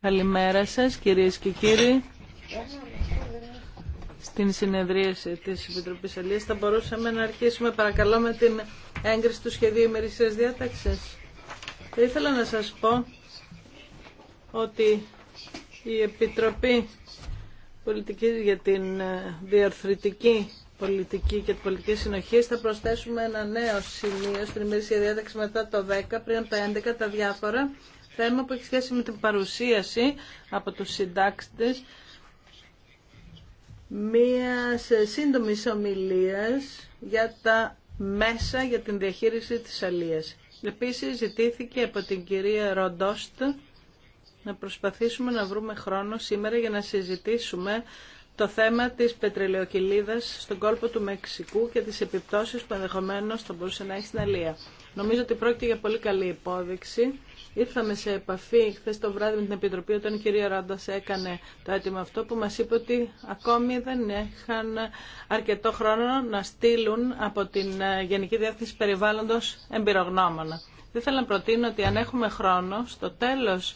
Καλημέρα σας κυρίες και κύριοι. Στην συνεδρίαση της Επιτροπής Αλίας θα μπορούσαμε να αρχίσουμε παρακαλώ με την έγκριση του σχεδίου ημερησίας διάταξης. Θα ήθελα να σας πω ότι η Επιτροπή πολιτική για την ε, Διαρθρητική πολιτική και την πολιτική συνοχή. Θα προσθέσουμε ένα νέο σημείο στην ημερήσια διάταξη μετά το 10, πριν από τα 11, τα διάφορα. Θέμα που έχει σχέση με την παρουσίαση από τους συντάξτες μια σύντομη ομιλία για τα μέσα για την διαχείριση της αλίας. Επίσης ζητήθηκε από την κυρία Ροντόστ να προσπαθήσουμε να βρούμε χρόνο σήμερα για να συζητήσουμε το θέμα της πετρελαιοκυλίδας στον κόλπο του Μεξικού και τις επιπτώσεις που ενδεχομένω θα μπορούσε να έχει στην Αλία. Νομίζω ότι πρόκειται για πολύ καλή υπόδειξη. Ήρθαμε σε επαφή χθε το βράδυ με την Επιτροπή όταν η κυρία Ράντα έκανε το αίτημα αυτό που μας είπε ότι ακόμη δεν είχαν αρκετό χρόνο να στείλουν από την ε, Γενική Διεύθυνση Περιβάλλοντος εμπειρογνώμονα. Δεν θέλω να προτείνω ότι αν έχουμε χρόνο στο τέλος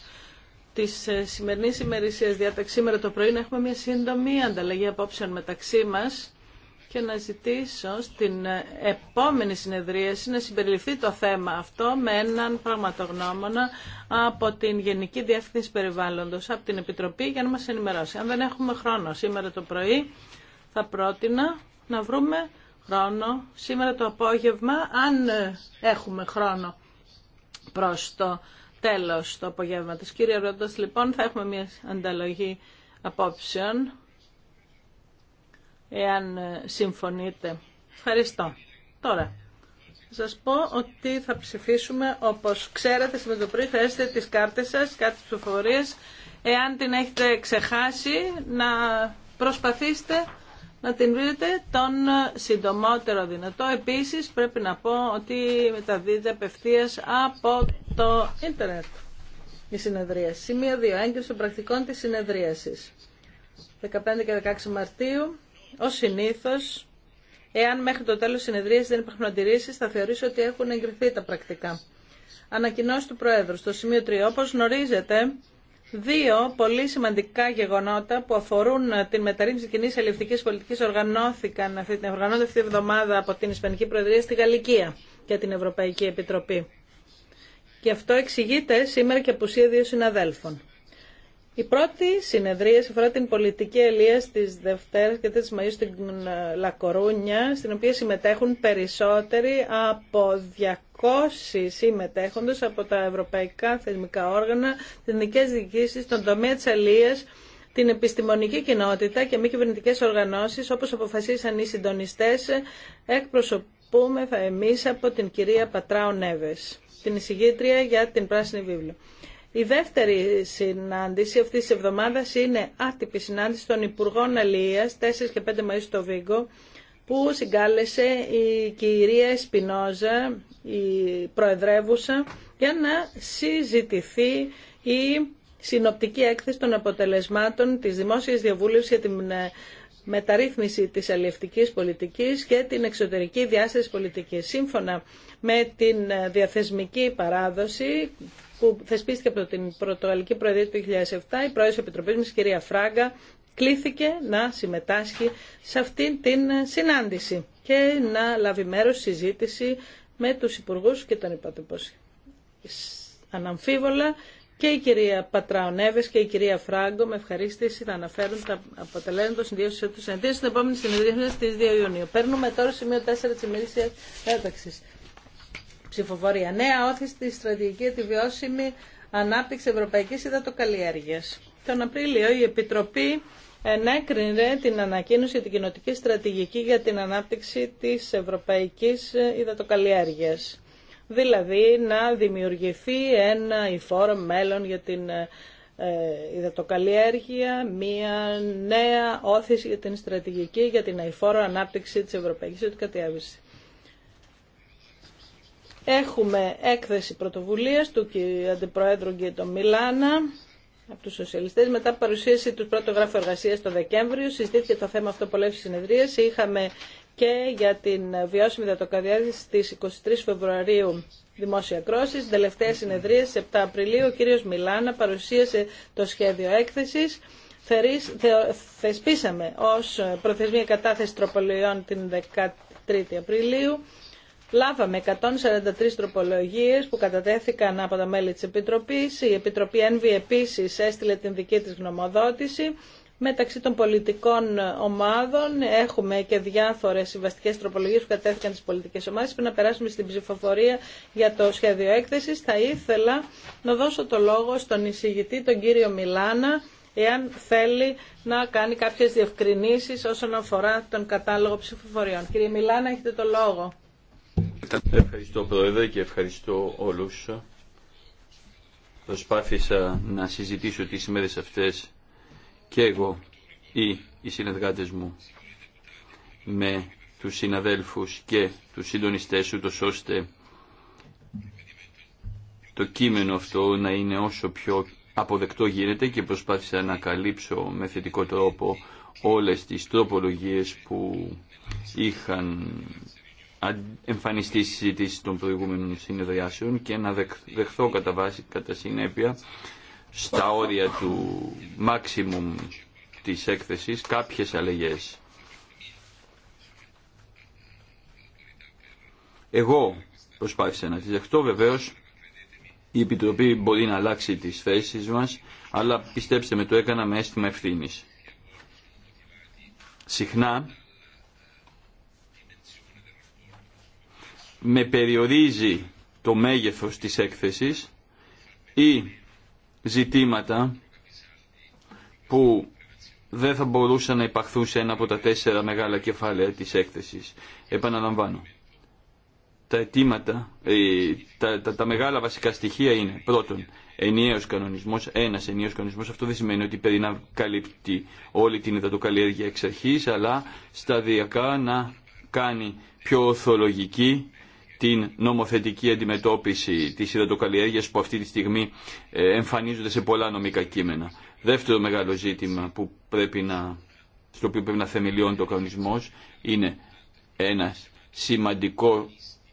της ε, σημερινή ημερησία διάταξη σήμερα το πρωί να έχουμε μια σύντομη ανταλλαγή απόψεων μεταξύ μας και να ζητήσω στην ε, επόμενη συνεδρίαση να συμπεριληφθεί το θέμα αυτό με έναν πραγματογνώμονα από την Γενική Διεύθυνση Περιβάλλοντος, από την Επιτροπή για να μας ενημερώσει. Αν δεν έχουμε χρόνο σήμερα το πρωί θα πρότεινα να βρούμε χρόνο σήμερα το απόγευμα αν ε, έχουμε χρόνο προς το τέλος του της Κύριε Ρόντο, λοιπόν, θα έχουμε μια ανταλλαγή απόψεων, εάν ε, συμφωνείτε. Ευχαριστώ. Τώρα, σας πω ότι θα ψηφίσουμε, όπως ξέρετε, σήμερα το πρωί θα τις κάρτες σας, κάτι ψηφοφορίες. Εάν την έχετε ξεχάσει, να προσπαθήσετε να την βρείτε τον συντομότερο δυνατό. Επίσης πρέπει να πω ότι μεταδίδεται απευθεία από το ίντερνετ η συνεδρία. Σημείο 2. Έγκριση των πρακτικών της συνεδρίασης. 15 και 16 Μαρτίου, ως συνήθως, εάν μέχρι το τέλος συνεδρίας δεν υπάρχουν αντιρρήσεις, θα θεωρήσω ότι έχουν εγκριθεί τα πρακτικά. Ανακοινώσει του Προέδρου. Στο σημείο 3, όπως γνωρίζετε, Δύο πολύ σημαντικά γεγονότα που αφορούν την μεταρρύθμιση κοινή ελληνική πολιτική οργανώθηκαν αυτή την αυτή εβδομάδα από την Ισπανική Προεδρία στη Γαλλικία και την Ευρωπαϊκή Επιτροπή. Και αυτό εξηγείται σήμερα και από δύο συναδέλφων. Η πρώτη συνεδρία αφορά την πολιτική ελεία τη Δευτέρα και τη Μαΐου στην ε, Λακορούνια, στην οποία συμμετέχουν περισσότεροι από 200 συμμετέχοντε από τα ευρωπαϊκά θεσμικά όργανα, τι εθνικέ διοικήσει, τον τομέα τη ελεία, την επιστημονική κοινότητα και μη κυβερνητικέ οργανώσει, όπω αποφασίσαν οι συντονιστέ, εκπροσωπούμεθα εμεί από την κυρία Πατράου Νέβε, την εισηγήτρια για την Πράσινη Βίβλο. Η δεύτερη συνάντηση αυτής της εβδομάδας είναι άτυπη συνάντηση των Υπουργών Αλίας 4 και 5 Μαΐου στο Βίγκο που συγκάλεσε η κυρία Σπινόζα η προεδρεύουσα, για να συζητηθεί η συνοπτική έκθεση των αποτελεσμάτων της δημόσιας διαβούλευσης για την ε, μεταρρύθμιση της αλληλευτικής πολιτικής και την εξωτερική διάσταση πολιτικής. Σύμφωνα με την ε, διαθεσμική παράδοση που θεσπίστηκε από την Πρωτογαλλική Προεδρία του 2007, η πρόεδρος Επιτροπής μας, κυρία Φράγκα, κλήθηκε να συμμετάσχει σε αυτήν την συνάντηση και να λάβει μέρος συζήτηση με τους υπουργούς και τον υπατεπόση. Αναμφίβολα και η κυρία Πατραονέβες και η κυρία Φράγκο με ευχαρίστηση θα αναφέρουν τα αποτελέσματα των συνδύσεων του συνεδρίου στην επόμενη συνεδρία στις 2 Ιουνίου. Παίρνουμε τώρα σημείο 4 της ημερήσιας έταξης ψηφοφορία. Νέα όθηση στη στρατηγική τη βιώσιμη ανάπτυξη ευρωπαϊκή Υδατοκαλλιέργεια. Τον Απρίλιο η Επιτροπή ενέκρινε την ανακοίνωση για την κοινοτική στρατηγική για την ανάπτυξη της ευρωπαϊκής υδατοκαλλιέργειας. Δηλαδή να δημιουργηθεί ένα υφόρο μέλλον για την ε, υδατοκαλλιέργεια, μια νέα όθηση για την στρατηγική για την υφόρο ανάπτυξη της Ευρωπαϊκής υδατοκαλλιέργεια. Έχουμε έκθεση πρωτοβουλίας του Αντιπροέδρου Γκέτο Μιλάνα από τους σοσιαλιστές. Μετά παρουσίαση του πρώτου γράφου εργασίας το Δεκέμβριο συζητήθηκε το θέμα αυτό πολλές συνεδρίες. Είχαμε και για την βιώσιμη δατοκαδιάθεση στις 23 Φεβρουαρίου δημόσια κρόση. Στην τελευταία συνεδρία στις 7 Απριλίου ο κύριος Μιλάνα παρουσίασε το σχέδιο έκθεσης. Θεσπίσαμε ως προθεσμία κατάθεση τροπολιών την 13 Απριλίου. Λάβαμε 143 τροπολογίες που κατατέθηκαν από τα μέλη της Επιτροπής. Η Επιτροπή ΕΝΒΙ επίσης έστειλε την δική της γνωμοδότηση. Μεταξύ των πολιτικών ομάδων έχουμε και διάφορε συμβαστικέ τροπολογίε που κατέθηκαν τι πολιτικέ ομάδε. Πριν να περάσουμε στην ψηφοφορία για το σχέδιο έκθεση, θα ήθελα να δώσω το λόγο στον εισηγητή, τον κύριο Μιλάνα, εάν θέλει να κάνει κάποιε διευκρινήσει όσον αφορά τον κατάλογο ψηφοφοριών. Κύριε Μιλάνα, έχετε το λόγο. Ευχαριστώ Πρόεδρε και ευχαριστώ όλους. Προσπάθησα να συζητήσω τις ημέρες αυτές και εγώ ή οι συνεργάτες μου με τους συναδέλφους και τους συντονιστές σου, ώστε το κείμενο αυτό να είναι όσο πιο αποδεκτό γίνεται και προσπάθησα να καλύψω με θετικό τρόπο όλες τις τροπολογίες που είχαν εμφανιστεί συζήτηση των προηγούμενων συνεδριάσεων και να δεχθώ κατά, βάση, κατά συνέπεια στα όρια του maximum της έκθεσης κάποιες αλλαγές. Εγώ προσπάθησα να τις δεχτώ βεβαίως η Επιτροπή μπορεί να αλλάξει τις θέσεις μας αλλά πιστέψτε με το έκανα με αίσθημα ευθύνης. Συχνά με περιορίζει το μέγεθος της έκθεσης ή ζητήματα που δεν θα μπορούσαν να υπαχθούν σε ένα από τα τέσσερα μεγάλα κεφάλαια της έκθεσης. Επαναλαμβάνω. Τα αιτήματα, ε, τα, τα, μεγάλα βασικά στοιχεία είναι πρώτον ενιαίος κανονισμός, ένας ενιαίος κανονισμός, αυτό δεν σημαίνει ότι πρέπει να καλύπτει όλη την υδατοκαλλιέργεια εξ αρχή, αλλά σταδιακά να κάνει πιο οθολογική την νομοθετική αντιμετώπιση της υδατοκαλλιέργειας που αυτή τη στιγμή ε, εμφανίζονται σε πολλά νομικά κείμενα. Δεύτερο μεγάλο ζήτημα πρέπει να, στο οποίο πρέπει να θεμελιώνει το κανονισμός είναι ένα σημαντικό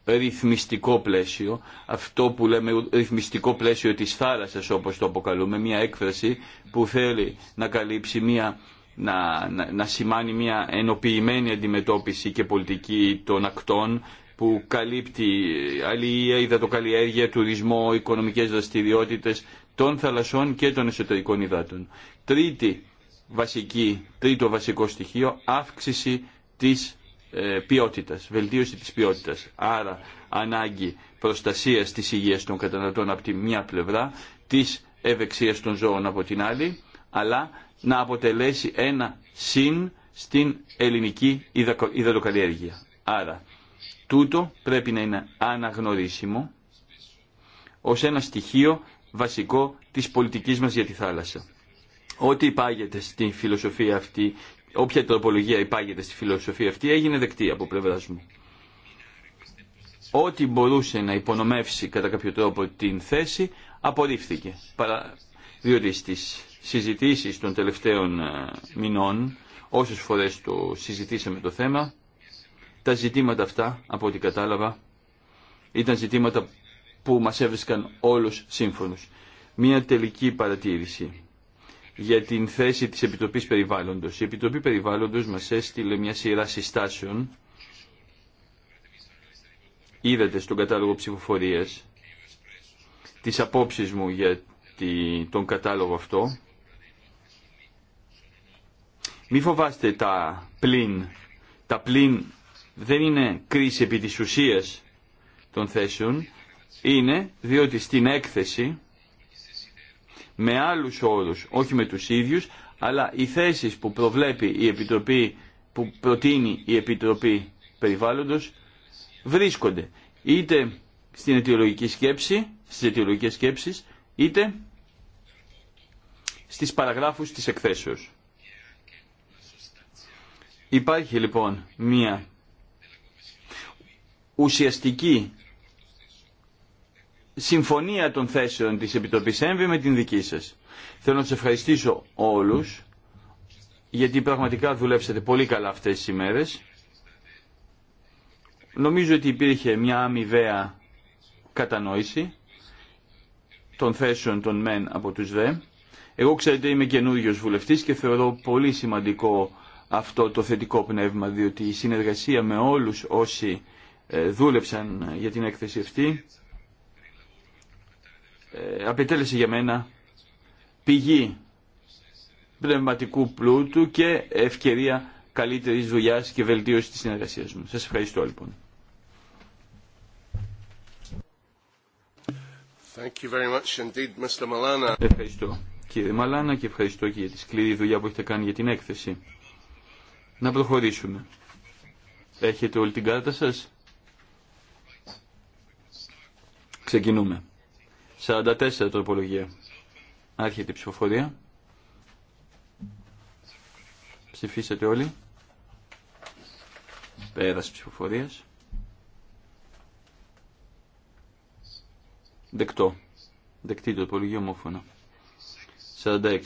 ρυθμιστικό πλαίσιο, αυτό που λέμε ρυθμιστικό πλαίσιο της θάλασσας όπως το αποκαλούμε, μια έκφραση που θέλει να καλύψει μια να, να, να σημάνει μια ενοποιημένη αντιμετώπιση και πολιτική των ακτών που καλύπτει αλληλεία, υδατοκαλλιέργεια, τουρισμό, οικονομικές δραστηριότητες των θαλασσών και των εσωτερικών υδάτων. Τρίτη βασική, τρίτο βασικό στοιχείο, αύξηση της ε, ποιότητας, βελτίωση της ποιότητας. Άρα ανάγκη προστασίας της υγείας των καταναλωτών από τη μια πλευρά, της ευεξίας των ζώων από την άλλη, αλλά να αποτελέσει ένα συν στην ελληνική υδατοκαλλιέργεια. Άρα Τούτο πρέπει να είναι αναγνωρίσιμο ως ένα στοιχείο βασικό της πολιτικής μας για τη θάλασσα. Ό,τι υπάγεται στη φιλοσοφία αυτή, όποια τροπολογία υπάγεται στη φιλοσοφία αυτή έγινε δεκτή από πλευρά μου. Ό,τι μπορούσε να υπονομεύσει κατά κάποιο τρόπο την θέση απορρίφθηκε. Παρά, διότι στις συζητήσεις των τελευταίων ε, μηνών, όσες φορές το συζητήσαμε το θέμα, τα ζητήματα αυτά, από ό,τι κατάλαβα, ήταν ζητήματα που μας έβρισκαν όλους σύμφωνους. Μία τελική παρατήρηση για την θέση της Επιτροπής Περιβάλλοντος. Η Επιτροπή Περιβάλλοντος μας έστειλε μια σειρά συστάσεων. Είδατε στον κατάλογο ψηφοφορίας τις απόψεις μου για τον κατάλογο αυτό. Μη φοβάστε τα πλήν. Τα πλήν δεν είναι κρίση επί της ουσίας των θέσεων, είναι διότι στην έκθεση με άλλους όρους, όχι με τους ίδιους, αλλά οι θέσεις που προβλέπει η Επιτροπή, που προτείνει η Επιτροπή Περιβάλλοντος, βρίσκονται είτε στην αιτιολογική σκέψη, στις αιτιολογικές σκέψεις, είτε στις παραγράφους της εκθέσεως. Υπάρχει λοιπόν μία ουσιαστική συμφωνία των θέσεων της Επιτροπής ΕΜΒΗ με την δική σας. Θέλω να σας ευχαριστήσω όλους, γιατί πραγματικά δουλέψατε πολύ καλά αυτές τις ημέρες. Νομίζω ότι υπήρχε μια αμοιβαία κατανόηση των θέσεων των μεν από τους δε. Εγώ ξέρετε είμαι καινούριο βουλευτής και θεωρώ πολύ σημαντικό αυτό το θετικό πνεύμα, διότι η συνεργασία με όλους όσοι ε, δούλεψαν για την έκθεση αυτή ε, απαιτέλεσε για μένα πηγή πνευματικού πλούτου και ευκαιρία καλύτερης δουλειάς και βελτίωση της συνεργασίας μου. Σας ευχαριστώ λοιπόν. Thank you very Ευχαριστώ κύριε Μαλάνα και ευχαριστώ και για τη σκληρή δουλειά που έχετε κάνει για την έκθεση. Να προχωρήσουμε. Έχετε όλη την κάρτα σας. Ξεκινούμε. 44 τροπολογία. Άρχεται η ψηφοφορία. Ψηφίσατε όλοι. Πέρας ψηφοφορίας. Δεκτό. Δεκτή τροπολογία ομόφωνα. 46.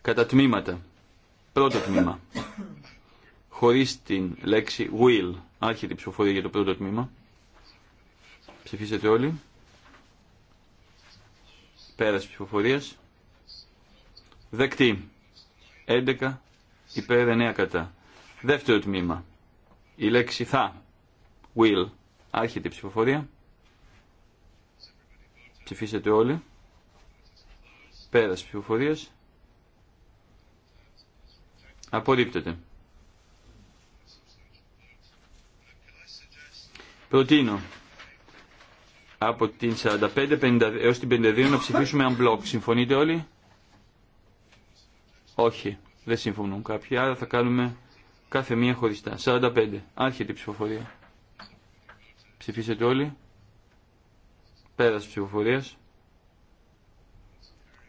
Κατά τμήματα. Πρώτο τμήμα. Χωρίς την λέξη will. Άρχεται η ψηφοφορία για το πρώτο τμήμα. Ψηφίσετε όλοι. Πέρας ψηφοφορία. Δεκτή. 11 υπέρ 9 κατά. Δεύτερο τμήμα. Η λέξη θα. Will. Άρχεται η ψηφοφορία. Ψηφίσετε όλοι. Πέρας ψηφοφορία. Απορρίπτεται. Προτείνω από την 45 έως την 52 να ψηφίσουμε αν μπλοκ. Συμφωνείτε όλοι? Όχι, δεν συμφωνούν κάποιοι, άρα θα κάνουμε κάθε μία χωριστά. 45, άρχεται η ψηφοφορία. Ψηφίσετε όλοι. Πέρας ψηφοφορίας.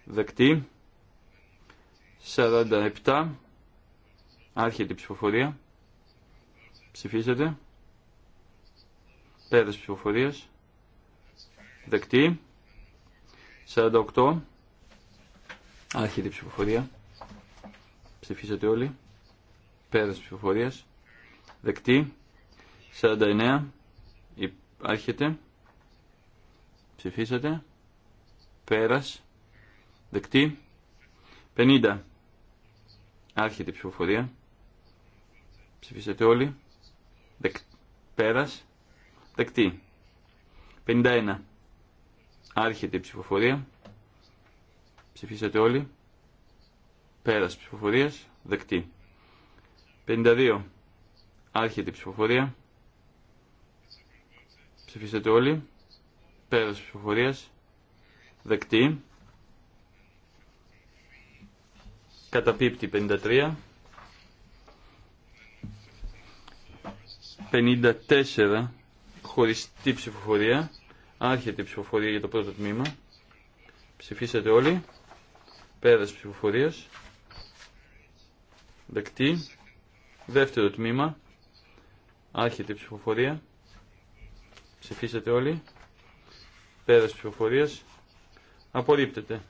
Δεκτή. 47, άρχεται η ψηφοφορία. Ψηφίσετε. Πέρας ψηφοφορίας Δεκτή. 48. Άρχεται η ψηφοφορία. Ψηφίσατε όλοι. Πέρας ψηφοφορίας. Δεκτή. 49. Άρχεται. Ψηφίσατε. Πέρας. Δεκτή. 50. Άρχεται η ψηφοφορία. Ψηφίσατε όλοι. Δεκ... Πέρας. Δεκτή. 51. Άρχεται η ψηφοφορία. Ψηφίσατε όλοι. Πέρας ψηφοφορίας. Δεκτή. 52. Άρχεται η ψηφοφορία. Ψηφίσατε όλοι. Πέρας ψηφοφορίας. Δεκτή. Καταπίπτει 53. 54 χωριστή ψηφοφορία Άρχεται η ψηφοφορία για το πρώτο τμήμα. Ψηφίσατε όλοι. Πέρας ψηφοφορίας. Δεκτή. Δεύτερο τμήμα. Άρχεται η ψηφοφορία. Ψηφίσατε όλοι. Πέρας ψηφοφορίας. Απορρίπτεται.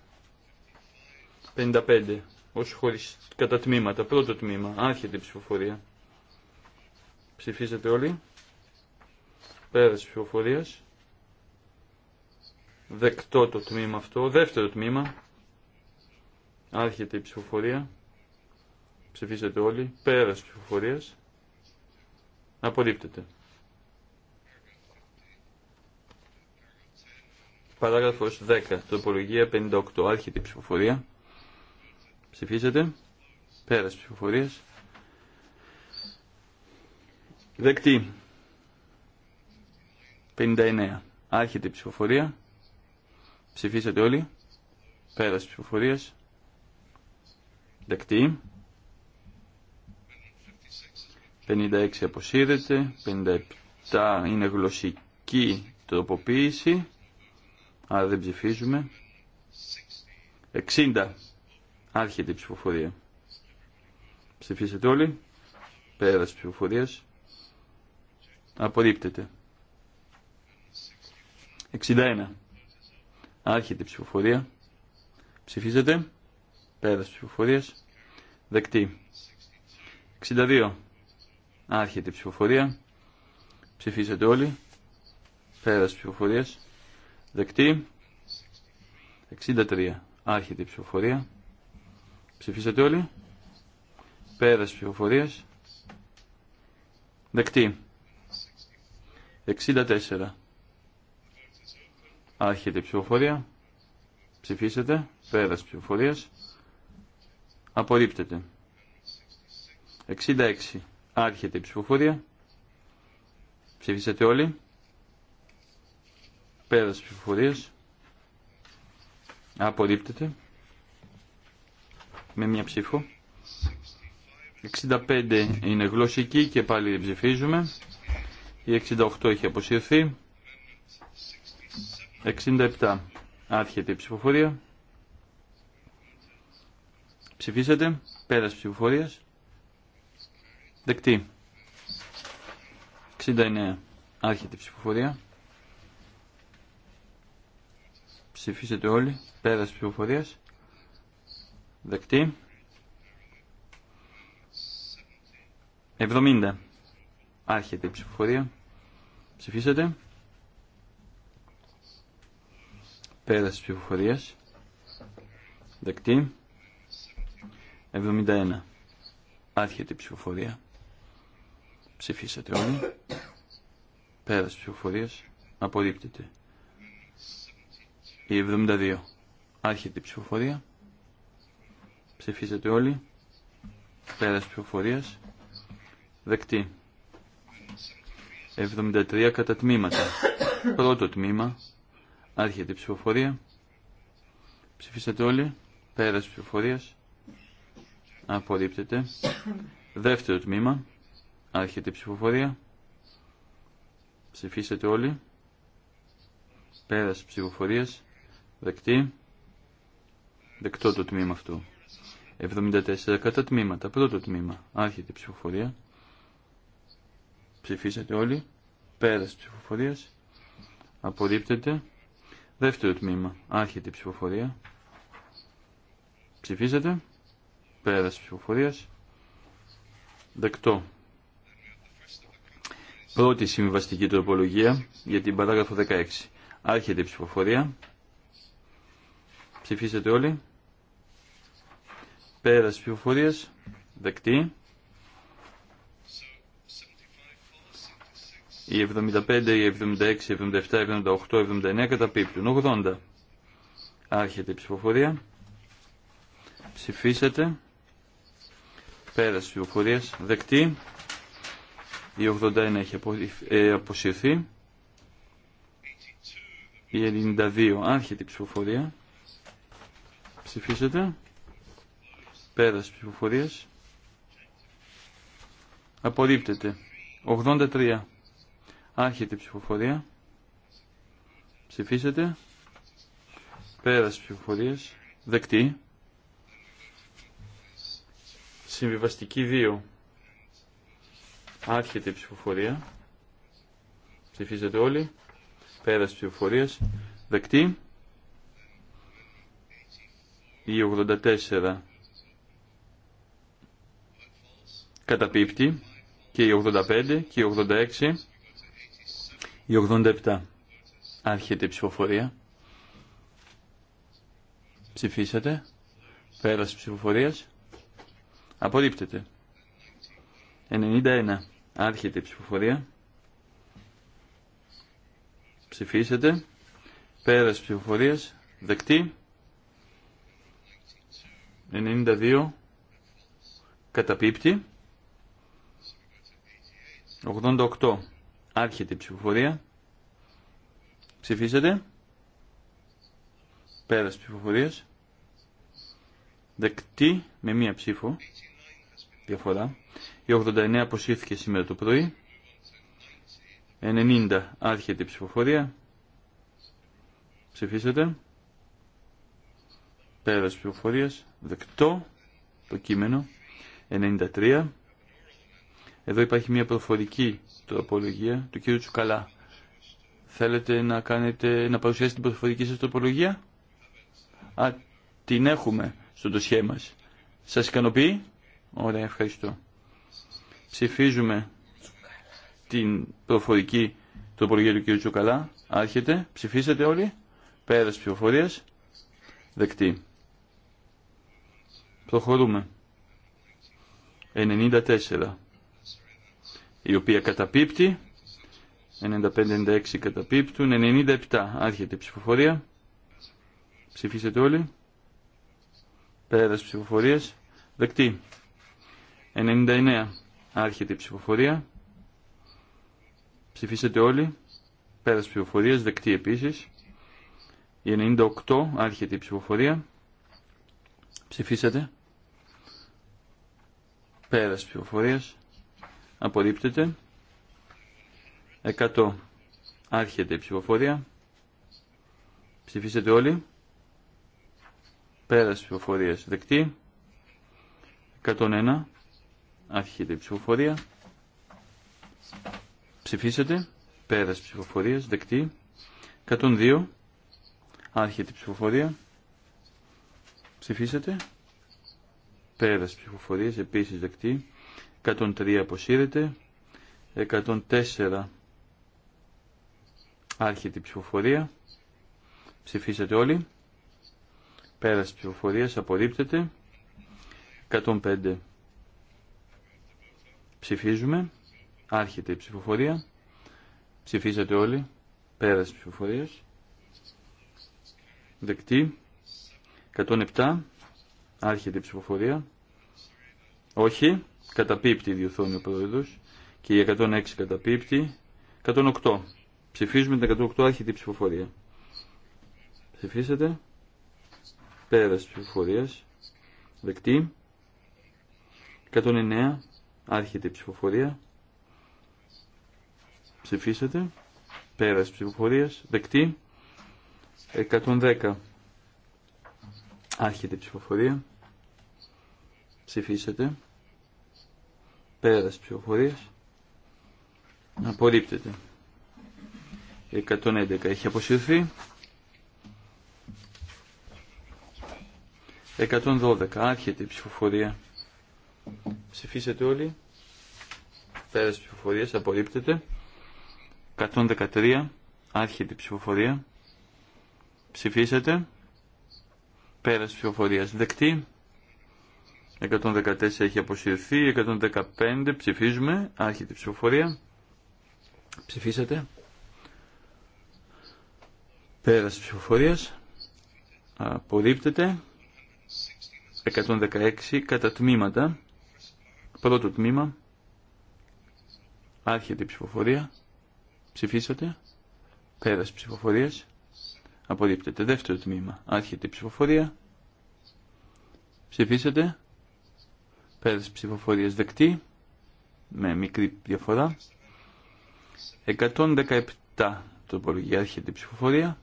55. Όσο χωρίς κατά τμήματα. Πρώτο τμήμα. Άρχεται η ψηφοφορία. Ψηφίσατε όλοι. Πέρας ψηφοφορίας. Δεκτό το τμήμα αυτό. Δεύτερο τμήμα. Άρχεται η ψηφοφορία. Ψηφίσατε όλοι. Πέρας ψηφοφορίας. Απορρίπτεται. Παράγραφος 10. Τροπολογία 58. Άρχεται η ψηφοφορία. Ψηφίσατε. Πέρας ψηφοφορίας. Δεκτή. 59. Άρχεται η ψηφοφορία. Ψηφίσατε όλοι. Πέρας ψηφοφορίας. Δεκτή. 56 αποσύρεται. 57 είναι γλωσσική τροποποίηση. Άρα δεν ψηφίζουμε. 60. Άρχεται η ψηφοφορία. Ψηφίσατε όλοι. Πέρας ψηφοφορίας. Απορρίπτεται. 61. Άρχεται η ψηφοφορία. Ψηφίζεται. Πέρας ψηφοφορίας. Δεκτή. 62. Άρχεται η ψηφοφορία. Ψηφίζεται όλοι. Πέρας ψηφοφορίας. Δεκτή. 63. Άρχεται η ψηφοφορία. Ψηφίσατε όλοι. Πέρας ψηφοφορίας. Δεκτή. 64. Άρχεται η ψηφοφορία. Ψηφίσετε. Πέρας ψηφοφορίας. Απορρίπτεται. 66. Άρχεται η ψηφοφορία. ψηφίσετε όλοι. Πέρας ψηφοφορίας. Απορρίπτεται. Με μια ψήφο. 65 είναι γλωσσική και πάλι ψηφίζουμε. Η 68 έχει αποσυρθεί. 67. Άρχεται η ψηφοφορία. Ψηφίσατε. Πέρας ψηφοφορία. Δεκτή. 69. Άρχεται η ψηφοφορία. Ψηφίσατε όλοι. Πέρας ψηφοφορία. Δεκτή. 70. Άρχεται η ψηφοφορία. Ψηφίσατε. Πέρας της ψηφοφορίας. Δεκτή. 71. Άρχεται η ψηφοφορία. Ψηφίσατε όλοι. Πέρας της ψηφοφορίας. Απορρίπτεται. Η 72. Άρχεται η ψηφοφορία. Ψηφίσατε όλοι. Πέρας ψηφοφορίας. Δεκτή. 73 κατά τμήματα. Πρώτο τμήμα Άρχεται η ψηφοφορία. Ψηφίσατε όλοι. Πέρας ψηφοφορίας. Απορρίπτεται. Δεύτερο τμήμα. Άρχεται η ψηφοφορία. Ψηφίσατε όλοι. Πέρας ψηφοφορίας. Δεκτή. Δεκτό το τμήμα αυτό. 74 κατά τμήματα. Πρώτο τμήμα. Άρχεται η ψηφοφορία. Ψηφίσατε όλοι. Πέρας ψηφοφορίας. Απορρίπτεται. Δεύτερο τμήμα. Άρχεται η ψηφοφορία. Ψηφίζεται. Πέρας ψηφοφορίας. Δεκτό. Πρώτη συμβαστική τροπολογία για την παράγραφο 16. Άρχεται η ψηφοφορία. Ψηφίσετε όλοι. Πέρας ψηφοφορίας. Δεκτή. Οι 75, οι 76, οι 77, οι 78, οι 79 καταπίπτουν. 80. Άρχεται η ψηφοφορία. Ψηφίσετε. Πέραση ψηφοφορία. Δεκτή. Η 81 έχει ε, αποσυρθεί. Η 92. Άρχεται η ψηφοφορία. Ψηφίσετε. Πέραση ψηφοφορία. Απορρίπτεται. 83. Άρχεται η ψηφοφορία. Ψηφίσετε. Πέρας ψηφοφορία. Δεκτή. Συμβιβαστική 2. Άρχεται η ψηφοφορία. Ψηφίζετε όλοι. Πέρας ψηφοφορία. Δεκτή. Η 84 καταπίπτει και η 85 και η 86 η 87. Άρχεται η ψηφοφορία. Ψηφίσατε. Πέρασε ψηφοφορία. Απορρίπτεται. 91. Άρχεται η ψηφοφορία. Ψηφίσατε. Πέρασε ψηφοφορία Δεκτή. 92. Καταπίπτει. 88. Άρχεται η ψηφοφορία. Ψηφίσατε. Πέρας ψηφοφορίας. Δεκτή με μία ψήφο. Διαφορά. Η 89 αποσύρθηκε σήμερα το πρωί. 90 άρχεται η ψηφοφορία. Ψηφίσατε. Πέρας ψηφοφορίας. Δεκτό το κείμενο. 93 εδώ υπάρχει μια προφορική τροπολογία του κύριου Τσουκαλά. Θέλετε να, κάνετε, να παρουσιάσετε την προφορική σας τροπολογία? Α, την έχουμε στο τοσχέ μας. Σας ικανοποιεί? Ωραία, ευχαριστώ. Ψηφίζουμε την προφορική τροπολογία του κύριου Τσουκαλά. Άρχεται. Ψηφίσατε όλοι. Πέρας ψηφοφορίας. Δεκτή. Προχωρούμε. 94 η οποία καταπίπτει. 95-96 καταπίπτουν. 97 άρχεται η ψηφοφορία. Ψηφίσετε όλοι. Πέρας ψηφοφορίας. Δεκτή. 99 άρχεται η ψηφοφορία. Ψηφίσετε όλοι. Πέρας ψηφοφορίας. Δεκτή επίσης. 98 άρχεται η ψηφοφορία. Ψηφίσατε. Πέρας ψηφοφορίας απορρίπτεται 100 άρχεται η ψηφοφορία ψηφίσετε όλοι πέρας ψηφοφορίας δεκτή 101 άρχεται η ψηφοφορία ψηφίσετε πέρας ψηφοφορίας δεκτή 102 άρχεται η ψηφοφορία ψηφίσετε πέρας ψηφοφορίας επίσης δεκτή 103 αποσύρεται. 104 άρχεται η ψηφοφορία. Ψηφίσατε όλοι. Πέρας ψηφοφορίας απορρίπτεται. 105 ψηφίζουμε. Άρχεται η ψηφοφορία. Ψηφίσατε όλοι. Πέρας ψηφοφορίας. Δεκτή. 107 άρχεται η ψηφοφορία. Όχι. Καταπίπτει, διορθώνει ο πρόεδρος. Και η 106 καταπίπτει. 108. Ψηφίζουμε την 108 άρχητη ψηφοφορία. Ψηφίσατε. Πέρας ψηφοφορίας. Δεκτή. 109. Άρχεται η ψηφοφορία. Ψηφίσατε. Πέρας ψηφοφορίας. Δεκτή. 110. Άρχεται η ψηφοφορία. ψηφίσετε Πέρας ψηφοφορίας. Απορρίπτεται. 111 έχει αποσυρθεί. 112 άρχεται η ψηφοφορία. Ψηφίσετε όλοι. Πέρας ψηφοφορίας απορρίπτεται. 113 άρχεται η ψηφοφορία. Ψηφίσατε. Πέρας ψηφοφορία. δεκτή. 114 έχει αποσυρθεί. 115 ψηφίζουμε. Άρχεται η ψηφοφορία. Ψηφίσατε. Πέραση ψηφοφορίας. Απορρίπτεται. 116 κατά τμήματα. Πρώτο τμήμα. Άρχεται η ψηφοφορία. Ψηφίσατε. Πέραση ψηφοφορίας. Απορρίπτεται. Δεύτερο τμήμα. Άρχεται η ψηφοφορία. Ψηφίσατε. Πέρας ψηφοφορίας δεκτή. Με μικρή διαφορά. 117 τροπολογία έρχεται η ψηφοφορία.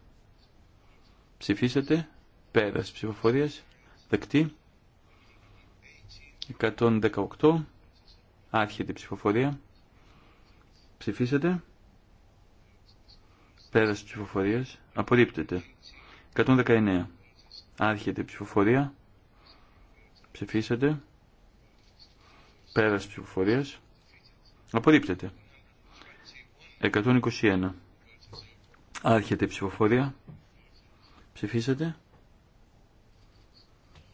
Ψηφίσατε. Πέρας ψηφοφορίας δεκτή. 118 άρχεται η ψηφοφορία. Ψηφίσατε. Πέρας ψηφοφορίας απορρίπτεται. 119 άρχεται η ψηφοφορία. Ψηφίσατε. Πέρας ψηφοφορίας. Απορρίπτεται. 121. Άρχεται η ψηφοφορία. Ψηφίσατε.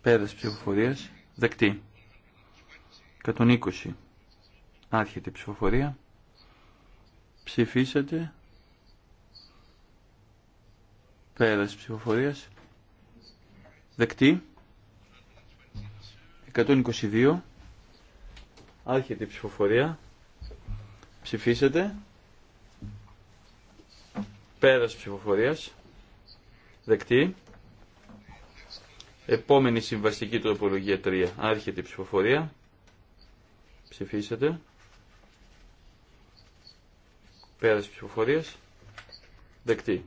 Πέρας ψηφοφορίας. Δεκτή. 120. Άρχεται η ψηφοφορία. Ψηφίσατε. Πέρας ψηφοφορίας. Δεκτή. 122. Άρχεται η ψηφοφορία. Ψηφίσετε. Πέρας ψηφοφορίας. Δεκτή. Επόμενη συμβαστική τροπολογία 3. Άρχεται η ψηφοφορία. Ψηφίσετε. Πέρας ψηφοφορίας. Δεκτή.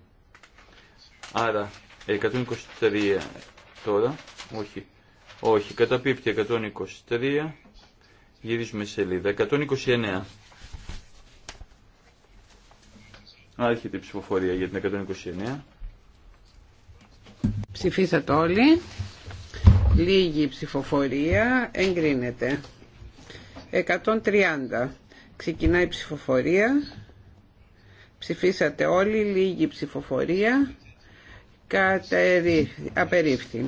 Άρα 123 τώρα. Όχι. Όχι. Καταπίπτει 123. Γυρίζουμε σελίδα. 129. Άρχεται η ψηφοφορία για την 129. Ψηφίσατε όλοι. Λίγη ψηφοφορία. Εγκρίνεται. 130. Ξεκινάει η ψηφοφορία. Ψηφίσατε όλοι. Λίγη ψηφοφορία. Κατερι... Απερίφθη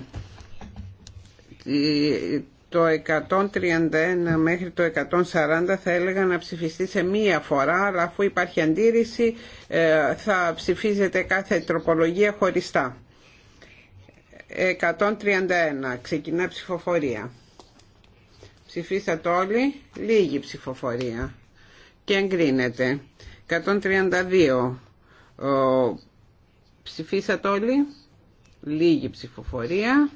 το 131 μέχρι το 140 θα έλεγα να ψηφιστεί σε μία φορά, αλλά αφού υπάρχει αντίρρηση ε, θα ψηφίζεται κάθε τροπολογία χωριστά. 131. Ξεκινά ψηφοφορία. Ψηφίσατε όλοι. Λίγη ψηφοφορία. Και εγκρίνεται. 132. Ψηφίσατε όλοι. Λίγη ψηφοφορία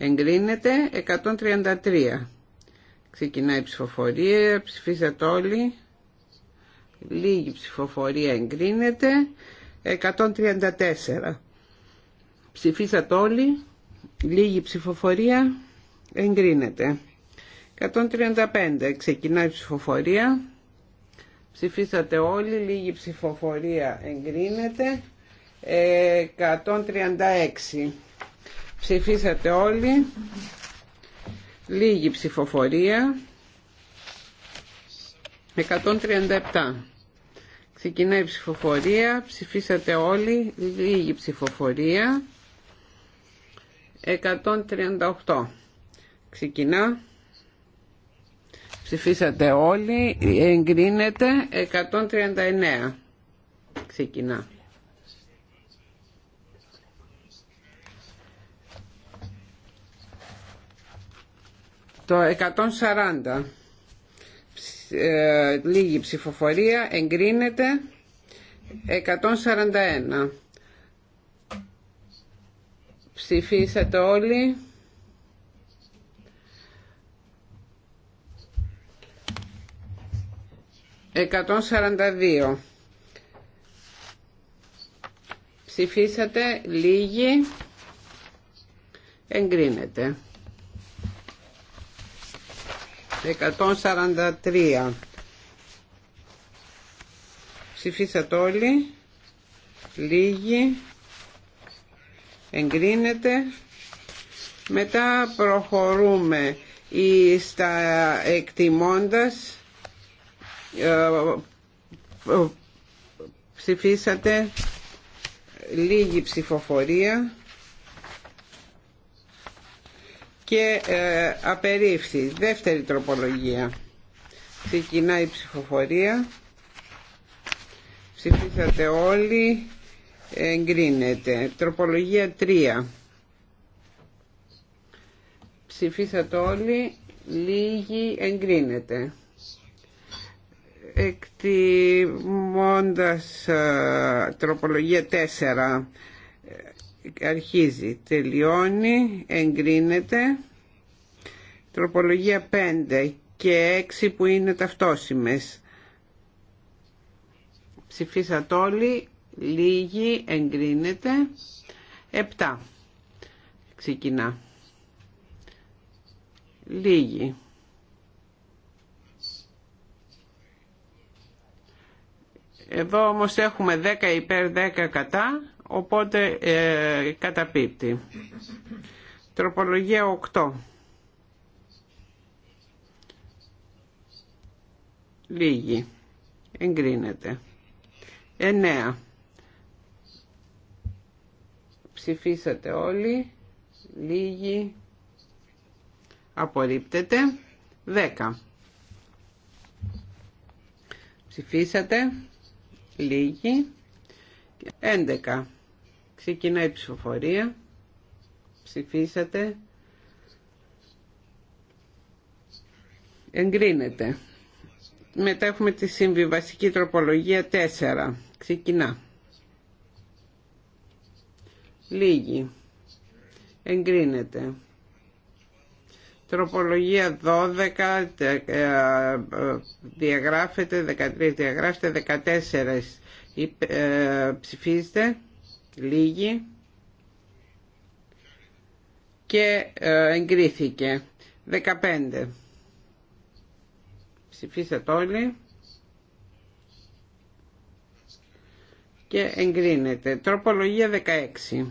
Εγκρίνεται 133. Ξεκινάει η ψηφοφορία, ψηφίσατε όλοι. Λίγη ψηφοφορία εγκρίνεται. 134. Ψηφίσατε όλοι. Λίγη ψηφοφορία εγκρίνεται. 135. Ξεκινάει η ψηφοφορία. Ψηφίσατε όλοι. Λίγη ψηφοφορία εγκρίνεται. 136. Ψηφίσατε όλοι. Λίγη ψηφοφορία. 137. Ξεκινάει η ψηφοφορία. Ψηφίσατε όλοι. Λίγη ψηφοφορία. 138. Ξεκινά. Ψηφίσατε όλοι. Εγκρίνεται. 139. Ξεκινά. Το 140 ε, λίγη ψηφοφορία εγκρίνεται 141 ψηφίσατε όλοι 142, Ψηφίσατε λίγοι. Εγκρίνεται. 143 ψηφίσατε όλοι λίγοι εγκρίνεται μετά προχωρούμε στα εκτιμώντας ε, ψηφίσατε λίγη ψηφοφορία και ε, απερίφθη. Δεύτερη τροπολογία. Ξεκινάει η ψηφοφορία. Ψηφίσατε όλοι. Εγκρίνεται. Τροπολογία 3. Ψηφίσατε όλοι. Λίγοι. Εγκρίνεται. Εκτιμώντας ε, τροπολογία 4 αρχίζει, τελειώνει, εγκρίνεται. Τροπολογία 5 και 6 που είναι ταυτόσιμες. Ψηφίσατε όλοι, λίγοι, εγκρίνεται. 7. Ξεκινά. Λίγοι. Εδώ όμως έχουμε 10 υπέρ 10 κατά οπότε ε, καταπίπτει. Τροπολογία 8. Λίγη. Εγκρίνεται. 9. Ψηφίσατε όλοι. Λίγη. Απορρίπτεται. 10. Ψηφίσατε. λίγοι. 11. Ξεκινάει η ψηφοφορία. Ψηφίσατε. Εγκρίνεται. Μετά έχουμε τη συμβιβαστική τροπολογία 4. Ξεκινά. Λίγη. Εγκρίνεται. Τροπολογία 12 ε, ε, διαγράφεται, 13 διαγράφεται, 14 ε, ψηφίζεται. Λίγη. Και ε, εγκρίθηκε. 15. Ψηφίστε όλοι. Και εγκρίνεται. Τροπολογία 16.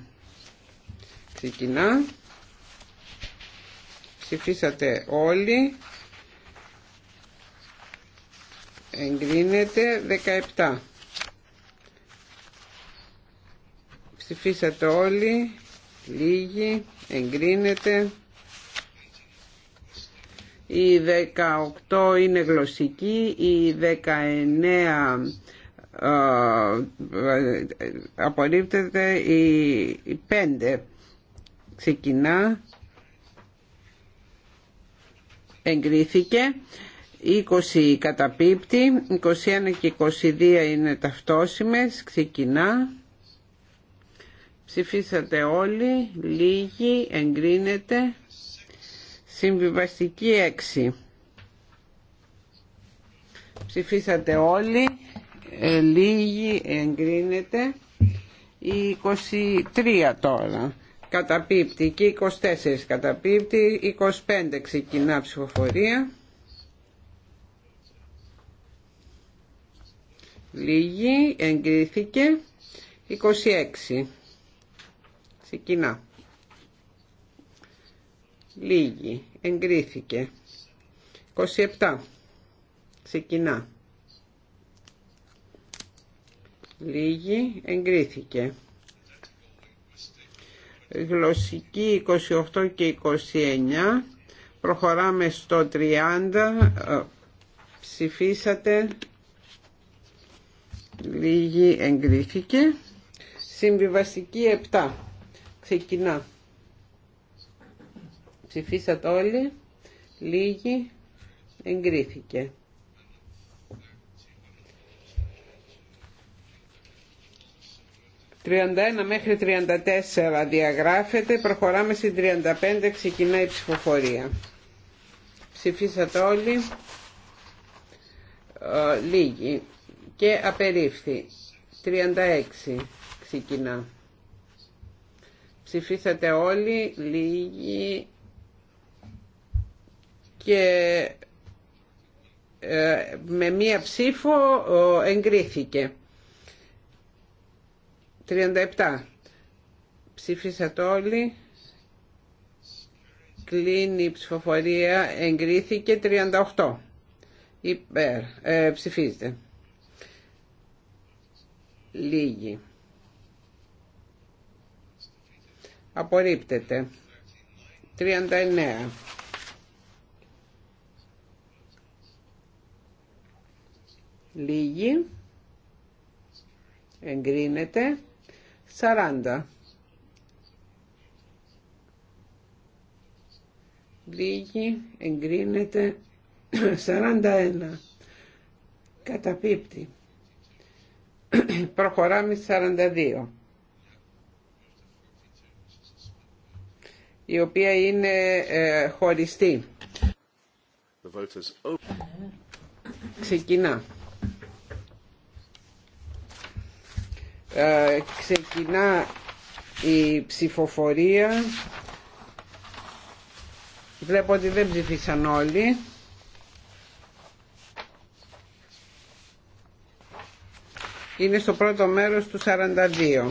Ξεκινά. Ψηφίσατε όλοι. Εγκρίνεται 17. Ψηφίσατε όλοι. Λίγοι. Εγκρίνεται. Η 18 είναι γλωσσική. Η 19 ε, ε, απορρίπτεται η 5 ξεκινά εγκρίθηκε 20 καταπίπτει 21 και 22 είναι ταυτόσιμες ξεκινά Ψηφίσατε όλοι, λίγοι, εγκρίνεται. Συμβιβαστική 6. Ψηφίσατε όλοι, ε, λίγοι, εγκρίνεται. Η 23 τώρα. Καταπίπτει και 24 καταπίπτει, 25 ξεκινά ψηφοφορία. Λίγη, εγκρίθηκε, 26. Ξεκινά. Λίγη. Εγκρίθηκε. 27. Ξεκινά. Λίγη. Εγκρίθηκε. Γλωσσική 28 και 29. Προχωράμε στο 30. Ε, ψηφίσατε. Λίγη εγκρίθηκε. Συμβιβαστική 7. Ξεκινά. Ψηφίσατε όλοι. Λίγοι. Εγκρίθηκε. «31 μέχρι 34 διαγράφεται, προχωράμε στην 35, ξεκινάει η ψηφοφορία». Ψηφίσατε όλοι, ε, λίγοι και απερίφθη. 36 ξεκινά. Ψηφίσατε όλοι, λίγοι και ε, με μία ψήφο εγκρίθηκε. 37. Ψήφισατε όλοι. Κλείνει η ψηφοφορία. Εγκρίθηκε 38. Υπέρ. Ε, Λίγοι. απορρίπτεται 39 λίγη εγκρίνεται 40 λίγη εγκρίνεται 41 καταπίπτει προχωράμε 42 η οποία είναι ε, χωριστή. Ξεκινά. Ε, ξεκινά η ψηφοφορία. Βλέπω ότι δεν ψηφίσαν όλοι. Είναι στο πρώτο μέρος του 42.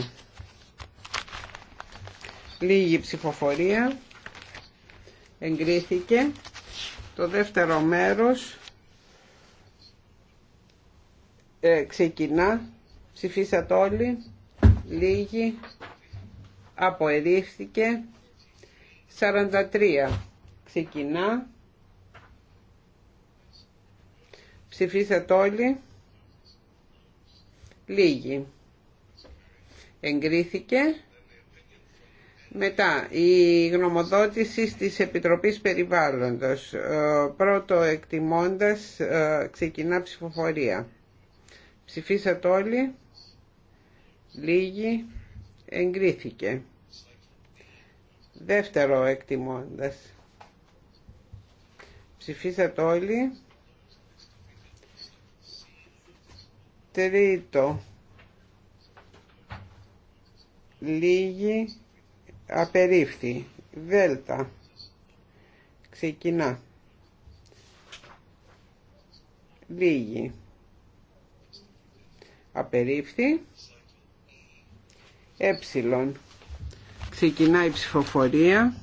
Λίγη ψηφοφορία. Εγκρίθηκε. Το δεύτερο μέρος ε, ξεκινά. Ψηφίσατε όλοι. Λίγη. Αποερίφθηκε. 43. Ξεκινά. Ψηφίσατε όλοι. Λίγη. Εγκρίθηκε. Μετά, η γνωμοδότηση της Επιτροπής Περιβάλλοντος. Ε, πρώτο εκτιμώντας ε, ξεκινά ψηφοφορία. Ψηφίσατε όλοι. Λίγοι. Εγκρίθηκε. Δεύτερο εκτιμώντας. Ψηφίσατε όλοι. Τρίτο. Λίγοι απερίφθη δέλτα ξεκινά λίγη απερίφθη ε ξεκινά η ψηφοφορία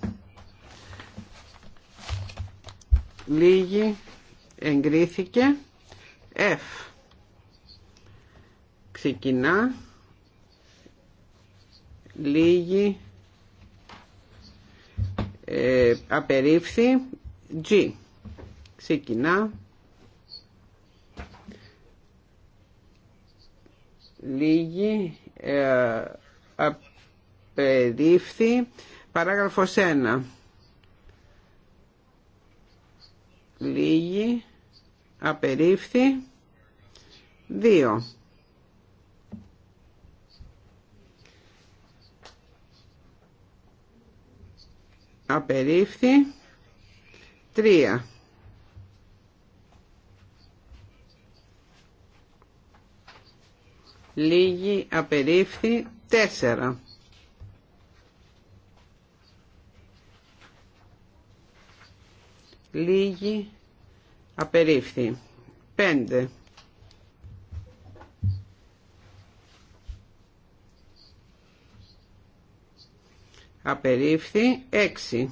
λίγη εγκρίθηκε F ξεκινά λίγη ε, απερίφθη G ξεκινά λίγη ε, απερίφθη παράγραφος 1 λίγη απερίφθη 2 απερίφθη 3 λίγη απερίφθη 4 λίγη απερίφθη 5 απερίφθη 6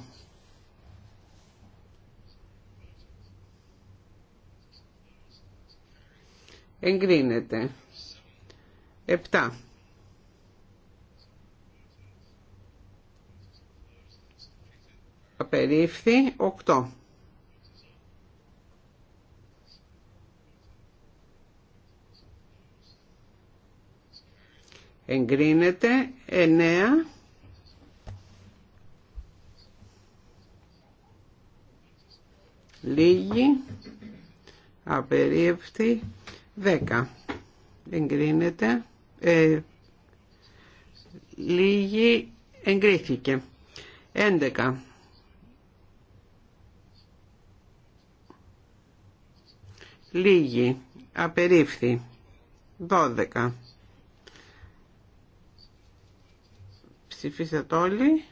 εγκρίνεται 7 απερίφθη 8 εγκρίνεται 9 Λίγη. Απερίευτη. 10. Εγκρίνεται. Ε, λίγη. Εγκρίθηκε. 11. Λίγη. Απερίφθη. 12. Ψηφίσατε όλοι.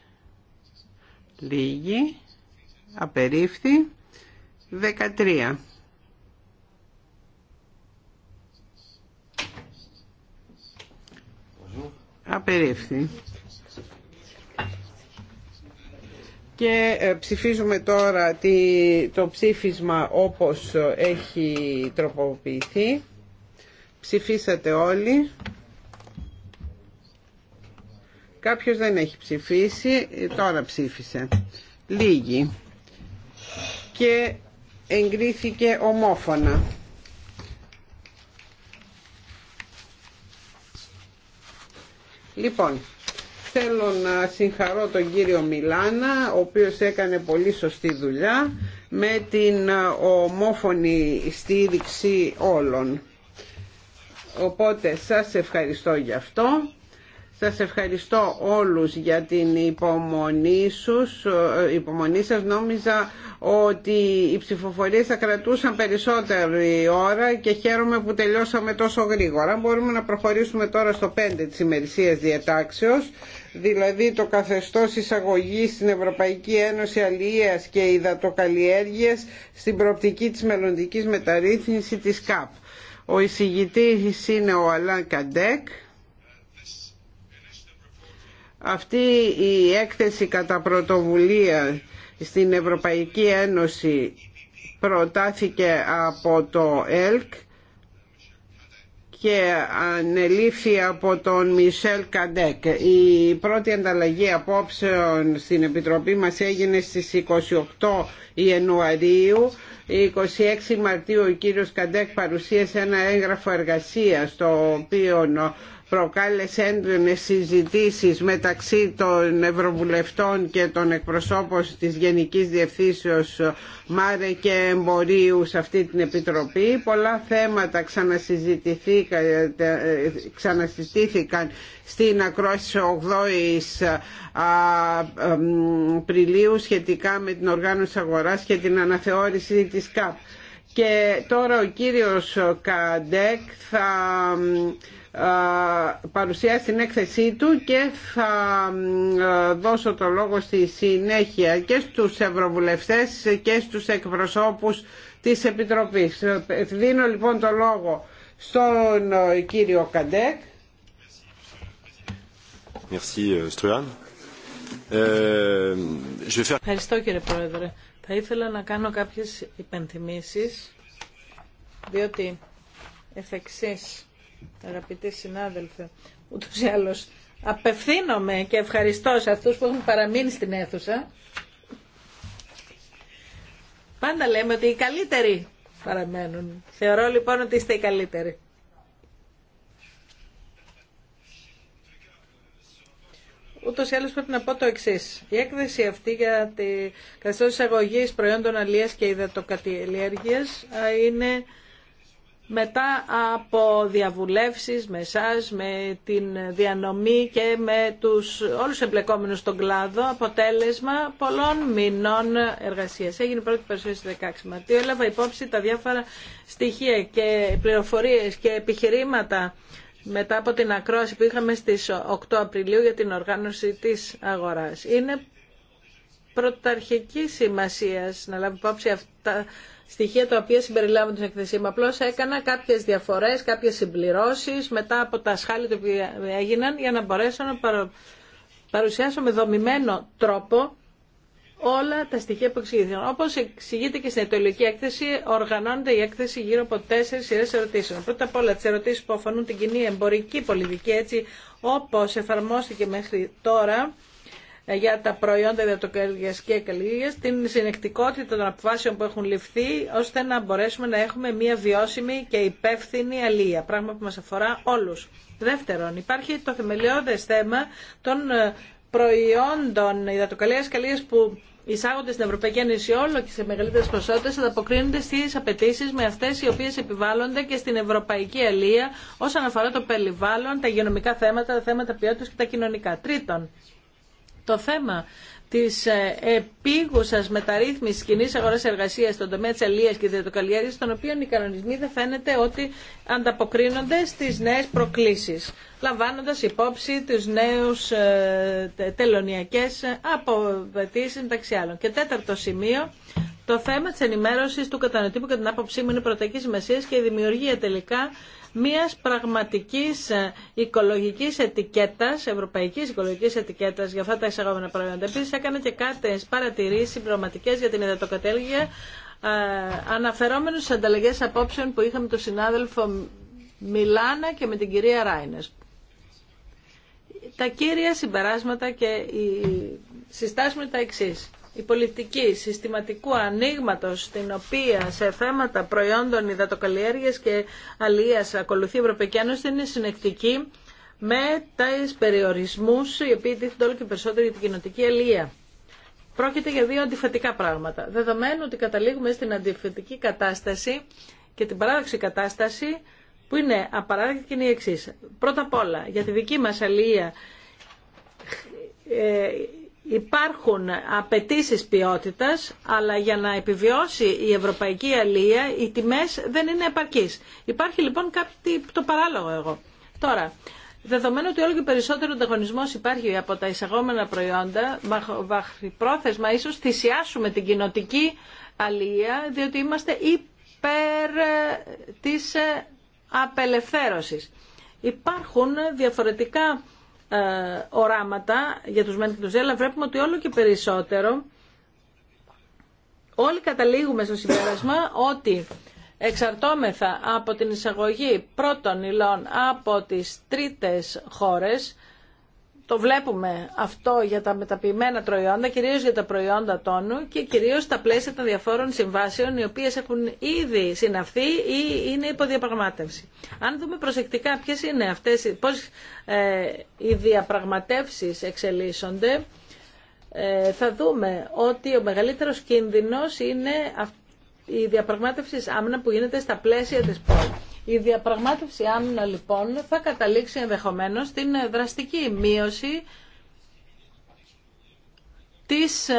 Λίγη. Απερίφθη. 13. Απερίφθη. Και ε, ψηφίζουμε τώρα το ψήφισμα όπως ε, έχει τροποποιηθεί. Ψηφίσατε όλοι. Κάποιος δεν έχει ψηφίσει, ε, τώρα ψήφισε. Λίγοι. Και εγκρίθηκε ομόφωνα. Λοιπόν, θέλω να συγχαρώ τον κύριο Μιλάνα, ο οποίος έκανε πολύ σωστή δουλειά με την ομόφωνη στήριξη όλων. Οπότε σας ευχαριστώ για αυτό. Σας ευχαριστώ όλους για την υπομονή, ε, σας. υπομονή Νόμιζα ότι οι ψηφοφορίες θα κρατούσαν περισσότερη ώρα και χαίρομαι που τελειώσαμε τόσο γρήγορα. Μπορούμε να προχωρήσουμε τώρα στο 5 της ημερησίας διατάξεως, δηλαδή το καθεστώς εισαγωγή στην Ευρωπαϊκή Ένωση Αλληλείας και Ιδατοκαλλιέργειας στην προοπτική της μελλοντική μεταρρύθμισης της ΚΑΠ. Ο εισηγητής είναι ο Αλάν Καντέκ αυτή η έκθεση κατά πρωτοβουλία στην Ευρωπαϊκή Ένωση προτάθηκε από το ΕΛΚ και ανελήφθη από τον Μισελ Καντέκ. Η πρώτη ανταλλαγή απόψεων στην Επιτροπή μας έγινε στις 28 Ιανουαρίου. 26 Μαρτίου ο κύριος Καντέκ παρουσίασε ένα έγγραφο εργασίας το οποίο προκάλεσε έντονες συζητήσεις μεταξύ των Ευρωβουλευτών και των εκπροσώπων της Γενικής Διευθύνσεως Μάρε και Εμπορίου σε αυτή την Επιτροπή. Πολλά θέματα ξανασυζητήθηκαν στην ακρόαση 8η Απριλίου σχετικά με την οργάνωση αγοράς και την αναθεώρηση της ΚΑΠ και τώρα ο κύριος Καντέκ θα παρουσιάσει την έκθεσή του και θα δώσω το λόγο στη συνέχεια και στους ευρωβουλευτές και στους εκπροσώπους της Επιτροπής. Δίνω λοιπόν το λόγο στον κύριο Καντέκ. Ευχαριστώ κύριε Πρόεδρε. Θα ήθελα να κάνω κάποιες υπενθυμίσεις, διότι εφ' εξής, αγαπητοί συνάδελφοι, ούτως ή άλλως απευθύνομαι και ευχαριστώ σε αυτούς που έχουν παραμείνει στην αίθουσα. Πάντα λέμε ότι οι καλύτεροι παραμένουν. Θεωρώ λοιπόν ότι είστε οι καλύτεροι. Ούτω ή άλλω πρέπει να πω το εξή. Η έκθεση αυτή για τη καθεστώ εισαγωγή προϊόντων Αλλία και υδατοκατηλιέργεια είναι μετά από διαβουλεύσεις με εσά, με την διανομή και με τους όλους τους εμπλεκόμενους στον κλάδο, αποτέλεσμα πολλών μηνών εργασίας. Έγινε η πρώτη παρουσίαση 16 Μαρτίου, έλαβα υπόψη τα διάφορα στοιχεία και πληροφορίες και επιχειρήματα μετά από την ακρόαση που είχαμε στις 8 Απριλίου για την οργάνωση της αγοράς. Είναι πρωταρχική σημασία να λάβει υπόψη αυτά στοιχεία τα οποία συμπεριλάβουν την εκθεσή μου. Απλώ έκανα κάποιες διαφορές, κάποιες συμπληρώσει μετά από τα σχάλια που έγιναν για να μπορέσω να παρουσιάσω με δομημένο τρόπο όλα τα στοιχεία που εξηγήθηκαν. Όπω εξηγείται και στην ετολική έκθεση, οργανώνεται η έκθεση γύρω από τέσσερι σειρέ ερωτήσεων. Πρώτα απ' όλα, τι ερωτήσει που αφορούν την κοινή εμπορική πολιτική, έτσι όπω εφαρμόστηκε μέχρι τώρα ε, για τα προϊόντα υδατοκαλλιεργία και καλλιέργεια, την συνεκτικότητα των αποφάσεων που έχουν ληφθεί, ώστε να μπορέσουμε να έχουμε μια βιώσιμη και υπεύθυνη αλία. Πράγμα που μα αφορά όλου. Δεύτερον, υπάρχει το θεμελιώδε θέμα των ε, προϊόντων υδατοκαλλιέργειας που εισάγονται στην Ευρωπαϊκή Ένωση όλο και σε μεγαλύτερε ποσότητε ανταποκρίνονται στι απαιτήσει με αυτέ οι οποίε επιβάλλονται και στην Ευρωπαϊκή Αλία όσον αφορά το περιβάλλον, τα υγειονομικά θέματα, τα θέματα ποιότητα και τα κοινωνικά. Τρίτον, το θέμα Τη ε, επίγουσας μεταρρύθμισης κοινή αγορά εργασία στον τομέα τη αλληλεία και ιδιωτοκαλλιέργειας, στον οποίο οι κανονισμοί δεν φαίνεται ότι ανταποκρίνονται στις νέες προκλήσεις, λαμβάνοντα υπόψη τους νέους ε, τελωνιακέ ε, αποβετήσεις μεταξύ άλλων. Και τέταρτο σημείο, το θέμα της ενημέρωσης του κατανοητή που κατά την άποψή μου είναι σημασία και η δημιουργία τελικά μιας πραγματικής ε, οικολογικής ετικέτας, ευρωπαϊκής οικολογικής ετικέτας για αυτά τα εισαγόμενα προϊόντα. Επίσης έκανε και κάτες παρατηρήσεις συμπληρωματικές για την υδατοκατέλγεια ε, αναφερόμενους στις ανταλλαγές απόψεων που είχαμε τον συνάδελφο Μιλάνα και με την κυρία Ράινες. Τα κύρια συμπεράσματα και οι συστάσεις τα εξής η πολιτική συστηματικού ανοίγματο στην οποία σε θέματα προϊόντων υδατοκαλλιέργειας και αλίας ακολουθεί η Ευρωπαϊκή Ένωση είναι συνεκτική με τα περιορισμούς οι οποίοι τίθενται όλο και περισσότερο για την κοινοτική αλία. Πρόκειται για δύο αντιφατικά πράγματα. Δεδομένου ότι καταλήγουμε στην αντιφατική κατάσταση και την παράδοξη κατάσταση που είναι απαράδεκτη και είναι η εξή. Πρώτα απ' όλα, για τη δική μα αλία ε, Υπάρχουν απαιτήσει ποιότητα, αλλά για να επιβιώσει η ευρωπαϊκή αλία οι τιμές δεν είναι επαρκείς. Υπάρχει λοιπόν κάτι το παράλογο εγώ. Τώρα, Δεδομένου ότι όλο και περισσότερο ανταγωνισμό υπάρχει από τα εισαγόμενα προϊόντα, βαχρυπρόθεσμα ίσω θυσιάσουμε την κοινοτική αλληλεία, διότι είμαστε υπέρ ε, της ε, απελευθέρωσης. Υπάρχουν διαφορετικά ε, οράματα για τους μεν και τους δε, αλλά βλέπουμε ότι όλο και περισσότερο όλοι καταλήγουμε στο συμπέρασμα ότι εξαρτώμεθα από την εισαγωγή πρώτων υλών από τις τρίτες χώρες το βλέπουμε αυτό για τα μεταποιημένα προϊόντα, κυρίως για τα προϊόντα τόνου και κυρίως στα πλαίσια των διαφόρων συμβάσεων οι οποίες έχουν ήδη συναυθεί ή είναι υποδιαπραγμάτευση. Αν δούμε προσεκτικά ποιε είναι αυτές, πώς ε, οι διαπραγματευσει εξελίσσονται, ε, θα δούμε ότι ο μεγαλυτερο κινδυνο είναι η διαπραγμάτευση άμυνα που γίνεται στα πλαίσια τη Πόλη. Η διαπραγμάτευση άμυνα λοιπόν θα καταλήξει ενδεχομένως στην ε, δραστική μείωση της ε,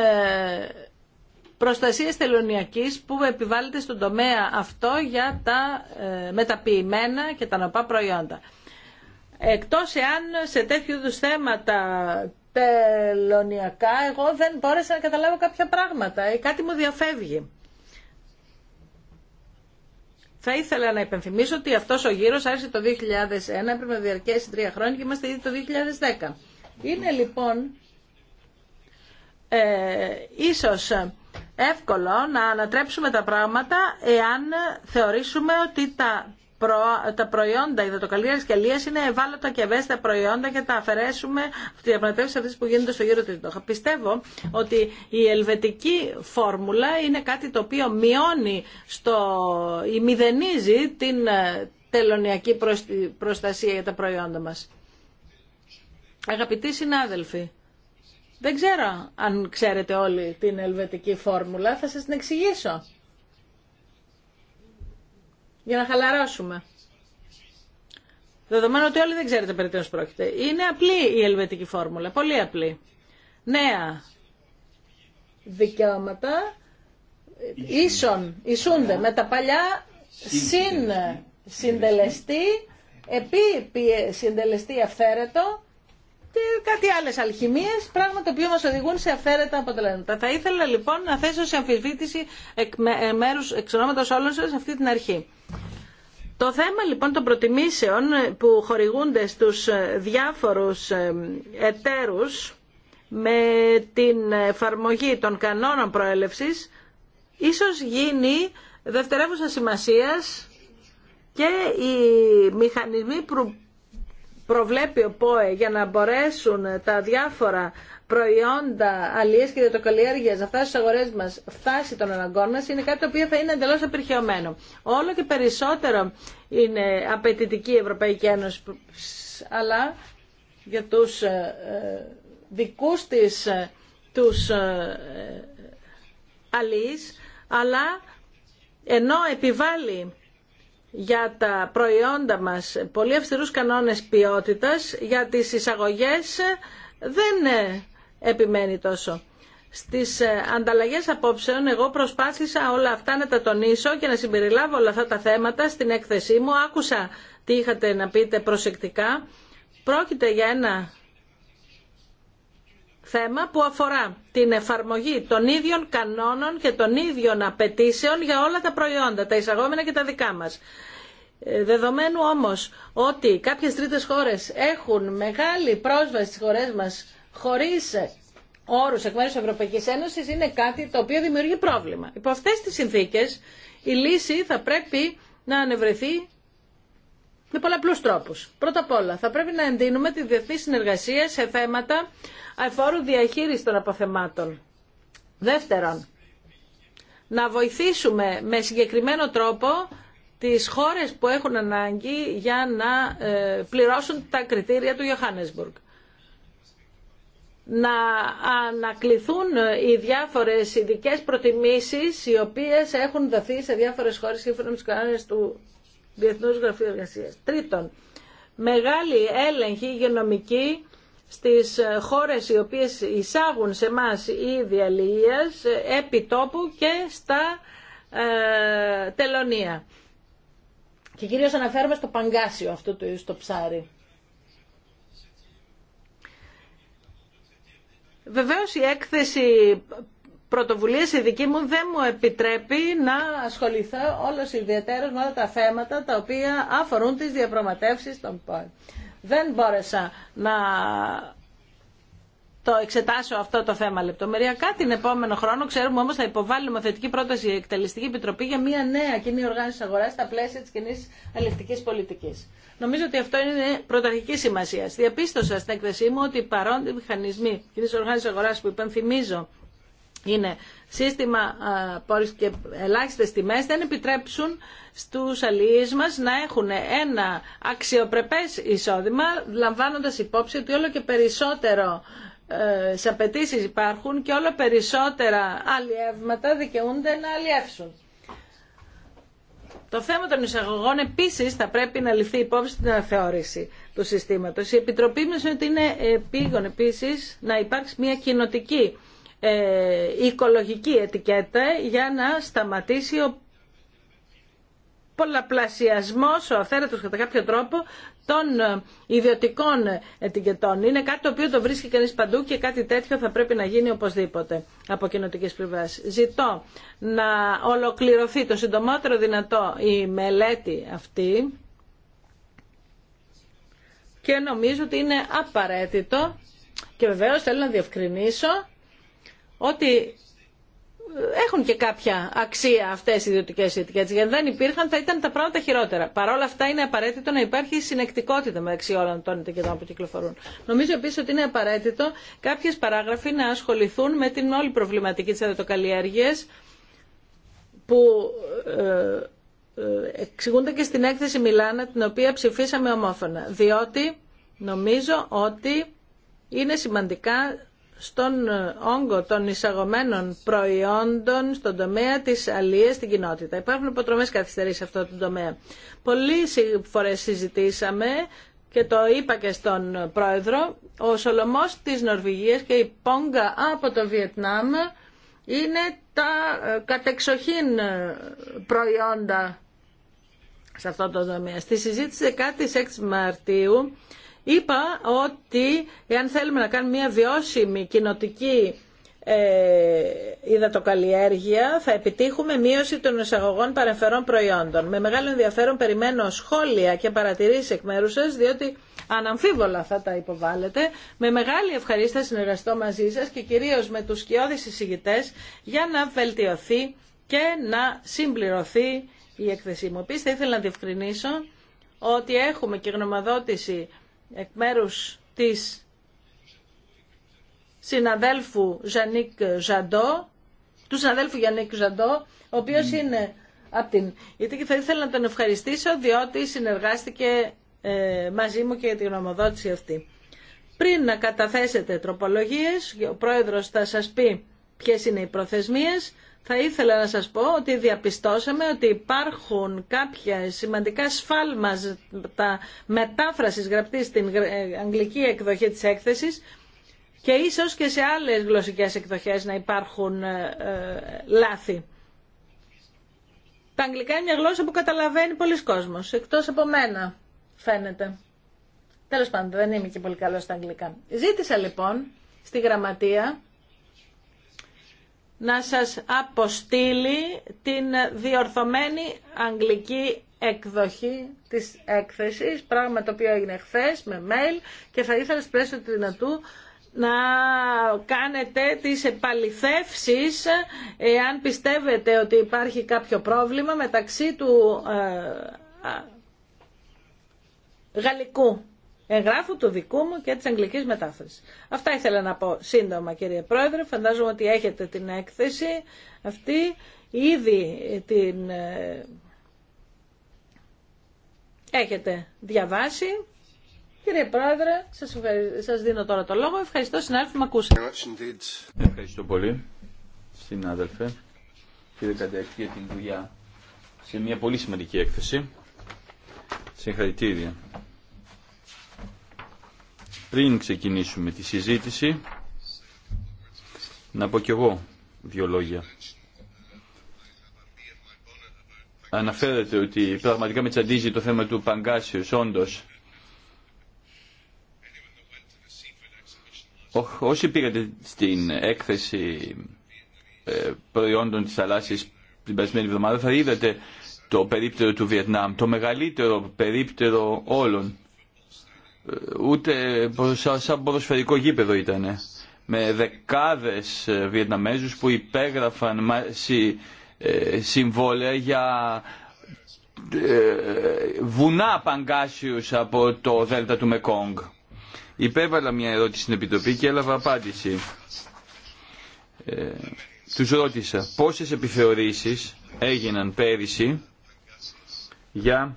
προστασίας τελωνιακής που επιβάλλεται στον τομέα αυτό για τα ε, μεταποιημένα και τα νοπά προϊόντα. Εκτός εάν σε τέτοιου είδου θέματα τελωνιακά εγώ δεν μπόρεσα να καταλάβω κάποια πράγματα ή κάτι μου διαφεύγει. Θα ήθελα να υπενθυμίσω ότι αυτός ο γύρος άρχισε το 2001, έπρεπε να διαρκέσει τρία χρόνια και είμαστε ήδη το 2010. Είναι λοιπόν ε, ίσως εύκολο να ανατρέψουμε τα πράγματα εάν θεωρήσουμε ότι τα τα προϊόντα το και αλίας είναι ευάλωτα και ευαίσθητα προϊόντα και τα αφαιρέσουμε από τι διαπραγματεύσει αυτέ που γίνονται στο γύρο της Δόχα. Πιστεύω ότι η ελβετική φόρμουλα είναι κάτι το οποίο μειώνει στο, ή μηδενίζει την ε, τελωνιακή προστασία για τα προϊόντα μας. Αγαπητοί συνάδελφοι, δεν ξέρω αν ξέρετε όλοι την ελβετική φόρμουλα, θα σας την εξηγήσω για να χαλαρώσουμε. Δεδομένου ότι όλοι δεν ξέρετε περί τίνος πρόκειται. Είναι απλή η ελβετική φόρμουλα, πολύ απλή. Νέα δικαιώματα ίσον, ισούνται με τα παλιά συν συντελεστή, επί συντελεστή αυθαίρετο και κάτι άλλες αλχημίες, πράγματα που μας οδηγούν σε αφαίρετα αποτελέσματα. Θα ήθελα λοιπόν να θέσω σε αμφισβήτηση εκ ε, μέρους εξονόματος όλων σας αυτή την αρχή. Το θέμα λοιπόν των προτιμήσεων ε, που χορηγούνται στους ε, διάφορους εταίρους με την εφαρμογή των κανόνων προέλευσης ίσως γίνει δευτερεύουσα σημασίας και οι μηχανισμοί που προβλέπει ο ΠΟΕ για να μπορέσουν τα διάφορα προϊόντα αλλιές και διατοκαλλιέργειας να φτάσει στις αγορές μας, φτάσει των αναγκών μας, είναι κάτι το οποίο θα είναι εντελώς απερχαιωμένο. Όλο και περισσότερο είναι απαιτητική η Ευρωπαϊκή Ένωση, αλλά για τους ε, ε, δικούς της ε, τους αλλιείς, αλλά ενώ επιβάλλει για τα προϊόντα μας πολύ αυστηρούς κανόνες ποιότητας, για τις εισαγωγές δεν ε, επιμένει τόσο. Στις ε, ανταλλαγές απόψεων εγώ προσπάθησα όλα αυτά να τα τονίσω και να συμπεριλάβω όλα αυτά τα θέματα στην έκθεσή μου. Άκουσα τι είχατε να πείτε προσεκτικά. Πρόκειται για ένα θέμα που αφορά την εφαρμογή των ίδιων κανόνων και των ίδιων απαιτήσεων για όλα τα προϊόντα, τα εισαγόμενα και τα δικά μας. Ε, δεδομένου όμως ότι κάποιες τρίτες χώρες έχουν μεγάλη πρόσβαση στις χώρες μας χωρίς όρους εκ μέρους της Ευρωπαϊκής Ένωσης είναι κάτι το οποίο δημιουργεί πρόβλημα. Υπό αυτές τις συνθήκες η λύση θα πρέπει να ανεβρεθεί με πολλαπλού τρόπου. Πρώτα απ' όλα, θα πρέπει να εντείνουμε τη διεθνή συνεργασία σε θέματα αεφόρου διαχείριση των αποθεμάτων. Δεύτερον, να βοηθήσουμε με συγκεκριμένο τρόπο τις χώρες που έχουν ανάγκη για να ε, πληρώσουν τα κριτήρια του Johannesburg. Να ανακληθούν ε, οι διάφορες ειδικέ προτιμήσεις οι οποίες έχουν δοθεί σε διάφορες χώρες σύμφωνα με του Διεθνούς Γραφείου Εργασίας. Τρίτον, μεγάλη έλεγχη υγειονομική στις χώρες οι οποίες εισάγουν σε μας ήδη αλληλείας επιτόπου και στα ε, τελωνία. Και κυρίως αναφέρομαι στο παγκάσιο αυτό το στο ψάρι. Βεβαίως η έκθεση πρωτοβουλία η δική μου δεν μου επιτρέπει να ασχοληθώ όλο ιδιαίτερο με όλα τα θέματα τα οποία αφορούν τις διαπραγματεύσει των πόρων. Δεν μπόρεσα να το εξετάσω αυτό το θέμα λεπτομεριακά. Την επόμενο χρόνο ξέρουμε όμως θα υποβάλουμε θετική πρόταση η Εκτελεστική Επιτροπή για μια νέα κοινή οργάνωση αγορά στα πλαίσια της κοινή αλληλευτικής πολιτικής. Νομίζω ότι αυτό είναι πρωταρχική σημασία. Διαπίστωσα στην έκθεσή μου ότι οι μηχανισμοί κοινή οργάνωση αγορά που υπενθυμίζω είναι σύστημα και ελάχιστες τιμές δεν επιτρέψουν στους αλλήλει μας να έχουν ένα αξιοπρεπές εισόδημα λαμβάνοντας υπόψη ότι όλο και περισσότερο ε, σε απαιτήσει υπάρχουν και όλο περισσότερα αλλιεύματα δικαιούνται να αλλιεύσουν. Το θέμα των εισαγωγών επίση θα πρέπει να ληφθεί υπόψη στην αναθεώρηση του συστήματο. Η Επιτροπή μα ότι είναι επίγον επίση να υπάρξει μια κοινοτική ε, οικολογική ετικέτα για να σταματήσει ο πολλαπλασιασμός, ο αυθαίρετος κατά κάποιο τρόπο, των ε, ιδιωτικών ετικετών. Είναι κάτι το οποίο το βρίσκει κανείς παντού και κάτι τέτοιο θα πρέπει να γίνει οπωσδήποτε από κοινοτικέ πλευρά. Ζητώ να ολοκληρωθεί το συντομότερο δυνατό η μελέτη αυτή και νομίζω ότι είναι απαραίτητο και βεβαίως θέλω να διευκρινίσω ότι έχουν και κάποια αξία αυτέ οι ιδιωτικέ ετικέτε. Γιατί δεν υπήρχαν, θα ήταν τα πράγματα χειρότερα. Παρ' όλα αυτά, είναι απαραίτητο να υπάρχει συνεκτικότητα μεταξύ όλων των ετικετών που κυκλοφορούν. Νομίζω επίση ότι είναι απαραίτητο κάποιε παράγραφοι να ασχοληθούν με την όλη προβληματική τη αδετοκαλλιέργεια που ε, ε, εξηγούνται και στην έκθεση Μιλάνα, την οποία ψηφίσαμε ομόφωνα. Διότι νομίζω ότι είναι σημαντικά στον ε, όγκο των εισαγωμένων προϊόντων στον τομέα της αλίας στην κοινότητα. Υπάρχουν υποτρομές καθυστερήσεις σε αυτό τον τομέα. Πολλέ φορές συζητήσαμε και το είπα και στον πρόεδρο, ο Σολομός της Νορβηγίας και η Πόγκα από το Βιετνάμ είναι τα ε, κατεξοχήν ε, προϊόντα σε αυτό το τομέα. Στη συζήτηση 16 Μαρτίου Είπα ότι εάν θέλουμε να κάνουμε μια βιώσιμη κοινοτική ε, υδατοκαλλιέργεια θα επιτύχουμε μείωση των εισαγωγών παρεμφερών προϊόντων. Με μεγάλο ενδιαφέρον περιμένω σχόλια και παρατηρήσεις εκ μέρους σας, διότι αναμφίβολα θα τα υποβάλλετε. Με μεγάλη ευχαρίστηση συνεργαστώ μαζί σας και κυρίως με τους σκιώδεις εισηγητές για να βελτιωθεί και να συμπληρωθεί η έκθεσή μου. Επίσης θα ήθελα να διευκρινίσω ότι έχουμε και γνωμαδότηση εκ μέρους της συναδέλφου Ζανίκ Ζαντό, του συναδέλφου Γιάννικ Ζαντό, ο οποίος ναι. είναι από την Γιατί και θα ήθελα να τον ευχαριστήσω διότι συνεργάστηκε ε, μαζί μου και για τη γνωμοδότηση αυτή. Πριν να καταθέσετε τροπολογίες, ο πρόεδρος θα σας πει ποιες είναι οι προθεσμίες, θα ήθελα να σας πω ότι διαπιστώσαμε ότι υπάρχουν κάποια σημαντικά σφάλματα μετάφρασης γραπτής στην ε, αγγλική εκδοχή της έκθεσης και ίσως και σε άλλες γλωσσικές εκδοχές να υπάρχουν ε, ε, λάθη. Τα αγγλικά είναι μια γλώσσα που καταλαβαίνει πολλοί κόσμος, εκτός από μένα φαίνεται. Τέλος πάντων, δεν είμαι και πολύ καλό στα αγγλικά. Ζήτησα λοιπόν στη γραμματεία να σας αποστείλει την διορθωμένη αγγλική εκδοχή της έκθεσης, πράγμα το οποίο έγινε χθε με mail και θα ήθελα στο του δυνατού να κάνετε τις επαληθεύσεις εάν πιστεύετε ότι υπάρχει κάποιο πρόβλημα μεταξύ του ε, γαλλικού εγγράφου του δικού μου και της αγγλικής μετάφρασης. Αυτά ήθελα να πω σύντομα κύριε Πρόεδρε. Φαντάζομαι ότι έχετε την έκθεση αυτή. Ήδη την ε, έχετε διαβάσει. Κύριε Πρόεδρε, σας, σας δίνω τώρα το λόγο. Ευχαριστώ συνάδελφοι που με ακούσατε. Ευχαριστώ πολύ συνάδελφε κύριε Καντέκτη για την δουλειά σε μια πολύ σημαντική έκθεση. Συγχαρητήρια πριν ξεκινήσουμε τη συζήτηση, να πω κι εγώ δύο λόγια. Αναφέρεται ότι πραγματικά με τσαντίζει το θέμα του Παγκάσιος, όντως. Όσοι πήγατε στην έκθεση ε, προϊόντων της θαλάσσης την περασμένη εβδομάδα θα είδατε το περίπτερο του Βιετνάμ, το μεγαλύτερο περίπτερο όλων. Ε, ούτε σαν ποδοσφαιρικό γήπεδο ήταν με δεκάδες ε, Βιετναμέζους που υπέγραφαν ε, συμβόλαια για βουνά παγκάσιους από το δέλτα του Μεκόγκ. Υπέβαλα μια ερώτηση στην Επιτροπή και έλαβα απάντηση. Ε, τους ρώτησα πόσες επιθεωρήσεις έγιναν πέρυσι για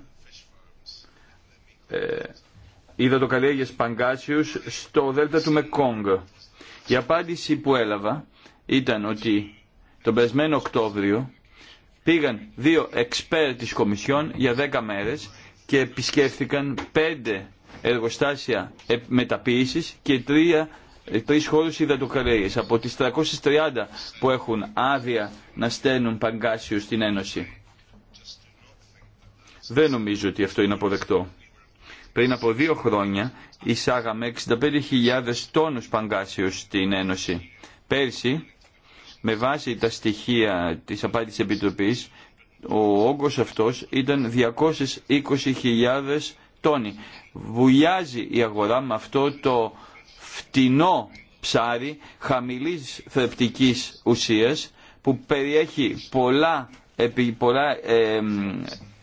υδατοκαλλιέργειας Παγκάσιους στο δέλτα του Μεκόγκ. Η απάντηση που έλαβα ήταν ότι τον περασμένο Οκτώβριο πήγαν δύο εξπέρ της Κομισιόν για δέκα μέρες και επισκέφθηκαν πέντε εργοστάσια μεταποίησης και τρία τρει χώρου υδατοκαλλιέργεια από τι 330 που έχουν άδεια να στέλνουν παγκάσιου στην Ένωση. Δεν νομίζω ότι αυτό είναι αποδεκτό. Πριν από δύο χρόνια εισάγαμε 65.000 τόνους παγκάσιου στην Ένωση. Πέρσι, με βάση τα στοιχεία της απάντησης Επιτροπής, ο όγκος αυτός ήταν 220.000 τόνοι. Βουλιάζει η αγορά με αυτό το φτηνό ψάρι χαμηλής θρεπτικής ουσίας που περιέχει πολλά, πολλά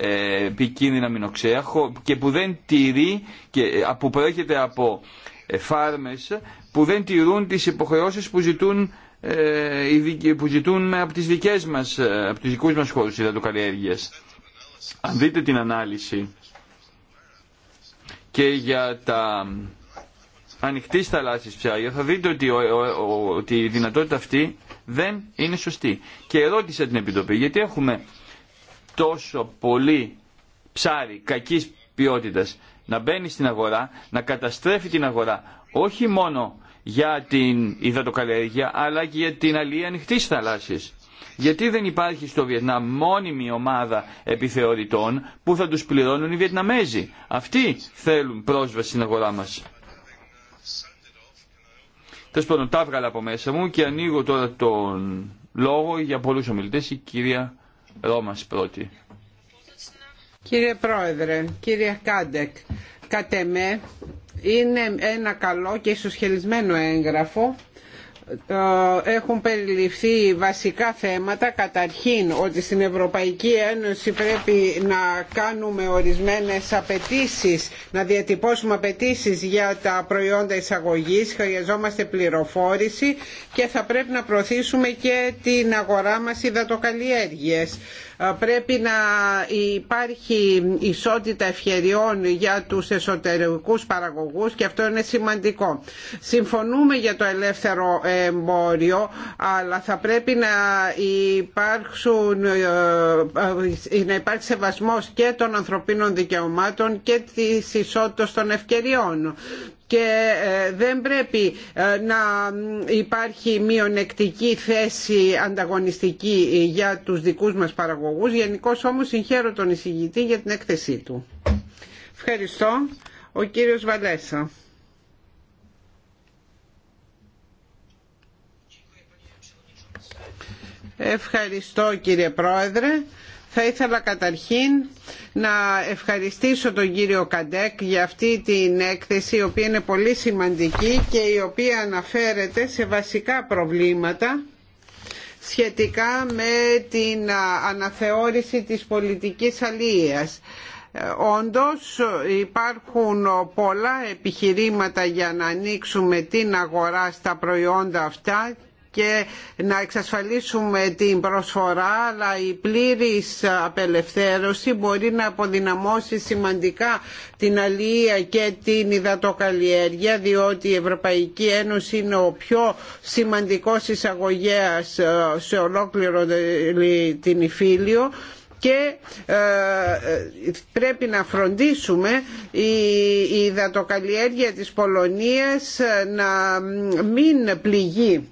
ε, επικίνδυνα μηνοξέα και που δεν τηρεί και ε, που προέρχεται από ε, φάρμες που δεν τηρούν τις υποχρεώσεις που ζητούν που ζητούν από τις δικές μας από τους δικούς μας χώρους υδατοκαλλιέργειας. Αν δείτε την ανάλυση και για τα ανοιχτή θαλάσσης ψάρια θα δείτε ότι, ο, ότι η δυνατότητα αυτή δεν είναι σωστή. Και ερώτησα την Επιτροπή γιατί έχουμε τόσο πολύ ψάρι κακής ποιότητας να μπαίνει στην αγορά, να καταστρέφει την αγορά, όχι μόνο για την υδατοκαλλιέργεια, αλλά και για την αλληλεία ανοιχτή θαλάσση. Γιατί δεν υπάρχει στο Βιετνάμ μόνιμη ομάδα επιθεωρητών που θα τους πληρώνουν οι Βιετναμέζοι. Αυτοί θέλουν πρόσβαση στην αγορά μας. Τέλο πάντων, τα έβγαλα από μέσα μου και ανοίγω τώρα τον λόγο για πολλούς ομιλητές, η κυρία Κύριε Πρόεδρε, κύριε Κάντεκ, κατ' εμέ είναι ένα καλό και ισοσχελισμένο έγγραφο ε, έχουν περιληφθεί βασικά θέματα καταρχήν ότι στην Ευρωπαϊκή Ένωση πρέπει να κάνουμε ορισμένες απαιτήσει, να διατυπώσουμε απαιτήσει για τα προϊόντα εισαγωγής χρειαζόμαστε πληροφόρηση και θα πρέπει να προωθήσουμε και την αγορά μας υδατοκαλλιέργειες πρέπει να υπάρχει ισότητα ευκαιριών για τους εσωτερικούς παραγωγούς και αυτό είναι σημαντικό. Συμφωνούμε για το ελεύθερο εμπόριο αλλά θα πρέπει να, υπάρξουν, ε, ε, να υπάρξει σεβασμός και των ανθρωπίνων δικαιωμάτων και της ισότητας των ευκαιριών και ε, δεν πρέπει ε, να υπάρχει μειονεκτική θέση ανταγωνιστική για τους δικούς μας παραγωγούς. Γενικώ όμως συγχαίρω τον εισηγητή για την έκθεσή του. Ευχαριστώ. Ο κύριος Βαλέσα. Ευχαριστώ κύριε Πρόεδρε. Θα ήθελα καταρχήν να ευχαριστήσω τον κύριο Καντέκ για αυτή την έκθεση η οποία είναι πολύ σημαντική και η οποία αναφέρεται σε βασικά προβλήματα σχετικά με την αναθεώρηση της πολιτικής αλληλείας. Όντως υπάρχουν πολλά επιχειρήματα για να ανοίξουμε την αγορά στα προϊόντα αυτά και να εξασφαλίσουμε την προσφορά αλλά η πλήρης απελευθέρωση μπορεί να αποδυναμώσει σημαντικά την αλληλεία και την υδατοκαλλιέργεια διότι η Ευρωπαϊκή Ένωση είναι ο πιο σημαντικός εισαγωγέας ε, σε ολόκληρο ε, την Ιφίλιο και ε, πρέπει να φροντίσουμε η, η υδατοκαλλιέργεια της Πολωνίας να μην πληγεί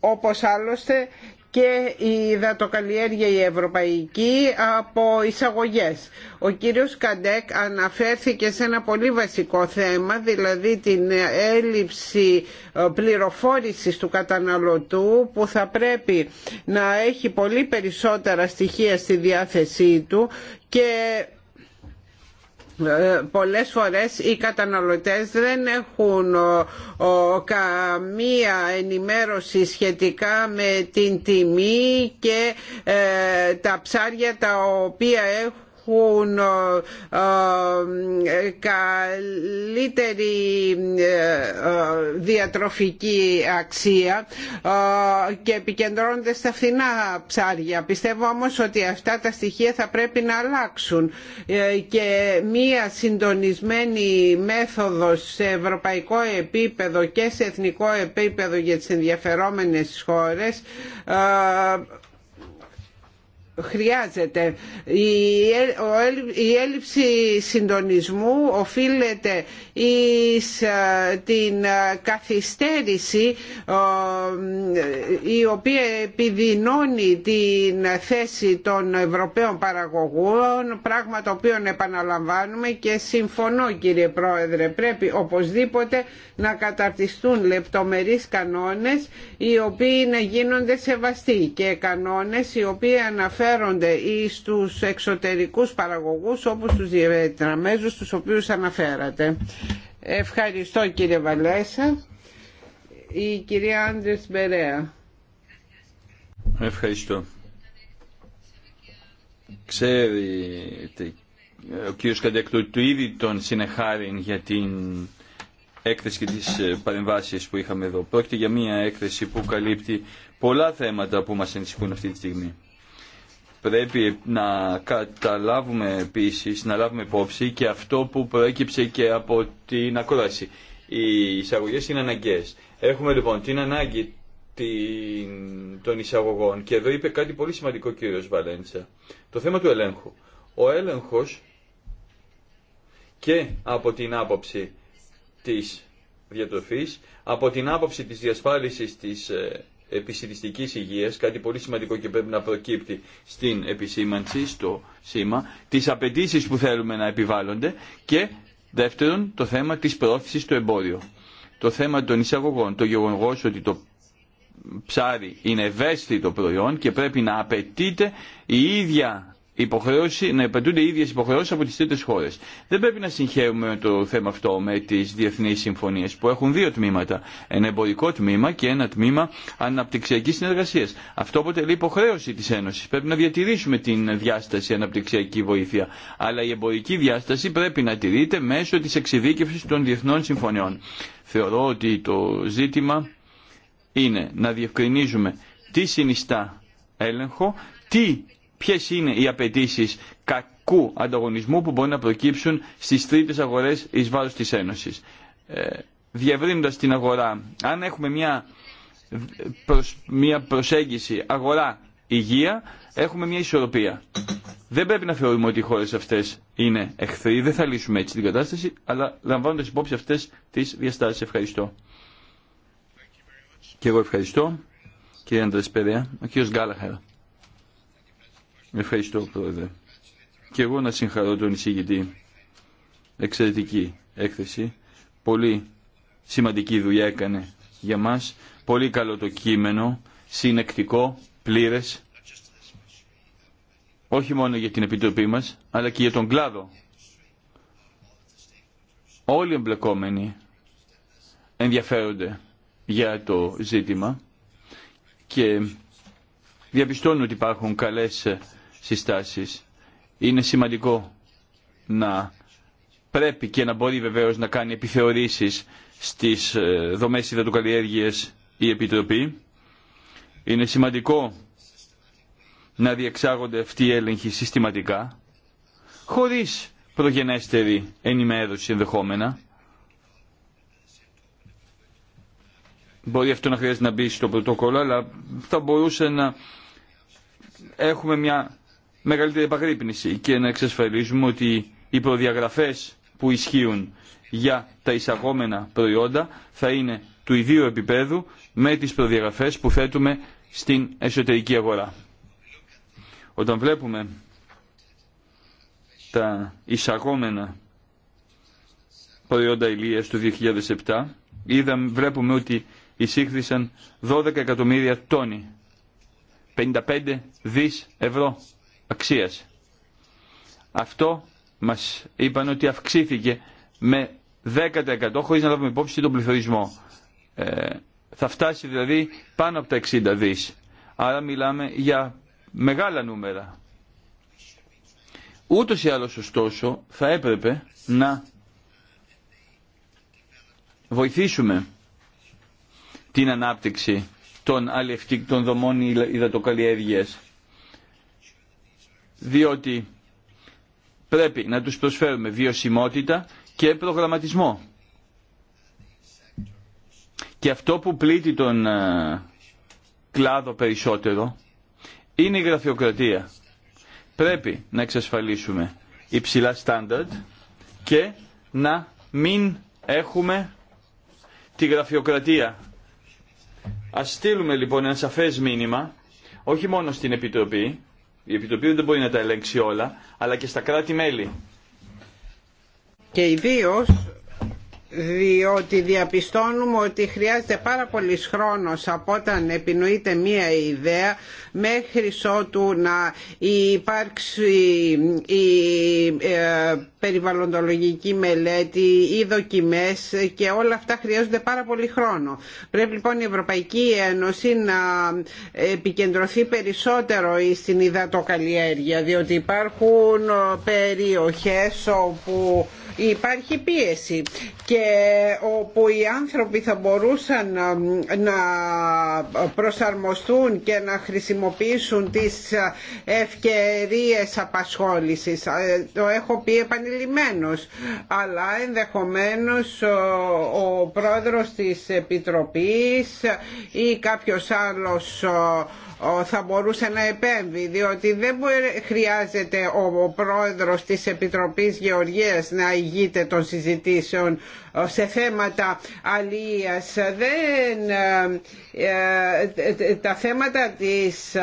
όπως άλλωστε και η δατοκαλλιέργεια η ευρωπαϊκή από εισαγωγές. Ο κύριος Καντέκ αναφέρθηκε σε ένα πολύ βασικό θέμα, δηλαδή την έλλειψη ε, πληροφόρησης του καταναλωτού που θα πρέπει να έχει πολύ περισσότερα στοιχεία στη διάθεσή του και ε, πολλές φορές οι καταναλωτές δεν έχουν καμία ενημέρωση σχετικά με την τιμή και ε, τα ψάρια τα οποία έχουν έχουν ε, ε, καλύτερη ε, διατροφική αξία και επικεντρώνονται στα φθηνά ψάρια. Πιστεύω όμως ότι αυτά τα στοιχεία θα πρέπει να αλλάξουν και μία συντονισμένη μέθοδος σε ευρωπαϊκό επίπεδο και σε εθνικό επίπεδο για τις ενδιαφερόμενες χώρες χρειάζεται. Ε- η έλλειψη συντονισμού οφείλεται εις ε, την ε, καθυστέρηση η οποία επιδεινώνει την θέση των Ευρωπαίων παραγωγών πράγμα το οποίο επαναλαμβάνουμε και συμφωνώ κύριε Πρόεδρε πρέπει οπωσδήποτε να καταρτιστούν λεπτομερείς κανόνες οι οποίοι να γίνονται σεβαστοί και κανόνες οι οποίοι αναφέρουν αναφέρονται ή στους εξωτερικούς παραγωγούς όπως τους διαμέζους τους οποίους αναφέρατε. Ευχαριστώ κύριε Βαλέσα. Η κυρία Άντρες Μπερέα. Ευχαριστώ. Ξέρετε, ο κύριος Καντεκτού του ήδη τον συνεχάρει για την έκθεση και τις ε, παρεμβάσεις που είχαμε εδώ. Πρόκειται για μια έκθεση που καλύπτει πολλά θέματα που μας ενισχύουν αυτή τη στιγμή. Πρέπει να καταλάβουμε επίσης, να λάβουμε υπόψη και αυτό που προέκυψε και από την ακρόαση. Οι εισαγωγές είναι αναγκαίες. Έχουμε λοιπόν την ανάγκη των εισαγωγών και εδώ είπε κάτι πολύ σημαντικό ο κύριος Βαλέντσα. Το θέμα του ελέγχου. Ο έλεγχος και από την άποψη της διατροφής, από την άποψη της διασφάλισης της ε, επισητιστικής υγεία, κάτι πολύ σημαντικό και πρέπει να προκύπτει στην επισήμανση, στο σήμα, τις απαιτήσει που θέλουμε να επιβάλλονται και δεύτερον το θέμα της πρόθεση στο εμπόριο. Το θέμα των εισαγωγών, το γεγονό ότι το ψάρι είναι ευαίσθητο προϊόν και πρέπει να απαιτείται η ίδια να επαντούνται οι ίδιε υποχρεώσει από τι τρίτε χώρε. Δεν πρέπει να συγχαίουμε το θέμα αυτό με τι διεθνεί συμφωνίε που έχουν δύο τμήματα. Ένα εμπορικό τμήμα και ένα τμήμα αναπτυξιακή συνεργασία. Αυτό αποτελεί υποχρέωση τη Ένωση. Πρέπει να διατηρήσουμε την διάσταση αναπτυξιακή βοήθεια. Αλλά η εμπορική διάσταση πρέπει να τηρείται μέσω τη εξειδίκευση των διεθνών συμφωνιών. Θεωρώ ότι το ζήτημα είναι να διευκρινίζουμε τι συνιστά έλεγχο, τι Ποιε είναι οι απαιτήσει κακού ανταγωνισμού που μπορεί να προκύψουν στι τρίτε αγορέ ει βάρο τη Ένωση. Ε, διευρύνοντας την αγορά, αν έχουμε μια, μια προσέγγιση αγορά-υγεία, έχουμε μια ισορροπία. Δεν πρέπει να θεωρούμε ότι οι χώρε αυτέ είναι εχθροί. Δεν θα λύσουμε έτσι την κατάσταση, αλλά λαμβάνοντα υπόψη αυτέ τι διαστάσει. Ευχαριστώ. Και εγώ ευχαριστώ, κύριε Ο κύριο Γκάλαχαρα. Ευχαριστώ πρόεδρε. Και εγώ να συγχαρώ τον εισηγητή. Εξαιρετική έκθεση. Πολύ σημαντική δουλειά έκανε για μας. Πολύ καλό το κείμενο. Συνεκτικό, πλήρες. Όχι μόνο για την Επιτροπή μας, αλλά και για τον κλάδο. Όλοι οι εμπλεκόμενοι ενδιαφέρονται για το ζήτημα και διαπιστώνουν ότι υπάρχουν καλές συστάσεις. Είναι σημαντικό να πρέπει και να μπορεί βεβαίως να κάνει επιθεωρήσεις στις ε, δομές υδατοκαλλιέργειες η Επιτροπή. Είναι σημαντικό να διεξάγονται αυτοί οι έλεγχοι συστηματικά, χωρίς προγενέστερη ενημέρωση ενδεχόμενα. Μπορεί αυτό να χρειάζεται να μπει στο πρωτόκολλο, αλλά θα μπορούσε να έχουμε μια μεγαλύτερη επαγρύπνηση και να εξασφαλίζουμε ότι οι προδιαγραφές που ισχύουν για τα εισαγόμενα προϊόντα θα είναι του ιδίου επίπεδου με τις προδιαγραφές που θέτουμε στην εσωτερική αγορά. Όταν βλέπουμε τα εισαγόμενα προϊόντα ηλίας του 2007, είδαμε, βλέπουμε ότι εισήχθησαν 12 εκατομμύρια τόνοι, 55 δις ευρώ αξίας. Αυτό μας είπαν ότι αυξήθηκε με 10% χωρίς να λάβουμε υπόψη τον πληθωρισμό. Ε, θα φτάσει δηλαδή πάνω από τα 60 δις. Άρα μιλάμε για μεγάλα νούμερα. Ούτως ή άλλως ωστόσο θα έπρεπε να βοηθήσουμε την ανάπτυξη των, δομών υδατοκαλλιέργειας διότι πρέπει να τους προσφέρουμε βιωσιμότητα και προγραμματισμό. Και αυτό που πλήττει τον ε, κλάδο περισσότερο είναι η γραφειοκρατία. Πρέπει να εξασφαλίσουμε υψηλά στάνταρτ και να μην έχουμε τη γραφειοκρατία. Ας στείλουμε λοιπόν ένα σαφές μήνυμα, όχι μόνο στην Επιτροπή, η Επιτροπή δεν μπορεί να τα ελέγξει όλα, αλλά και στα κράτη-μέλη. Και ιδίω διότι διαπιστώνουμε ότι χρειάζεται πάρα πολύ χρόνος από όταν επινοείται μία ιδέα μέχρι ότου να υπάρξει η ε, περιβαλλοντολογική μελέτη, οι δοκιμές και όλα αυτά χρειάζονται πάρα πολύ χρόνο. Πρέπει λοιπόν η Ευρωπαϊκή Ένωση να επικεντρωθεί περισσότερο στην υδατοκαλλιέργεια διότι υπάρχουν περιοχές όπου υπάρχει πίεση και και όπου οι άνθρωποι θα μπορούσαν ε, να προσαρμοστούν και να χρησιμοποιήσουν τις ε, ευκαιρίες απασχόλησης. Ε, το έχω πει επανειλημμένος, αλλά ενδεχομένως ο πρόεδρος της Επιτροπής ή κάποιος άλλος θα μπορούσε να επέμβει διότι δεν χρειάζεται ο πρόεδρος της Επιτροπής Γεωργίας να ηγείται των συζητήσεων ε, σε θέματα αλίας δεν ε, ε, τα θέματα της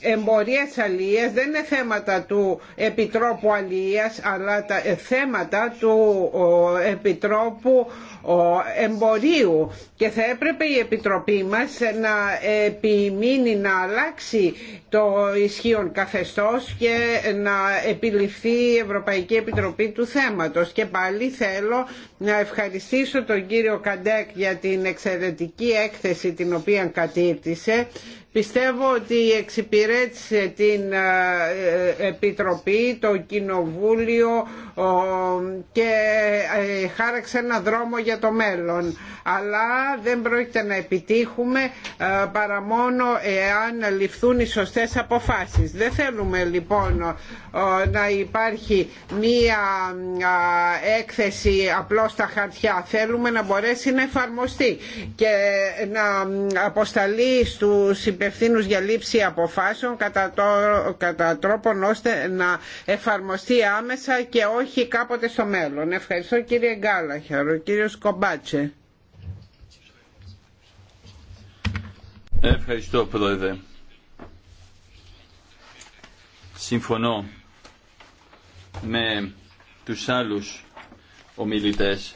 εμπορίας αλίας δεν είναι θέματα του Επιτρόπου Αλίας αλλά τα θέματα του Επιτρόπου εμπορίου και θα έπρεπε η Επιτροπή μας να επιμείνει να αλλάξει το ισχύον καθεστώς και να επιληφθεί η Ευρωπαϊκή Επιτροπή του θέματος. Και πάλι θέλω να ευχαριστήσω τον κύριο Καντέκ για την εξαιρετική έκθεση την οποία κατήρτισε Πιστεύω ότι εξυπηρέτησε την ε, ε, Επιτροπή, το Κοινοβούλιο και ε, χάραξε ένα δρόμο για το μέλλον. Αλλά δεν πρόκειται να επιτύχουμε παρά μόνο εάν ληφθούν οι σωστές αποφάσεις. Δεν θέλουμε λοιπόν να υπάρχει μία έκθεση απλώς στα χαρτιά. Θέλουμε να μπορέσει να εφαρμοστεί και να αποσταλεί στους υπευθύνους για λήψη αποφάσεων κατά, το, τρόπον ώστε να εφαρμοστεί άμεσα και όχι κάποτε στο μέλλον. Ευχαριστώ κύριε Γκάλαχερ, ο κύριος Κομπάτσε. Ευχαριστώ πρόεδρε. Συμφωνώ με τους άλλους ομιλητές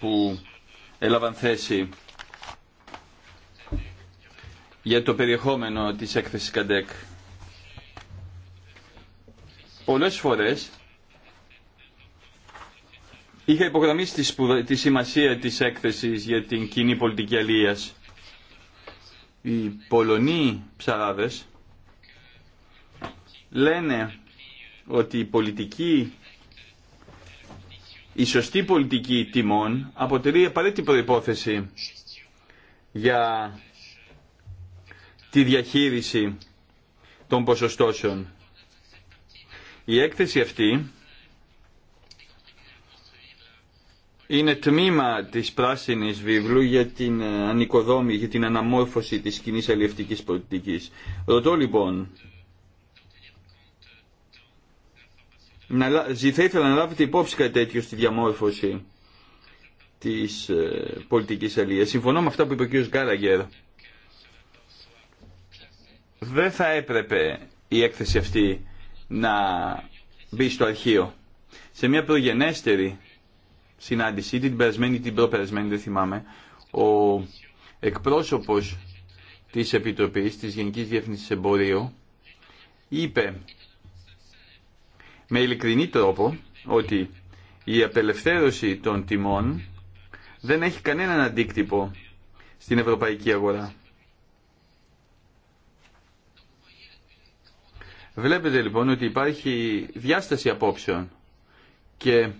που έλαβαν θέση για το περιεχόμενο της έκθεσης Καντέκ. Πολλές φορές είχα υπογραμμίσει τη, σημασία της έκθεσης για την κοινή πολιτική αλίας. Οι Πολωνοί ψαράδες λένε ότι η πολιτική η σωστή πολιτική τιμών αποτελεί απαραίτητη προϋπόθεση για τη διαχείριση των ποσοστώσεων. Η έκθεση αυτή είναι τμήμα της πράσινης βιβλού για την ανοικοδόμη, για την αναμόρφωση της κοινή αλληλευτικής πολιτικής. Ρωτώ λοιπόν, να, θα ήθελα να λάβετε υπόψη κάτι τέτοιο στη διαμόρφωση της ε, πολιτικής αλληλείας. Συμφωνώ με αυτά που είπε ο κ. Γκάλαγκερ δεν θα έπρεπε η έκθεση αυτή να μπει στο αρχείο. Σε μια προγενέστερη συνάντηση, την περασμένη ή την προπερασμένη, δεν θυμάμαι, ο εκπρόσωπος της Επιτροπής της Γενικής Διεύθυνσης Εμπορίου είπε με ειλικρινή τρόπο ότι η απελευθέρωση των τιμών δεν έχει κανέναν αντίκτυπο στην ευρωπαϊκή αγορά. Βλέπετε λοιπόν ότι υπάρχει διάσταση απόψεων και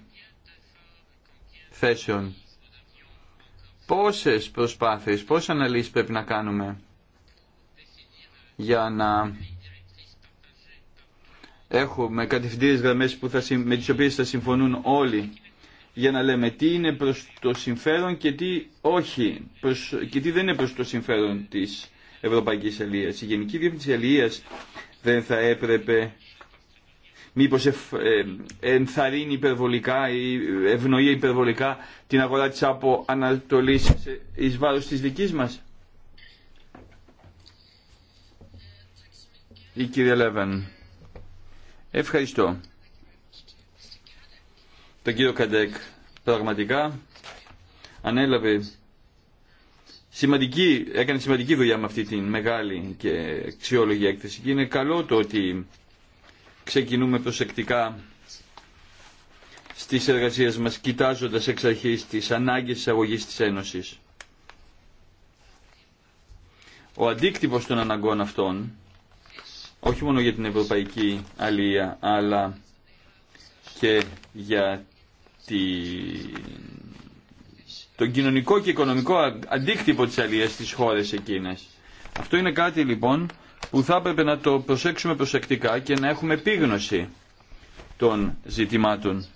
θέσεων. Πόσες προσπάθειες, πόσες αναλύσεις πρέπει να κάνουμε για να έχουμε κατευθυντήρες γραμμές που θα, με τις οποίες θα συμφωνούν όλοι για να λέμε τι είναι προς το συμφέρον και τι όχι προς, και τι δεν είναι προς το συμφέρον της Ευρωπαϊκής έλίας Η Γενική Διεύθυνση δεν θα έπρεπε μήπως ε, ενθαρρύνει υπερβολικά ή ευνοεί υπερβολικά την αγορά της από Ανατολής εις βάρος της δικής μας. Η κυρία Λέβαν. Ευχαριστώ. Τον κύριο Καντέκ πραγματικά ανέλαβε σημαντική, έκανε σημαντική δουλειά με αυτή την μεγάλη και αξιόλογη έκθεση και είναι καλό το ότι ξεκινούμε προσεκτικά στις εργασίες μας κοιτάζοντας εξ αρχής τις ανάγκες της αγωγής της Ένωσης. Ο αντίκτυπος των αναγκών αυτών, όχι μόνο για την ευρωπαϊκή αλία, αλλά και για την τον κοινωνικό και οικονομικό αντίκτυπο της αλλιές στις χώρες εκείνες. Αυτό είναι κάτι λοιπόν που θα έπρεπε να το προσέξουμε προσεκτικά και να έχουμε επίγνωση των ζητημάτων.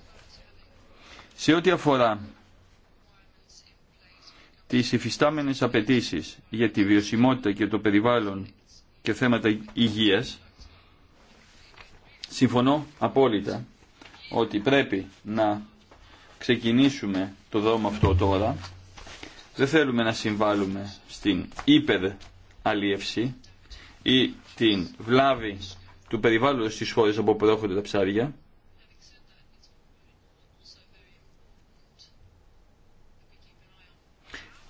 Σε ό,τι αφορά τις υφιστάμενες απαιτήσει για τη βιωσιμότητα και το περιβάλλον και θέματα υγείας, συμφωνώ απόλυτα ότι πρέπει να ξεκινήσουμε το δρόμο αυτό τώρα. Δεν θέλουμε να συμβάλλουμε στην αλίευση ή την βλάβη του περιβάλλοντος στις χώρες από όπου προέρχονται τα ψάρια.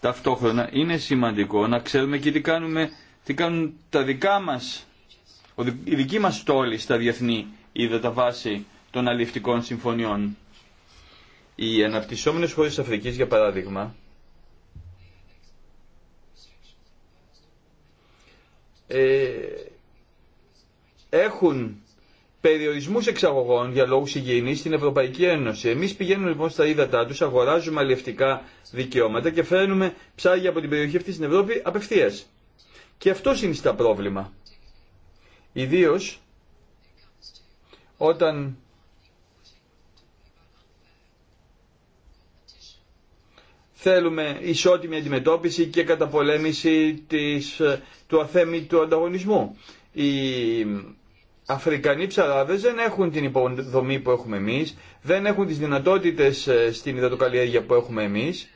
Ταυτόχρονα είναι σημαντικό να ξέρουμε και τι, κάνουμε, τι κάνουν τα δικά μας, η δική μας τόλη στα διεθνή είδα τα βάση των αλληλευτικών συμφωνιών. Οι αναπτυσσόμενες χώρες της Αφρικής, για παράδειγμα, ε, έχουν περιορισμούς εξαγωγών για λόγους υγιεινής στην Ευρωπαϊκή Ένωση. Εμείς πηγαίνουμε λοιπόν στα ύδατά τους, αγοράζουμε αλλιευτικά δικαιώματα και φέρνουμε ψάρια από την περιοχή αυτή στην Ευρώπη απευθείας. Και αυτό στα πρόβλημα. Ιδίως όταν Θέλουμε ισότιμη αντιμετώπιση και καταπολέμηση της, του αθέμητου ανταγωνισμού. Οι Αφρικανοί ψαράδες δεν έχουν την υποδομή που έχουμε εμείς, δεν έχουν τις δυνατότητες ε, στην υδατοκαλλιέργεια που έχουμε εμείς.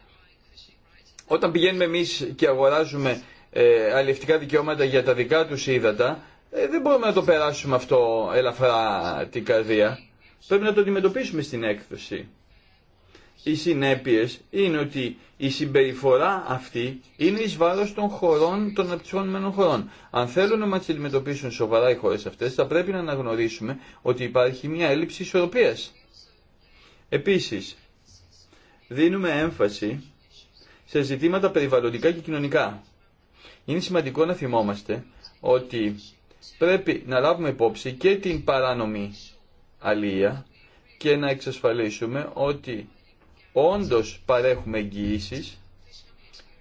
Όταν πηγαίνουμε εμείς και αγοράζουμε ε, αλληλευτικά δικαιώματα για τα δικά τους ύδατα, ε, δεν μπορούμε να το περάσουμε αυτό ελαφρά την καρδία. Πρέπει να το αντιμετωπίσουμε στην έκθεση οι συνέπειες είναι ότι η συμπεριφορά αυτή είναι εις βάρος των χωρών, των αναπτυσσόμενων χωρών. Αν θέλουν να μας αντιμετωπίσουν σοβαρά οι χώρες αυτές, θα πρέπει να αναγνωρίσουμε ότι υπάρχει μια έλλειψη ισορροπίας. Επίσης, δίνουμε έμφαση σε ζητήματα περιβαλλοντικά και κοινωνικά. Είναι σημαντικό να θυμόμαστε ότι πρέπει να λάβουμε υπόψη και την παράνομη αλία και να εξασφαλίσουμε ότι όντως παρέχουμε εγγυήσει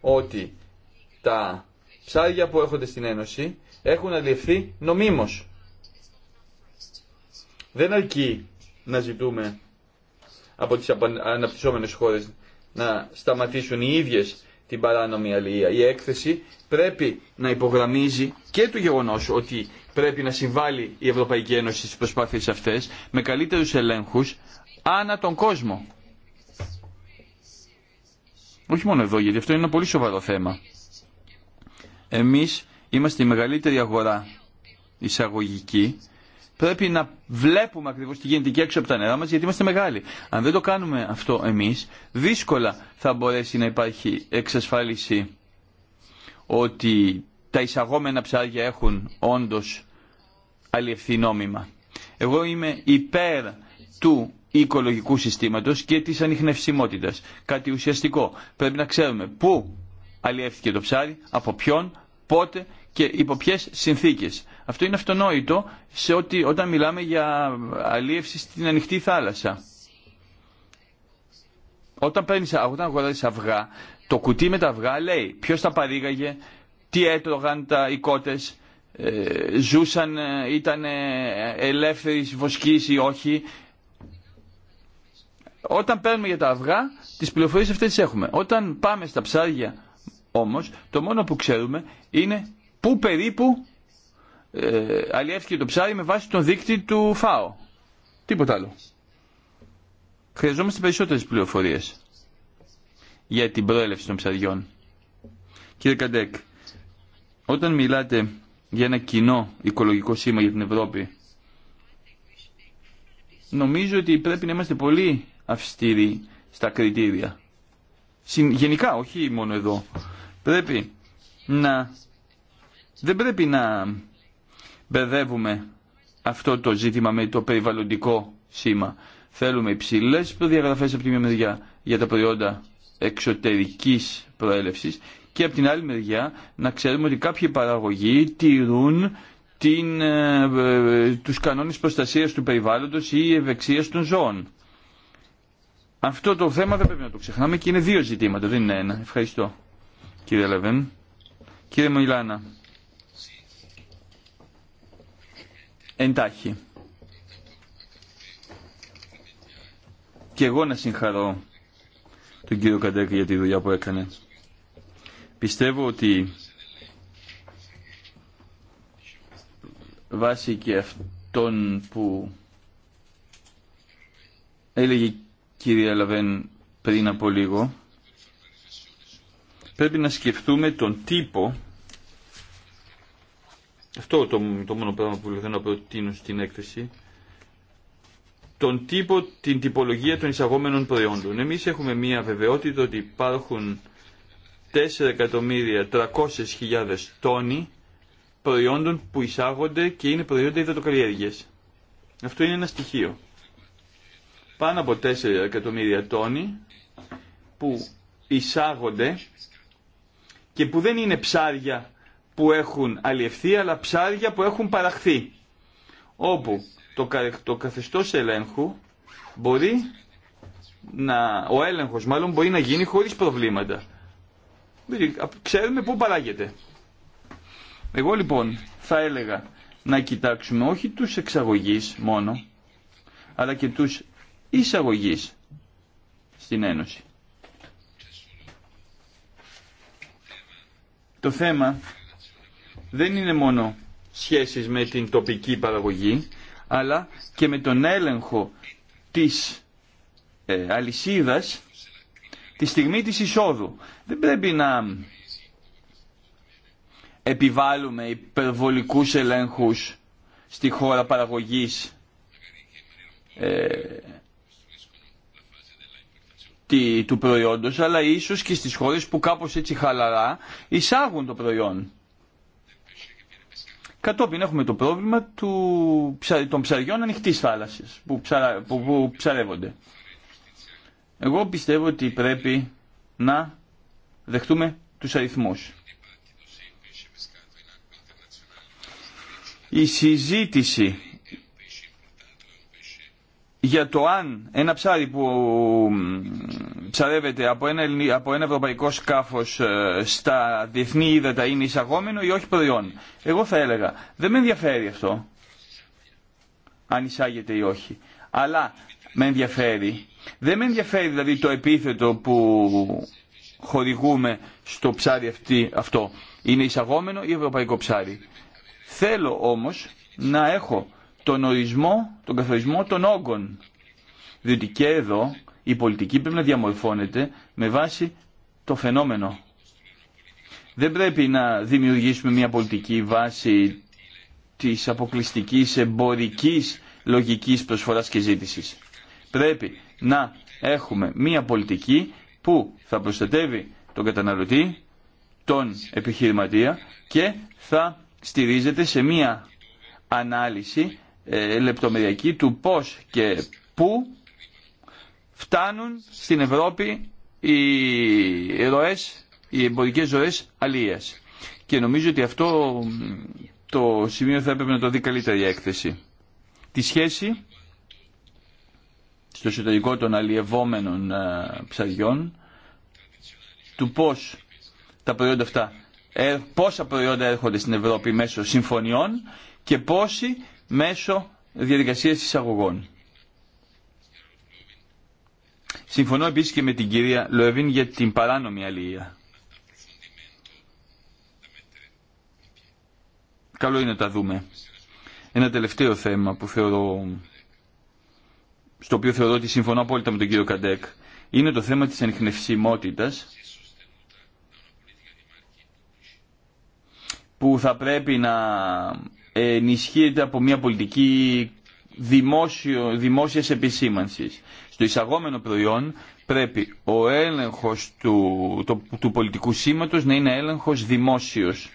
ότι τα ψάρια που έχονται στην Ένωση έχουν αλληλευθεί νομίμως. Δεν αρκεί να ζητούμε από τις αναπτυσσόμενες χώρες να σταματήσουν οι ίδιες την παράνομη αλληλεία. Η έκθεση πρέπει να υπογραμμίζει και το γεγονός ότι πρέπει να συμβάλλει η Ευρωπαϊκή Ένωση στις προσπάθειες αυτές με καλύτερους ελέγχους ανά τον κόσμο. Όχι μόνο εδώ, γιατί αυτό είναι ένα πολύ σοβαρό θέμα. Εμείς είμαστε η μεγαλύτερη αγορά εισαγωγική. Πρέπει να βλέπουμε ακριβώς τι γίνεται και έξω από τα νερά μας, γιατί είμαστε μεγάλοι. Αν δεν το κάνουμε αυτό εμείς, δύσκολα θα μπορέσει να υπάρχει εξασφάλιση ότι τα εισαγόμενα ψάρια έχουν όντως αλλιευθεί Εγώ είμαι υπέρ του οικολογικού συστήματος και της ανιχνευσιμότητας. Κάτι ουσιαστικό. Πρέπει να ξέρουμε πού αλλιεύθηκε το ψάρι, από ποιον, πότε και υπό ποιε συνθήκες. Αυτό είναι αυτονόητο σε ότι όταν μιλάμε για αλλιεύση στην ανοιχτή θάλασσα. Όταν, παίρνεις, όταν αγοράζεις αυγά, το κουτί με τα αυγά λέει ποιο τα παρήγαγε, τι έτρωγαν τα οικότες, ε, ζούσαν, ε, ήταν ε, ελεύθερης βοσκής ή όχι, όταν παίρνουμε για τα αυγά, τις πληροφορίες αυτές τις έχουμε. Όταν πάμε στα ψάρια όμως, το μόνο που ξέρουμε είναι πού περίπου ε, το ψάρι με βάση τον δείκτη του ΦΑΟ. Τίποτα άλλο. Χρειαζόμαστε περισσότερες πληροφορίες για την προέλευση των ψαριών. Κύριε Καντέκ, όταν μιλάτε για ένα κοινό οικολογικό σήμα για την Ευρώπη, νομίζω ότι πρέπει να είμαστε πολύ αυστηρή στα κριτήρια. Γενικά, όχι μόνο εδώ. Πρέπει να... Δεν πρέπει να μπερδεύουμε αυτό το ζήτημα με το περιβαλλοντικό σήμα. Θέλουμε υψηλέ προδιαγραφέ από τη μία μεριά για τα προϊόντα εξωτερική προέλευση και από την άλλη μεριά να ξέρουμε ότι κάποιοι παραγωγοί τηρούν την, ε, ε, τους κανόνες προστασίας του περιβάλλοντος ή ευεξίας των ζώων. Αυτό το θέμα δεν πρέπει να το ξεχνάμε και είναι δύο ζητήματα, δεν είναι ένα. Ευχαριστώ κύριε Λεβέν. Κύριε Μιλάνα. Εντάχει. Και εγώ να συγχαρώ τον κύριο Καντέκ για τη δουλειά που έκανε. Πιστεύω ότι βάσει και αυτών που έλεγε κυρία Λαβέν πριν από λίγο, πρέπει να σκεφτούμε τον τύπο αυτό το, το μόνο πράγμα που θέλω να προτείνω στην έκθεση τον τύπο, την τυπολογία των εισαγόμενων προϊόντων. Εμείς έχουμε μία βεβαιότητα ότι υπάρχουν 4.300.000 τόνοι προϊόντων που εισάγονται και είναι προϊόντα υδατοκαλλιέργειας. Αυτό είναι ένα στοιχείο πάνω από 4 εκατομμύρια τόνοι που εισάγονται και που δεν είναι ψάρια που έχουν αλλιευθεί αλλά ψάρια που έχουν παραχθεί όπου το καθεστώς ελέγχου μπορεί να, ο έλεγχος μάλλον μπορεί να γίνει χωρίς προβλήματα. Ξέρουμε πού παράγεται. Εγώ λοιπόν θα έλεγα να κοιτάξουμε όχι τους εξαγωγείς μόνο, αλλά και τους εισαγωγή στην Ένωση. Το θέμα δεν είναι μόνο σχέσεις με την τοπική παραγωγή, αλλά και με τον έλεγχο της ε, αλυσίδας τη στιγμή της εισόδου. Δεν πρέπει να επιβάλλουμε υπερβολικούς ελέγχους στη χώρα παραγωγής ε, του προϊόντος, αλλά ίσως και στις χώρες που κάπως έτσι χαλαρά εισάγουν το προϊόν. Κατόπιν έχουμε το πρόβλημα του, των ψαριών ανοιχτή θάλασσα που, ψαρα, που, που ψαρεύονται. Εγώ πιστεύω ότι πρέπει να δεχτούμε τους αριθμούς. Η συζήτηση για το αν ένα ψάρι που ψαρεύεται από ένα, από ένα ευρωπαϊκό σκάφος ε, στα διεθνή ύδατα είναι εισαγόμενο ή όχι προϊόν. Εγώ θα έλεγα, δεν με ενδιαφέρει αυτό, αν εισάγεται ή όχι. Αλλά με ενδιαφέρει, δεν με ενδιαφέρει δηλαδή το επίθετο που χορηγούμε στο ψάρι αυτό. Είναι εισαγόμενο ή ευρωπαϊκό ψάρι. Θέλω όμως να έχω τον ορισμό, τον καθορισμό των όγκων. Διότι και εδώ η πολιτική πρέπει να διαμορφώνεται με βάση το φαινόμενο. Δεν πρέπει να δημιουργήσουμε μια πολιτική βάση της αποκλειστικής εμπορικής λογικής προσφοράς και ζήτησης. Πρέπει να έχουμε μια πολιτική που θα προστατεύει τον καταναλωτή, τον επιχειρηματία και θα στηρίζεται σε μια ανάλυση ε, λεπτομεριακή του πώς και πού φτάνουν στην Ευρώπη οι ροές, οι εμπορικές ροές αλίας. Και νομίζω ότι αυτό το σημείο θα έπρεπε να το δει καλύτερη η έκθεση. Τη σχέση στο εσωτερικό των αλλιευόμενων ε, ψαριών του πώς τα προϊόντα αυτά, πόσα προϊόντα έρχονται στην Ευρώπη μέσω συμφωνιών και πόσοι μέσω διαδικασίας εισαγωγών. Συμφωνώ επίσης και με την κυρία Λοεβίν για την παράνομη αλληλεία. Καλό είναι να τα δούμε. Ένα τελευταίο θέμα που θεωρώ, στο οποίο θεωρώ ότι συμφωνώ απόλυτα με τον κύριο Καντέκ, είναι το θέμα της ανιχνευσιμότητας που θα πρέπει να ενισχύεται από μια πολιτική δημόσιο, δημόσιας επισήμανσης. Στο εισαγόμενο προϊόν πρέπει ο έλεγχος του, του πολιτικού σήματος να είναι έλεγχος δημόσιος.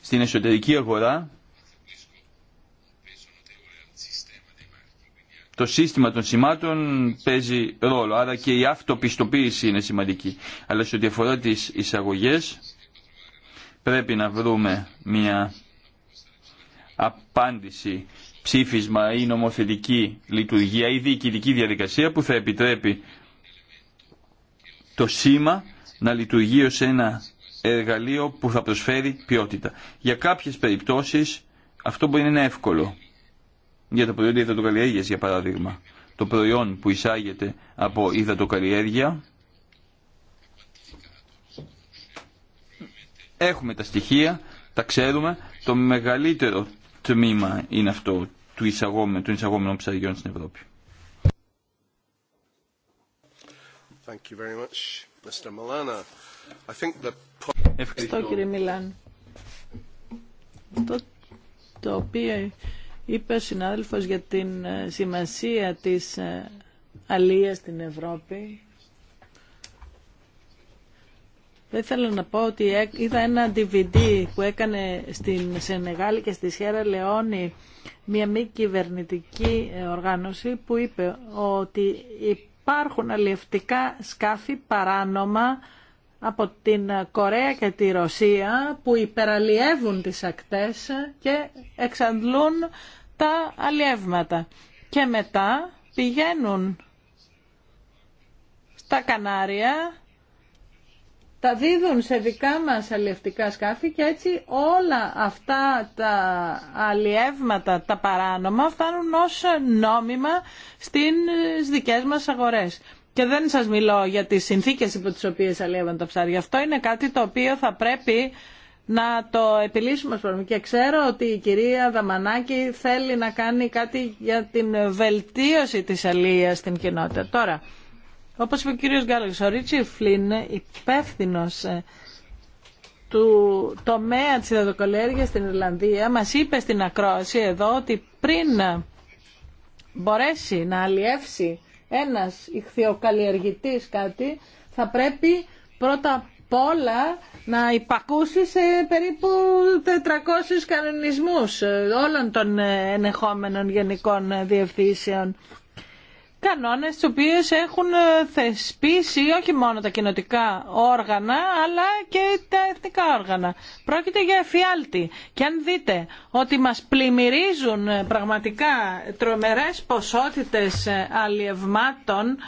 Στην εσωτερική αγορά το σύστημα των σημάτων παίζει ρόλο, άρα και η αυτοπιστοποίηση είναι σημαντική. Αλλά σε ό,τι αφορά τις εισαγωγές πρέπει να βρούμε μια απάντηση, ψήφισμα ή νομοθετική λειτουργία ή διοικητική διαδικασία που θα επιτρέπει το σήμα να λειτουργεί ως ένα εργαλείο που θα προσφέρει ποιότητα. Για κάποιες περιπτώσεις αυτό μπορεί να είναι εύκολο. Για τα προϊόντα υδατοκαλλιέργειας για παράδειγμα. Το προϊόν που εισάγεται από υδατοκαλλιέργεια έχουμε τα στοιχεία, τα ξέρουμε, το μεγαλύτερο τμήμα είναι αυτό του εισαγόμενου, των εισαγόμενων ψαριών στην Ευρώπη. Ευχαριστώ κύριε Μιλάν. Αυτό το οποίο είπε ο συνάδελφος για την ε, σημασία της ε, αλίας στην Ευρώπη θα ήθελα να πω ότι είδα ένα DVD που έκανε στην Σενεγάλη και στη Σιέρα Λεόνη μια μη κυβερνητική ε, οργάνωση που είπε ότι υπάρχουν αλλιευτικά σκάφη παράνομα από την Κορέα και τη Ρωσία που υπεραλλιεύουν τις ακτές και εξαντλούν τα αλλιεύματα. Και μετά πηγαίνουν στα Κανάρια τα δίδουν σε δικά μας αλλιευτικά σκάφη και έτσι όλα αυτά τα αλλιεύματα, τα παράνομα φτάνουν ως νόμιμα στις δικές μας αγορές. Και δεν σας μιλώ για τις συνθήκες υπό τις οποίες αλλιεύαν τα ψάρια. Αυτό είναι κάτι το οποίο θα πρέπει να το επιλύσουμε Και ξέρω ότι η κυρία Δαμανάκη θέλει να κάνει κάτι για την βελτίωση της αλλίας στην κοινότητα. Τώρα, όπως είπε ο κύριος Γκάλεξ, ο Ρίτσι Φλίν είναι ε, του τομέα της στην Ιρλανδία. Μας είπε στην ακρόαση εδώ ότι πριν μπορέσει να αλλιεύσει ένας ηχθειοκαλλιεργητής κάτι, θα πρέπει πρώτα απ' όλα να υπακούσει σε περίπου 400 κανονισμούς ε, όλων των ε, ενεχόμενων γενικών διευθύνσεων κανόνες τι οποίες έχουν ε, θεσπίσει όχι μόνο τα κοινοτικά όργανα αλλά και τα εθνικά όργανα. Πρόκειται για εφιάλτη και αν δείτε ότι μας πλημμυρίζουν ε, πραγματικά τρομερές ποσότητες ε, αλλιευμάτων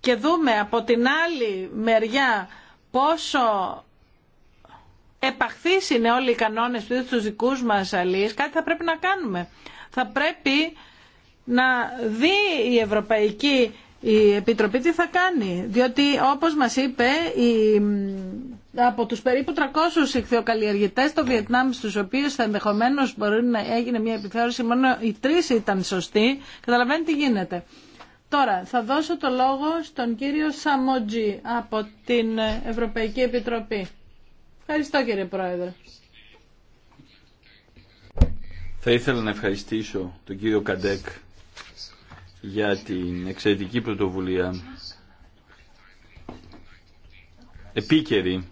και δούμε από την άλλη μεριά πόσο επαχθείς είναι όλοι οι κανόνες του δικούς μας αλλιείς, κάτι θα πρέπει να κάνουμε. Θα πρέπει να δει η Ευρωπαϊκή η Επιτροπή τι θα κάνει. Διότι όπως μας είπε η, από τους περίπου 300 ηχθειοκαλλιεργητές στο Βιετνάμ στους οποίους θα ενδεχομένως μπορεί να έγινε μια επιθεώρηση μόνο οι τρεις ήταν σωστοί. Καταλαβαίνετε τι γίνεται. Τώρα θα δώσω το λόγο στον κύριο Σαμότζη από την Ευρωπαϊκή Επιτροπή. Ευχαριστώ κύριε Πρόεδρε. Θα ήθελα να ευχαριστήσω τον κύριο Καντέκ για την εξαιρετική πρωτοβουλία. Επίκαιρη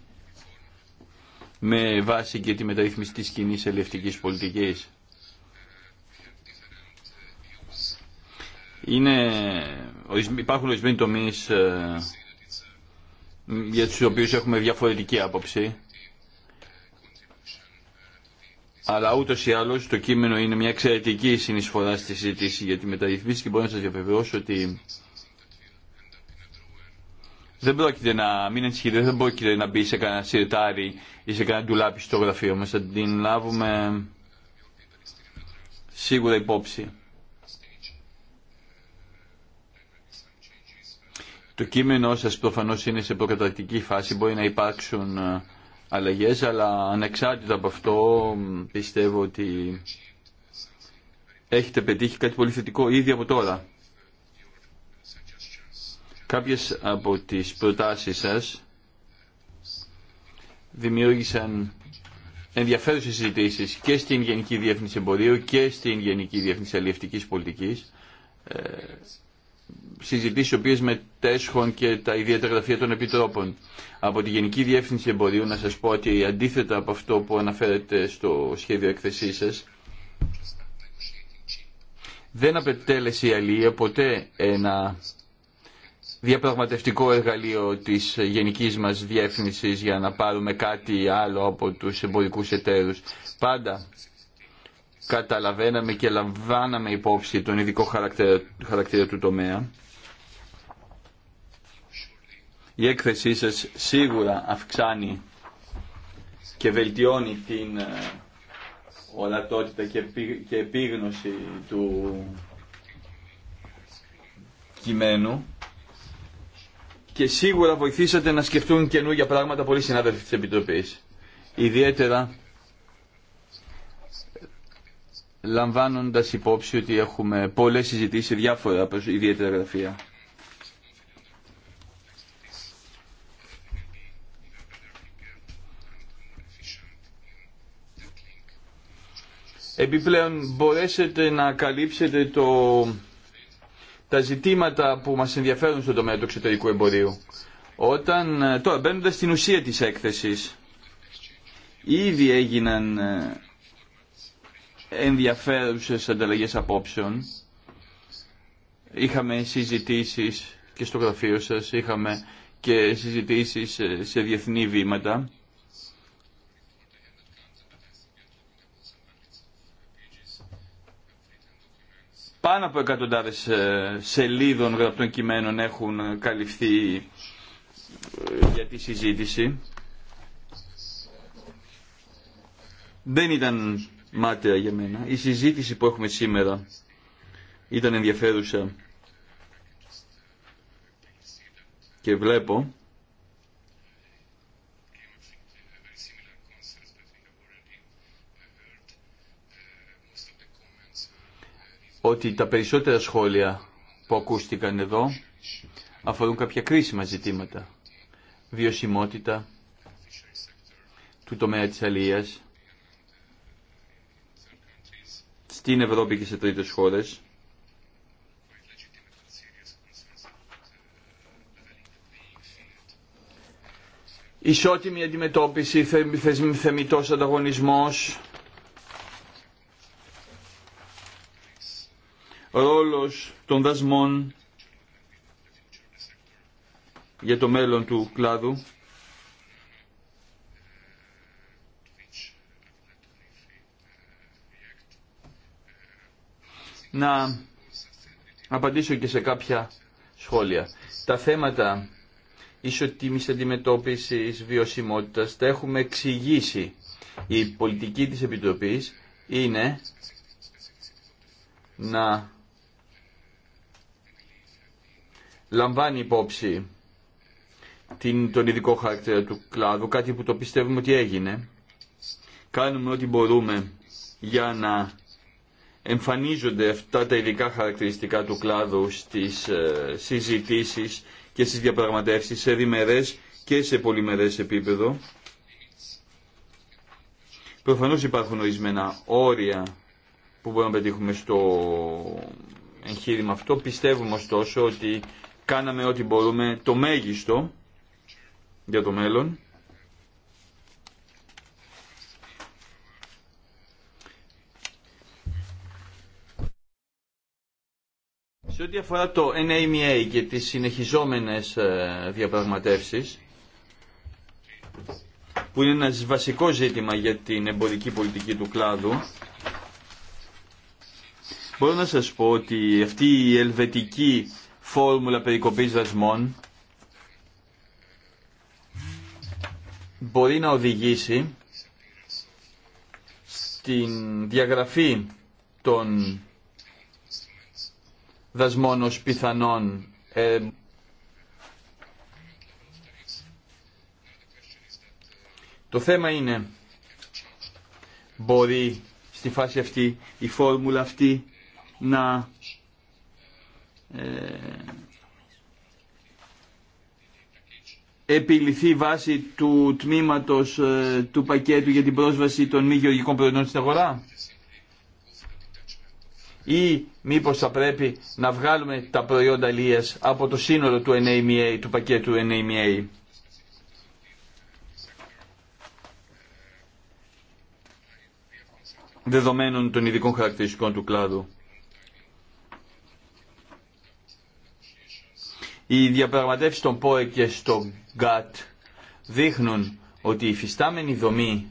με βάση και τη μεταρρύθμιση της κοινή ελευτικής πολιτικής. Είναι, υπάρχουν ορισμένοι τομείς ε, για τους οποίους έχουμε διαφορετική άποψη αλλά ούτω ή άλλω το κείμενο είναι μια εξαιρετική συνεισφορά στη συζήτηση για τη μεταρρυθμίση και μπορώ να σα διαβεβαιώσω ότι δεν πρόκειται να μην ενισχυθεί, δεν πρόκειται να μπει σε κανένα σιρτάρι ή σε κανένα ντουλάπι στο γραφείο μας. Θα την λάβουμε σίγουρα υπόψη. Το κείμενο σας προφανώς είναι σε προκαταρκτική φάση, μπορεί να υπάρξουν ε, αλλά ανεξάρτητα από αυτό πιστεύω ότι έχετε πετύχει κάτι πολύ θετικό ήδη από τώρα. Κάποιες από τις προτάσεις σας δημιούργησαν ενδιαφέρουσες συζητήσει και στην Γενική Διεύθυνση Εμπορίου και στην Γενική Διεύθυνση Αλληλευτικής Πολιτικής ε, Συζητήσει οποίε οποίες και τα ιδιαίτερα γραφεία των επιτρόπων. Από τη Γενική Διεύθυνση Εμπορίου να σας πω ότι αντίθετα από αυτό που αναφέρετε στο σχέδιο έκθεσή σας, δεν απετέλεσε η Αλία ποτέ ένα διαπραγματευτικό εργαλείο της γενικής μας διεύθυνσης για να πάρουμε κάτι άλλο από τους εμπορικούς εταίρους. Πάντα καταλαβαίναμε και λαμβάναμε υπόψη τον ειδικό χαρακτήρα, του τομέα. Η έκθεσή σας σίγουρα αυξάνει και βελτιώνει την ε, ορατότητα και επίγνωση του κειμένου και σίγουρα βοηθήσατε να σκεφτούν καινούργια πράγματα πολλοί συνάδελφοι της Επιτροπής. Ιδιαίτερα λαμβάνοντας υπόψη ότι έχουμε πολλές συζητήσεις σε διάφορα ιδιαίτερα γραφεία. Επιπλέον μπορέσετε να καλύψετε το, τα ζητήματα που μας ενδιαφέρουν στον τομέα του εξωτερικού εμπορίου. Όταν, ε, τώρα μπαίνοντας στην ουσία της έκθεσης, ήδη έγιναν ε, ενδιαφέρουσες ανταλλαγές απόψεων. Είχαμε συζητήσεις και στο γραφείο σας, είχαμε και συζητήσεις σε διεθνή βήματα. Πάνω από εκατοντάδες ε, σελίδων γραπτών κειμένων έχουν καλυφθεί ε, για τη συζήτηση. Δεν ήταν μάταια για μένα. Η συζήτηση που έχουμε σήμερα ήταν ενδιαφέρουσα και βλέπω ότι τα περισσότερα σχόλια που ακούστηκαν εδώ αφορούν κάποια κρίσιμα ζητήματα. Βιωσιμότητα του τομέα της αλληλείας, στην Ευρώπη και σε τρίτες χώρες. Ισότιμη αντιμετώπιση, θεμητός ανταγωνισμός, ρόλος των δασμών για το μέλλον του κλάδου. να απαντήσω και σε κάποια σχόλια. Τα θέματα ισοτιμής αντιμετώπισης βιωσιμότητας τα έχουμε εξηγήσει. Η πολιτική της Επιτροπής είναι να λαμβάνει υπόψη την, τον ειδικό χαρακτήρα του κλάδου, κάτι που το πιστεύουμε ότι έγινε. Κάνουμε ό,τι μπορούμε για να εμφανίζονται αυτά τα ειδικά χαρακτηριστικά του κλάδου στις ε, συζητήσεις και στις διαπραγματεύσεις σε διμερές και σε πολυμερές επίπεδο. Προφανώς υπάρχουν ορισμένα όρια που μπορούμε να πετύχουμε στο εγχείρημα αυτό. Πιστεύουμε ωστόσο ότι κάναμε ό,τι μπορούμε το μέγιστο για το μέλλον. Σε ό,τι αφορά το NAMA και τις συνεχιζόμενες ε, διαπραγματεύσεις, που είναι ένα βασικό ζήτημα για την εμπορική πολιτική του κλάδου, μπορώ να σας πω ότι αυτή η ελβετική φόρμουλα περικοπής δασμών μπορεί να οδηγήσει στην διαγραφή των δασμών ως πιθανών ε, Το θέμα είναι, μπορεί στη φάση αυτή, η φόρμουλα αυτή να ε, επιληθεί βάση του τμήματος ε, του πακέτου για την πρόσβαση των μη γεωργικών προϊόντων στην αγορά ή μήπως θα πρέπει να βγάλουμε τα προϊόντα λίας από το σύνολο του, NAMA, του πακέτου NAMA. δεδομένων των ειδικών χαρακτηριστικών του κλάδου. Οι διαπραγματεύσεις των ΠΟΕ και στο ΓΚΑΤ δείχνουν ότι η φυστάμενη δομή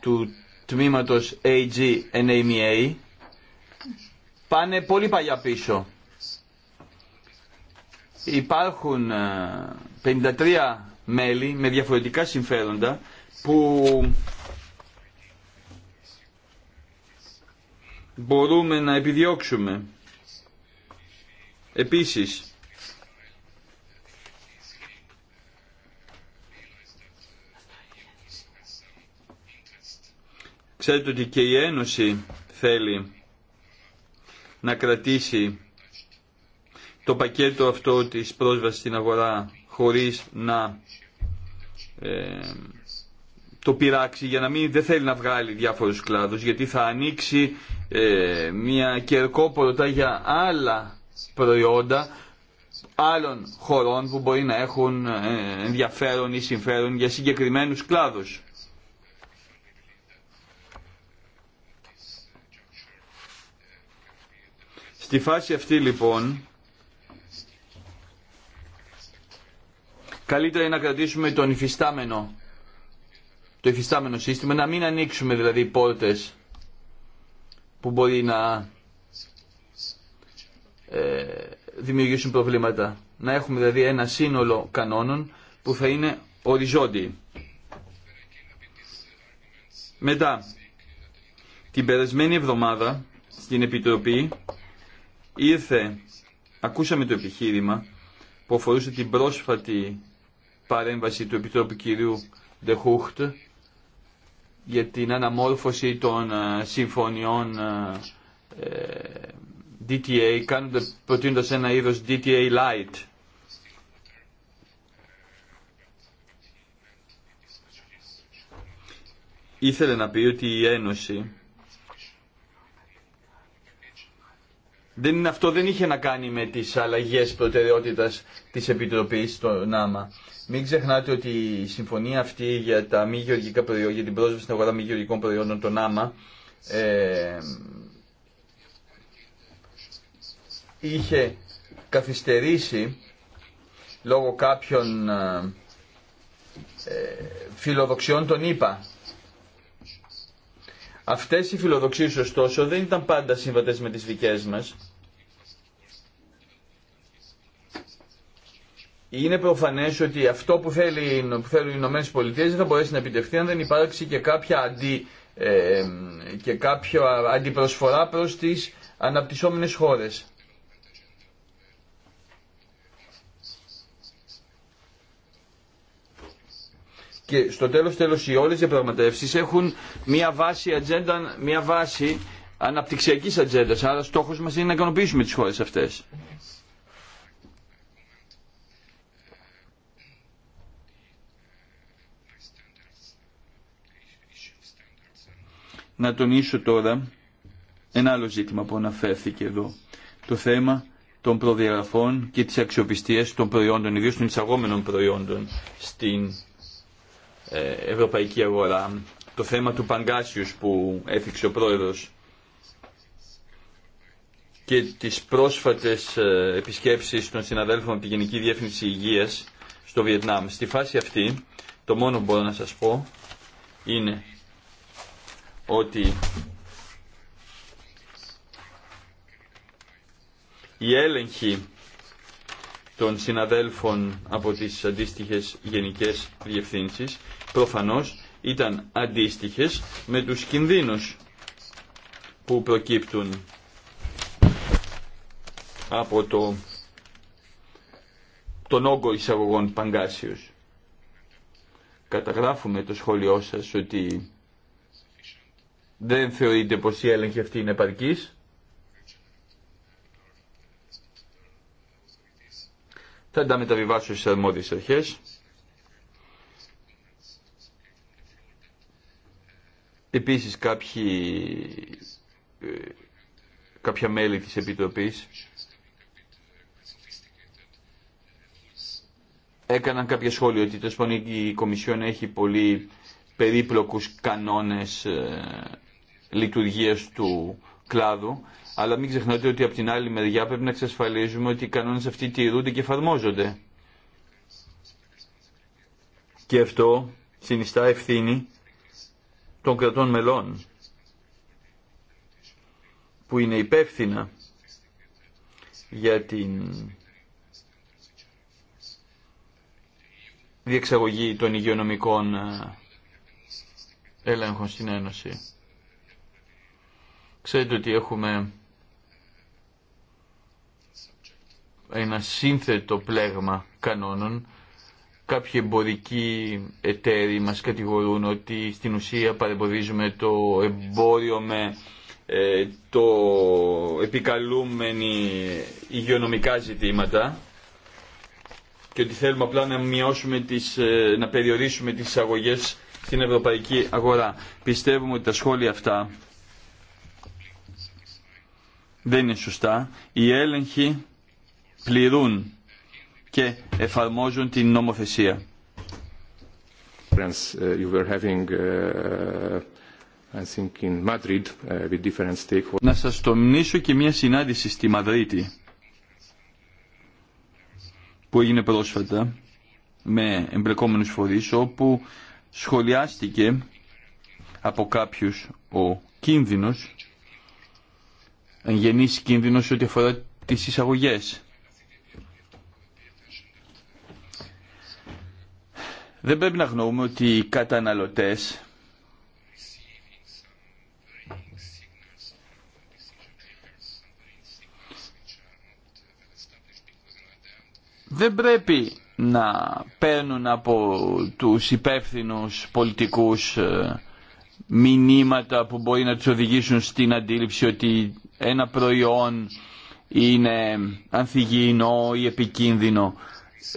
του τμήματος AG πάνε πολύ παλιά πίσω. Υπάρχουν 53 ε, μέλη με διαφορετικά συμφέροντα που μπορούμε να επιδιώξουμε. Επίσης, Ξέρετε ότι και η Ένωση θέλει να κρατήσει το πακέτο αυτό της πρόσβασης στην αγορά χωρίς να ε, το πειράξει για να μην δεν θέλει να βγάλει διάφορους κλάδους γιατί θα ανοίξει ε, μια κερκόπορτα για άλλα προϊόντα άλλων χωρών που μπορεί να έχουν ε, ενδιαφέρον ή συμφέρον για συγκεκριμένους κλάδους. Στη φάση αυτή λοιπόν καλύτερα είναι να κρατήσουμε τον υφιστάμενο το υφιστάμενο σύστημα να μην ανοίξουμε δηλαδή πόρτες που μπορεί να ε, δημιουργήσουν προβλήματα. Να έχουμε δηλαδή ένα σύνολο κανόνων που θα είναι οριζόντιοι. Μετά, την περασμένη εβδομάδα στην Επιτροπή Ήρθε, ακούσαμε το επιχείρημα που αφορούσε την πρόσφατη παρέμβαση του Επιτρόπου κυρίου Δεχούχτ για την αναμόρφωση των ε, συμφωνιών ε, ε, DTA, κανοντα προτείνοντας ένα είδος DTA light. Ήθελε να πει ότι η Ένωση Δεν, αυτό δεν είχε να κάνει με τις αλλαγές προτεραιότητας της Επιτροπής στο ΝΑΜΑ. Μην ξεχνάτε ότι η συμφωνία αυτή για, τα μη γεωργικά προϊόντα, για την πρόσβαση στην αγορά μη γεωργικών προϊόντων, το ΝΑΜΑ, ε, είχε καθυστερήσει λόγω κάποιων ε, ε, φιλοδοξιών των ΗΠΑ. Αυτές οι φιλοδοξίες ωστόσο δεν ήταν πάντα σύμβατες με τις δικές μας είναι προφανές ότι αυτό που, θέλει, θέλουν οι Ηνωμένε Πολιτείες δεν θα μπορέσει να επιτευχθεί αν δεν υπάρξει και κάποια, αντι, ε, και κάποια αντιπροσφορά προς τις αναπτυσσόμενες χώρε. Και στο τέλος τέλος οι όλες οι πραγματεύσεις έχουν μια βάση, ατζέντα, μια βάση αναπτυξιακής ατζέντας. Άρα στόχος μας είναι να ικανοποιήσουμε τις χώρες αυτές. να τονίσω τώρα ένα άλλο ζήτημα που αναφέρθηκε εδώ. Το θέμα των προδιαγραφών και της αξιοπιστίας των προϊόντων, ιδίως των εισαγόμενων προϊόντων στην ε, ευρωπαϊκή αγορά. Το θέμα του Παγκάσιους που έφυξε ο πρόεδρος και τις πρόσφατες ε, επισκέψεις των συναδέλφων από τη Γενική Διεύθυνση Υγείας στο Βιετνάμ. Στη φάση αυτή, το μόνο που μπορώ να σας πω είναι ότι η έλεγχη των συναδέλφων από τις αντίστοιχες γενικές διευθύνσεις προφανώς ήταν αντίστοιχες με τους κινδύνους που προκύπτουν από το, τον όγκο εισαγωγών παγκάσιος. Καταγράφουμε το σχόλιο σας ότι δεν θεωρείται πως η έλεγχη αυτή είναι επαρκής. Θα τα μεταβιβάσω στις αρμόδιες αρχές. Επίσης κάποιοι, ε, κάποια μέλη της Επιτροπής έκαναν κάποια σχόλια ότι η Κομισιόν έχει πολύ περίπλοκους κανόνες ε, λειτουργίας του κλάδου, αλλά μην ξεχνάτε ότι από την άλλη μεριά πρέπει να εξασφαλίζουμε ότι οι κανόνες αυτοί τηρούνται και εφαρμόζονται. Και αυτό συνιστά ευθύνη των κρατών μελών που είναι υπεύθυνα για την διεξαγωγή των υγειονομικών ε, έλεγχων στην Ένωση. Ξέρετε ότι έχουμε ένα σύνθετο πλέγμα κανόνων. Κάποιοι εμπορικοί εταίροι μας κατηγορούν ότι στην ουσία παρεμποδίζουμε το εμπόριο με ε, το επικαλούμενοι υγειονομικά ζητήματα και ότι θέλουμε απλά να, μειώσουμε τις, ε, να περιορίσουμε τις εισαγωγές στην ευρωπαϊκή αγορά. Πιστεύουμε ότι τα σχόλια αυτά δεν είναι σωστά. Οι έλεγχοι πληρούν και εφαρμόζουν την νομοθεσία. Να σας τομνήσω και μια συνάντηση στη Μαδρίτη που έγινε πρόσφατα με εμπλεκόμενους φορείς όπου σχολιάστηκε από κάποιους ο κίνδυνος γεννήσει σε ό,τι αφορά τις εισαγωγές. Δεν πρέπει να γνωρούμε ότι οι καταναλωτές δεν πρέπει να παίρνουν από τους υπεύθυνους πολιτικούς ε, μηνύματα που μπορεί να τους οδηγήσουν στην αντίληψη ότι ένα προϊόν είναι ανθυγιεινό ή επικίνδυνο,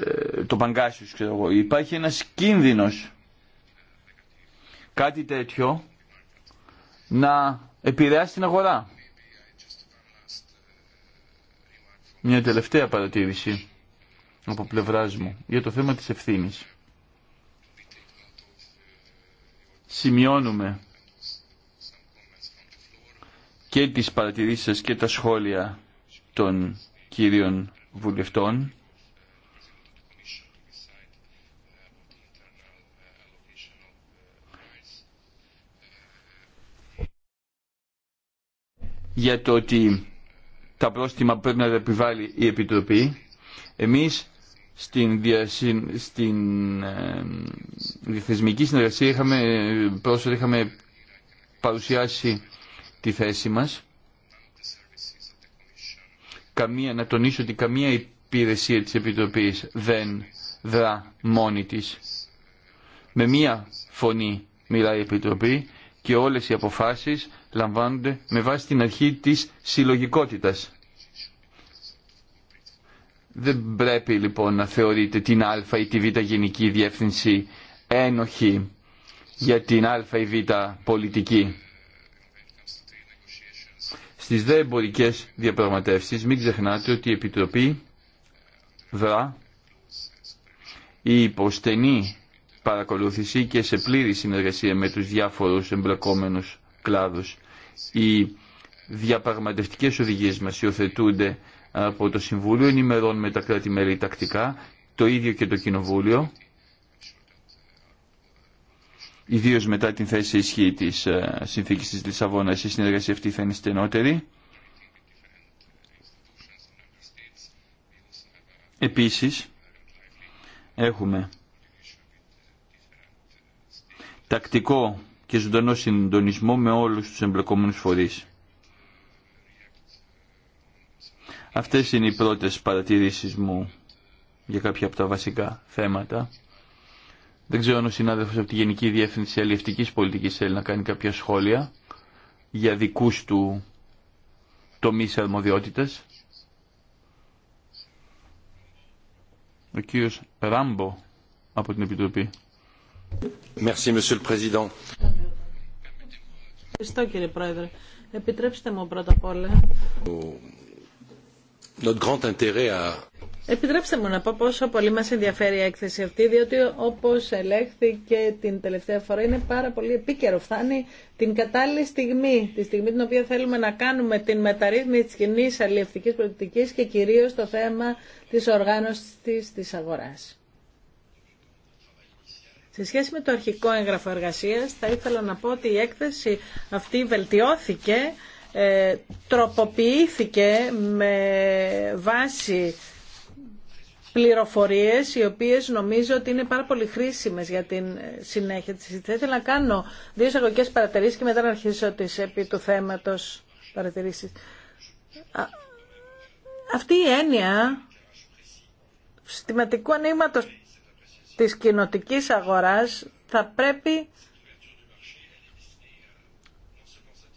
ε, το παγκάσιος ξέρω εγώ. Υπάρχει ένας κίνδυνος κάτι τέτοιο να επηρεάσει την αγορά. Μια τελευταία παρατήρηση από πλευράς μου για το θέμα της ευθύνης. Σημειώνουμε και τις παρατηρήσεις σας και τα σχόλια των κύριων βουλευτών. για το ότι τα πρόστιμα πρέπει να τα επιβάλλει η Επιτροπή. Εμείς στην, διασυν, στην ε, συνεργασία είχαμε, πρόσφατα είχαμε παρουσιάσει τη θέση μας. Καμία, να τονίσω ότι καμία υπηρεσία της Επιτροπής δεν δρά μόνη της. Με μία φωνή μιλάει η Επιτροπή και όλες οι αποφάσεις λαμβάνονται με βάση την αρχή της συλλογικότητας. Δεν πρέπει λοιπόν να θεωρείτε την Α ή τη Β γενική διεύθυνση ένοχη για την Α ή Β πολιτική. Στις δε εμπορικέ διαπραγματεύσεις μην ξεχνάτε ότι η Επιτροπή βρά η υποστενή παρακολούθηση και σε πλήρη συνεργασία με τους διάφορους εμπλεκόμενους κλάδους. Οι διαπραγματευτικές οδηγίες μας υιοθετούνται από το Συμβούλιο, με τα κράτη-μέλη τακτικά, το ίδιο και το Κοινοβούλιο ιδίως μετά την θέση ισχύ της ε, συνθήκης της Λισαβόνας, η συνεργασία αυτή θα είναι στενότερη. Επίσης, έχουμε τακτικό και ζωντανό συντονισμό με όλους τους εμπλεκόμενους φορείς. Αυτές είναι οι πρώτες παρατηρήσεις μου για κάποια από τα βασικά θέματα. Δεν ξέρω αν ο συνάδελφος από τη Γενική Διεύθυνση Αλληλευτικής Πολιτικής θέλει να κάνει κάποια σχόλια για δικούς του τομείς αρμοδιότητες. Ο κύριος Ράμπο από την Επιτροπή. Merci, Ευχαριστώ κύριε Πρόεδρε. Επιτρέψτε μου πρώτα απ' όλα. Notre grand intérêt Επιτρέψτε μου να πω πόσο πολύ μας ενδιαφέρει η έκθεση αυτή, διότι όπως ελέγχθηκε την τελευταία φορά είναι πάρα πολύ επίκαιρο. Φτάνει την κατάλληλη στιγμή, τη στιγμή την οποία θέλουμε να κάνουμε την μεταρρύθμιση της κοινή αλληλευτικής πολιτικής και κυρίως το θέμα της οργάνωσης της, αγοράς. Σε σχέση με το αρχικό έγγραφο εργασίας, θα ήθελα να πω ότι η έκθεση αυτή βελτιώθηκε, ε, τροποποιήθηκε με βάση πληροφορίες οι οποίες νομίζω ότι είναι πάρα πολύ χρήσιμες για την συνέχεια της συζήτησης. Θα ήθελα να κάνω δύο εισαγωγικέ παρατηρήσεις και μετά να αρχίσω τις επί του θέματος παρατηρήσεις. Αυτή η έννοια συστηματικού ανήματος της κοινοτική αγοράς θα πρέπει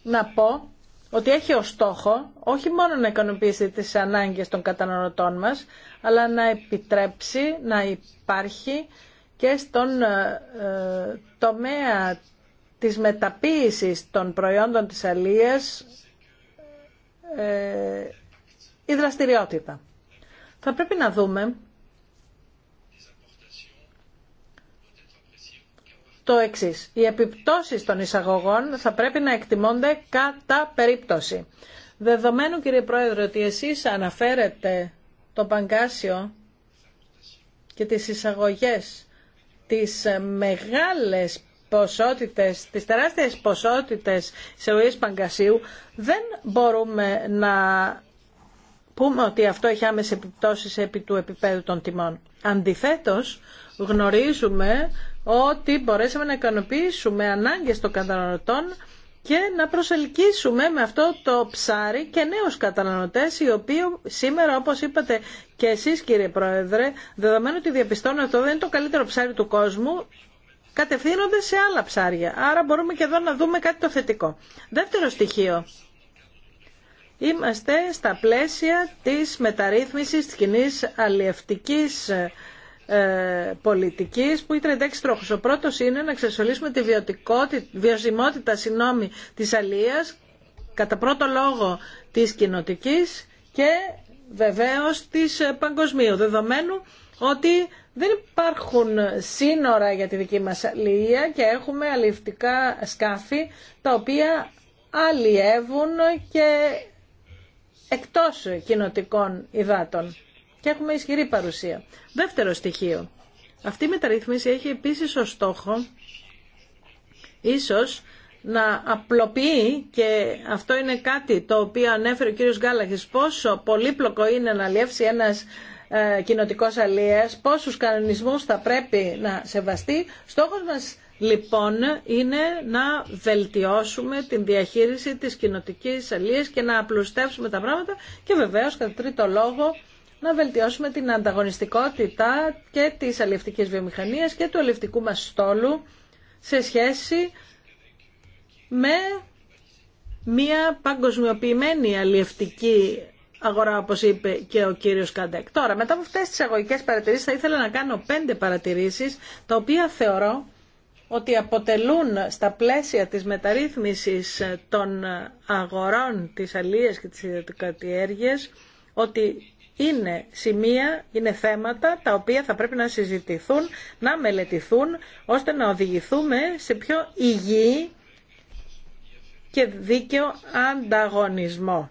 να πω ότι έχει ως στόχο όχι μόνο να ικανοποιήσει τις ανάγκες των καταναλωτών μας, αλλά να επιτρέψει να υπάρχει και στον ε, ε, τομέα της μεταποίησης των προϊόντων της αλίας ε, η δραστηριότητα. Θα πρέπει να δούμε το εξή. Οι επιπτώσει των εισαγωγών θα πρέπει να εκτιμώνται κατά περίπτωση. Δεδομένου κύριε Πρόεδρε ότι εσείς αναφέρετε το παγκάσιο και τις εισαγωγές, τις μεγάλες ποσότητες, τις τεράστιες ποσότητες σε παγκασίου, δεν μπορούμε να πούμε ότι αυτό έχει άμεση επιπτώσεις επί του επίπεδου των τιμών. Αντιθέτως, γνωρίζουμε ότι μπορέσαμε να ικανοποιήσουμε ανάγκες των καταναλωτών και να προσελκύσουμε με αυτό το ψάρι και νέους καταναλωτές οι οποίοι σήμερα όπως είπατε και εσείς κύριε Πρόεδρε δεδομένου ότι διαπιστώνω αυτό δεν είναι το καλύτερο ψάρι του κόσμου κατευθύνονται σε άλλα ψάρια. Άρα μπορούμε και εδώ να δούμε κάτι το θετικό. Δεύτερο στοιχείο. Είμαστε στα πλαίσια της μεταρρύθμισης της κοινή αλλιευτικής ε, πολιτικής που είναι 36 τρόπου. Ο πρώτο είναι να εξασφαλίσουμε τη βιωσιμότητα τη της κατά πρώτο λόγο της κοινοτική και βεβαίως της ε, παγκοσμίου δεδομένου ότι δεν υπάρχουν σύνορα για τη δική μας αλληλεία και έχουμε αλληλευτικά σκάφη τα οποία αλλιεύουν και εκτός κοινοτικών υδάτων και έχουμε ισχυρή παρουσία. Δεύτερο στοιχείο. Αυτή η μεταρρύθμιση έχει επίσης ως στόχο ίσως να απλοποιεί και αυτό είναι κάτι το οποίο ανέφερε ο κύριος Γκάλαχης πόσο πολύπλοκο είναι να λιεύσει ένας ε, κοινοτικός αλλιές, πόσους κανονισμούς θα πρέπει να σεβαστεί. Στόχος μας λοιπόν είναι να βελτιώσουμε την διαχείριση της κοινοτικής αλίας και να απλουστεύσουμε τα πράγματα και βεβαίως κατά τρίτο λόγο να βελτιώσουμε την ανταγωνιστικότητα και της αλληλευτικής βιομηχανίας και του αλληλευτικού μας στόλου σε σχέση με μια παγκοσμιοποιημένη αλληλευτική αγορά, όπως είπε και ο κύριος Καντέκ. Τώρα, μετά από αυτές τις αγωγικές παρατηρήσεις, θα ήθελα να κάνω πέντε παρατηρήσεις, τα οποία θεωρώ ότι αποτελούν στα πλαίσια της μεταρρύθμισης των αγορών της αλίας και της ιδιωτικατιέργειας ότι είναι σημεία, είναι θέματα τα οποία θα πρέπει να συζητηθούν, να μελετηθούν, ώστε να οδηγηθούμε σε πιο υγιή και δίκαιο ανταγωνισμό.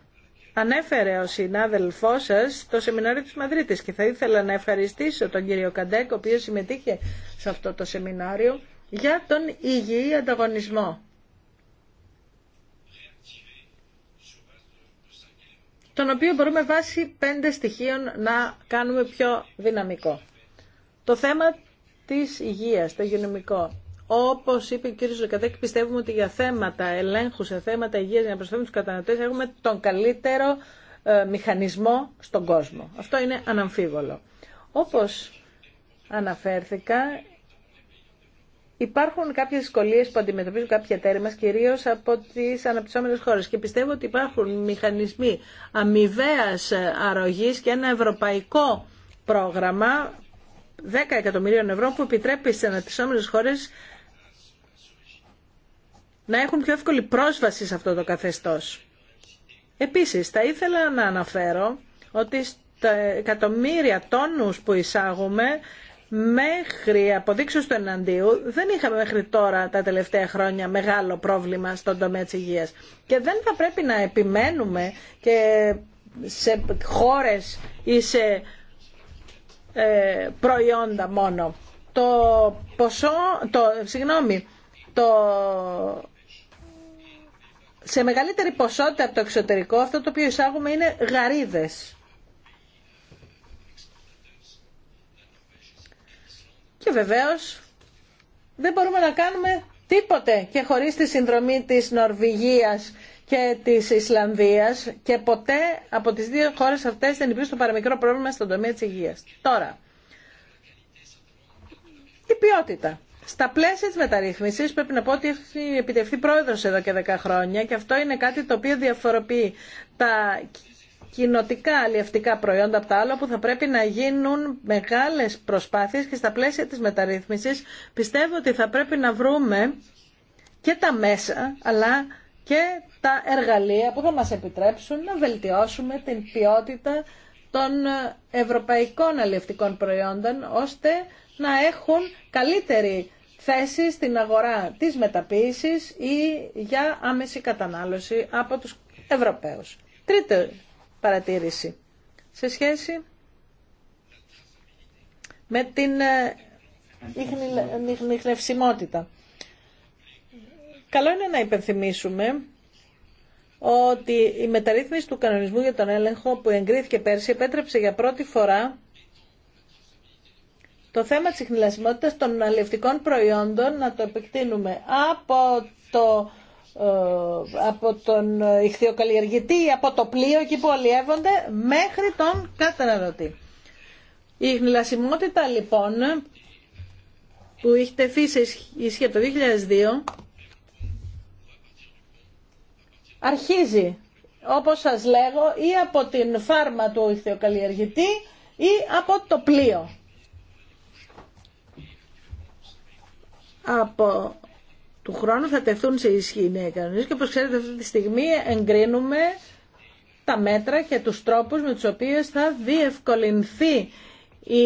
Ανέφερε ο συνάδελφός σας το σεμινάριο της Μαδρίτης και θα ήθελα να ευχαριστήσω τον κύριο Καντέκ, ο οποίος συμμετείχε σε αυτό το σεμινάριο, για τον υγιή ανταγωνισμό. τον οποίο μπορούμε βάσει πέντε στοιχείων να κάνουμε πιο δυναμικό. Το θέμα της υγείας, το υγειονομικό. Όπως είπε ο κ. Ζοκατέκη, πιστεύουμε ότι για θέματα ελέγχου, σε θέματα υγείας, για να προσφέρουμε τους καταναλωτές, έχουμε τον καλύτερο ε, μηχανισμό στον κόσμο. Αυτό είναι αναμφίβολο. Όπως αναφέρθηκα, Υπάρχουν κάποιε δυσκολίε που αντιμετωπίζουν κάποια εταίροι μα, κυρίω από τι αναπτυσσόμενε χώρε. Και πιστεύω ότι υπάρχουν μηχανισμοί αμοιβαία αρρωγή και ένα ευρωπαϊκό πρόγραμμα 10 εκατομμυρίων ευρώ που επιτρέπει στι αναπτυσσόμενε χώρε να έχουν πιο εύκολη πρόσβαση σε αυτό το καθεστώς. Επίση, θα ήθελα να αναφέρω ότι στα εκατομμύρια τόνους που εισάγουμε μέχρι αποδείξεις του εναντίου δεν είχαμε μέχρι τώρα τα τελευταία χρόνια μεγάλο πρόβλημα στον τομέα της υγείας. Και δεν θα πρέπει να επιμένουμε και σε χώρες ή σε ε, προϊόντα μόνο. Το ποσό, το, συγγνώμη, το, σε μεγαλύτερη ποσότητα από το εξωτερικό αυτό το οποίο εισάγουμε είναι γαρίδες. Και βεβαίως δεν μπορούμε να κάνουμε τίποτε και χωρίς τη συνδρομή της Νορβηγίας και της Ισλανδίας και ποτέ από τις δύο χώρες αυτές δεν υπήρξε το παραμικρό πρόβλημα στον τομέα της υγείας. Τώρα, η ποιότητα. Στα πλαίσια τη μεταρρύθμιση πρέπει να πω ότι έχει επιτευχθεί πρόεδρο εδώ και 10 χρόνια και αυτό είναι κάτι το οποίο διαφοροποιεί τα κοινοτικά αλλιευτικά προϊόντα από τα άλλα που θα πρέπει να γίνουν μεγάλες προσπάθειες και στα πλαίσια της μεταρρύθμισης πιστεύω ότι θα πρέπει να βρούμε και τα μέσα αλλά και τα εργαλεία που θα μας επιτρέψουν να βελτιώσουμε την ποιότητα των ευρωπαϊκών αλλιευτικών προϊόντων ώστε να έχουν καλύτερη θέση στην αγορά της μεταποίησης ή για άμεση κατανάλωση από τους Ευρωπαίους παρατήρηση σε σχέση με την ε, νυχνευσιμότητα. Καλό είναι να υπενθυμίσουμε ότι η μεταρρύθμιση του κανονισμού για τον έλεγχο που εγκρίθηκε πέρσι επέτρεψε για πρώτη φορά το θέμα της χνηλασιμότητας των αλληλευτικών προϊόντων να το επεκτείνουμε από το ε, από τον ηχθειοκαλλιεργητή, από το πλοίο εκεί που αλλιεύονται, μέχρι τον καταναλωτή. Η γλασιμότητα, λοιπόν που είχε τεθεί σε ισχύ το 2002 αρχίζει όπως σας λέγω ή από την φάρμα του ηχθειοκαλλιεργητή ή από το πλοίο. Από του χρόνου θα τεθούν σε ισχύ οι νέοι και όπως ξέρετε αυτή τη στιγμή εγκρίνουμε τα μέτρα και τους τρόπους με τους οποίους θα διευκολυνθεί η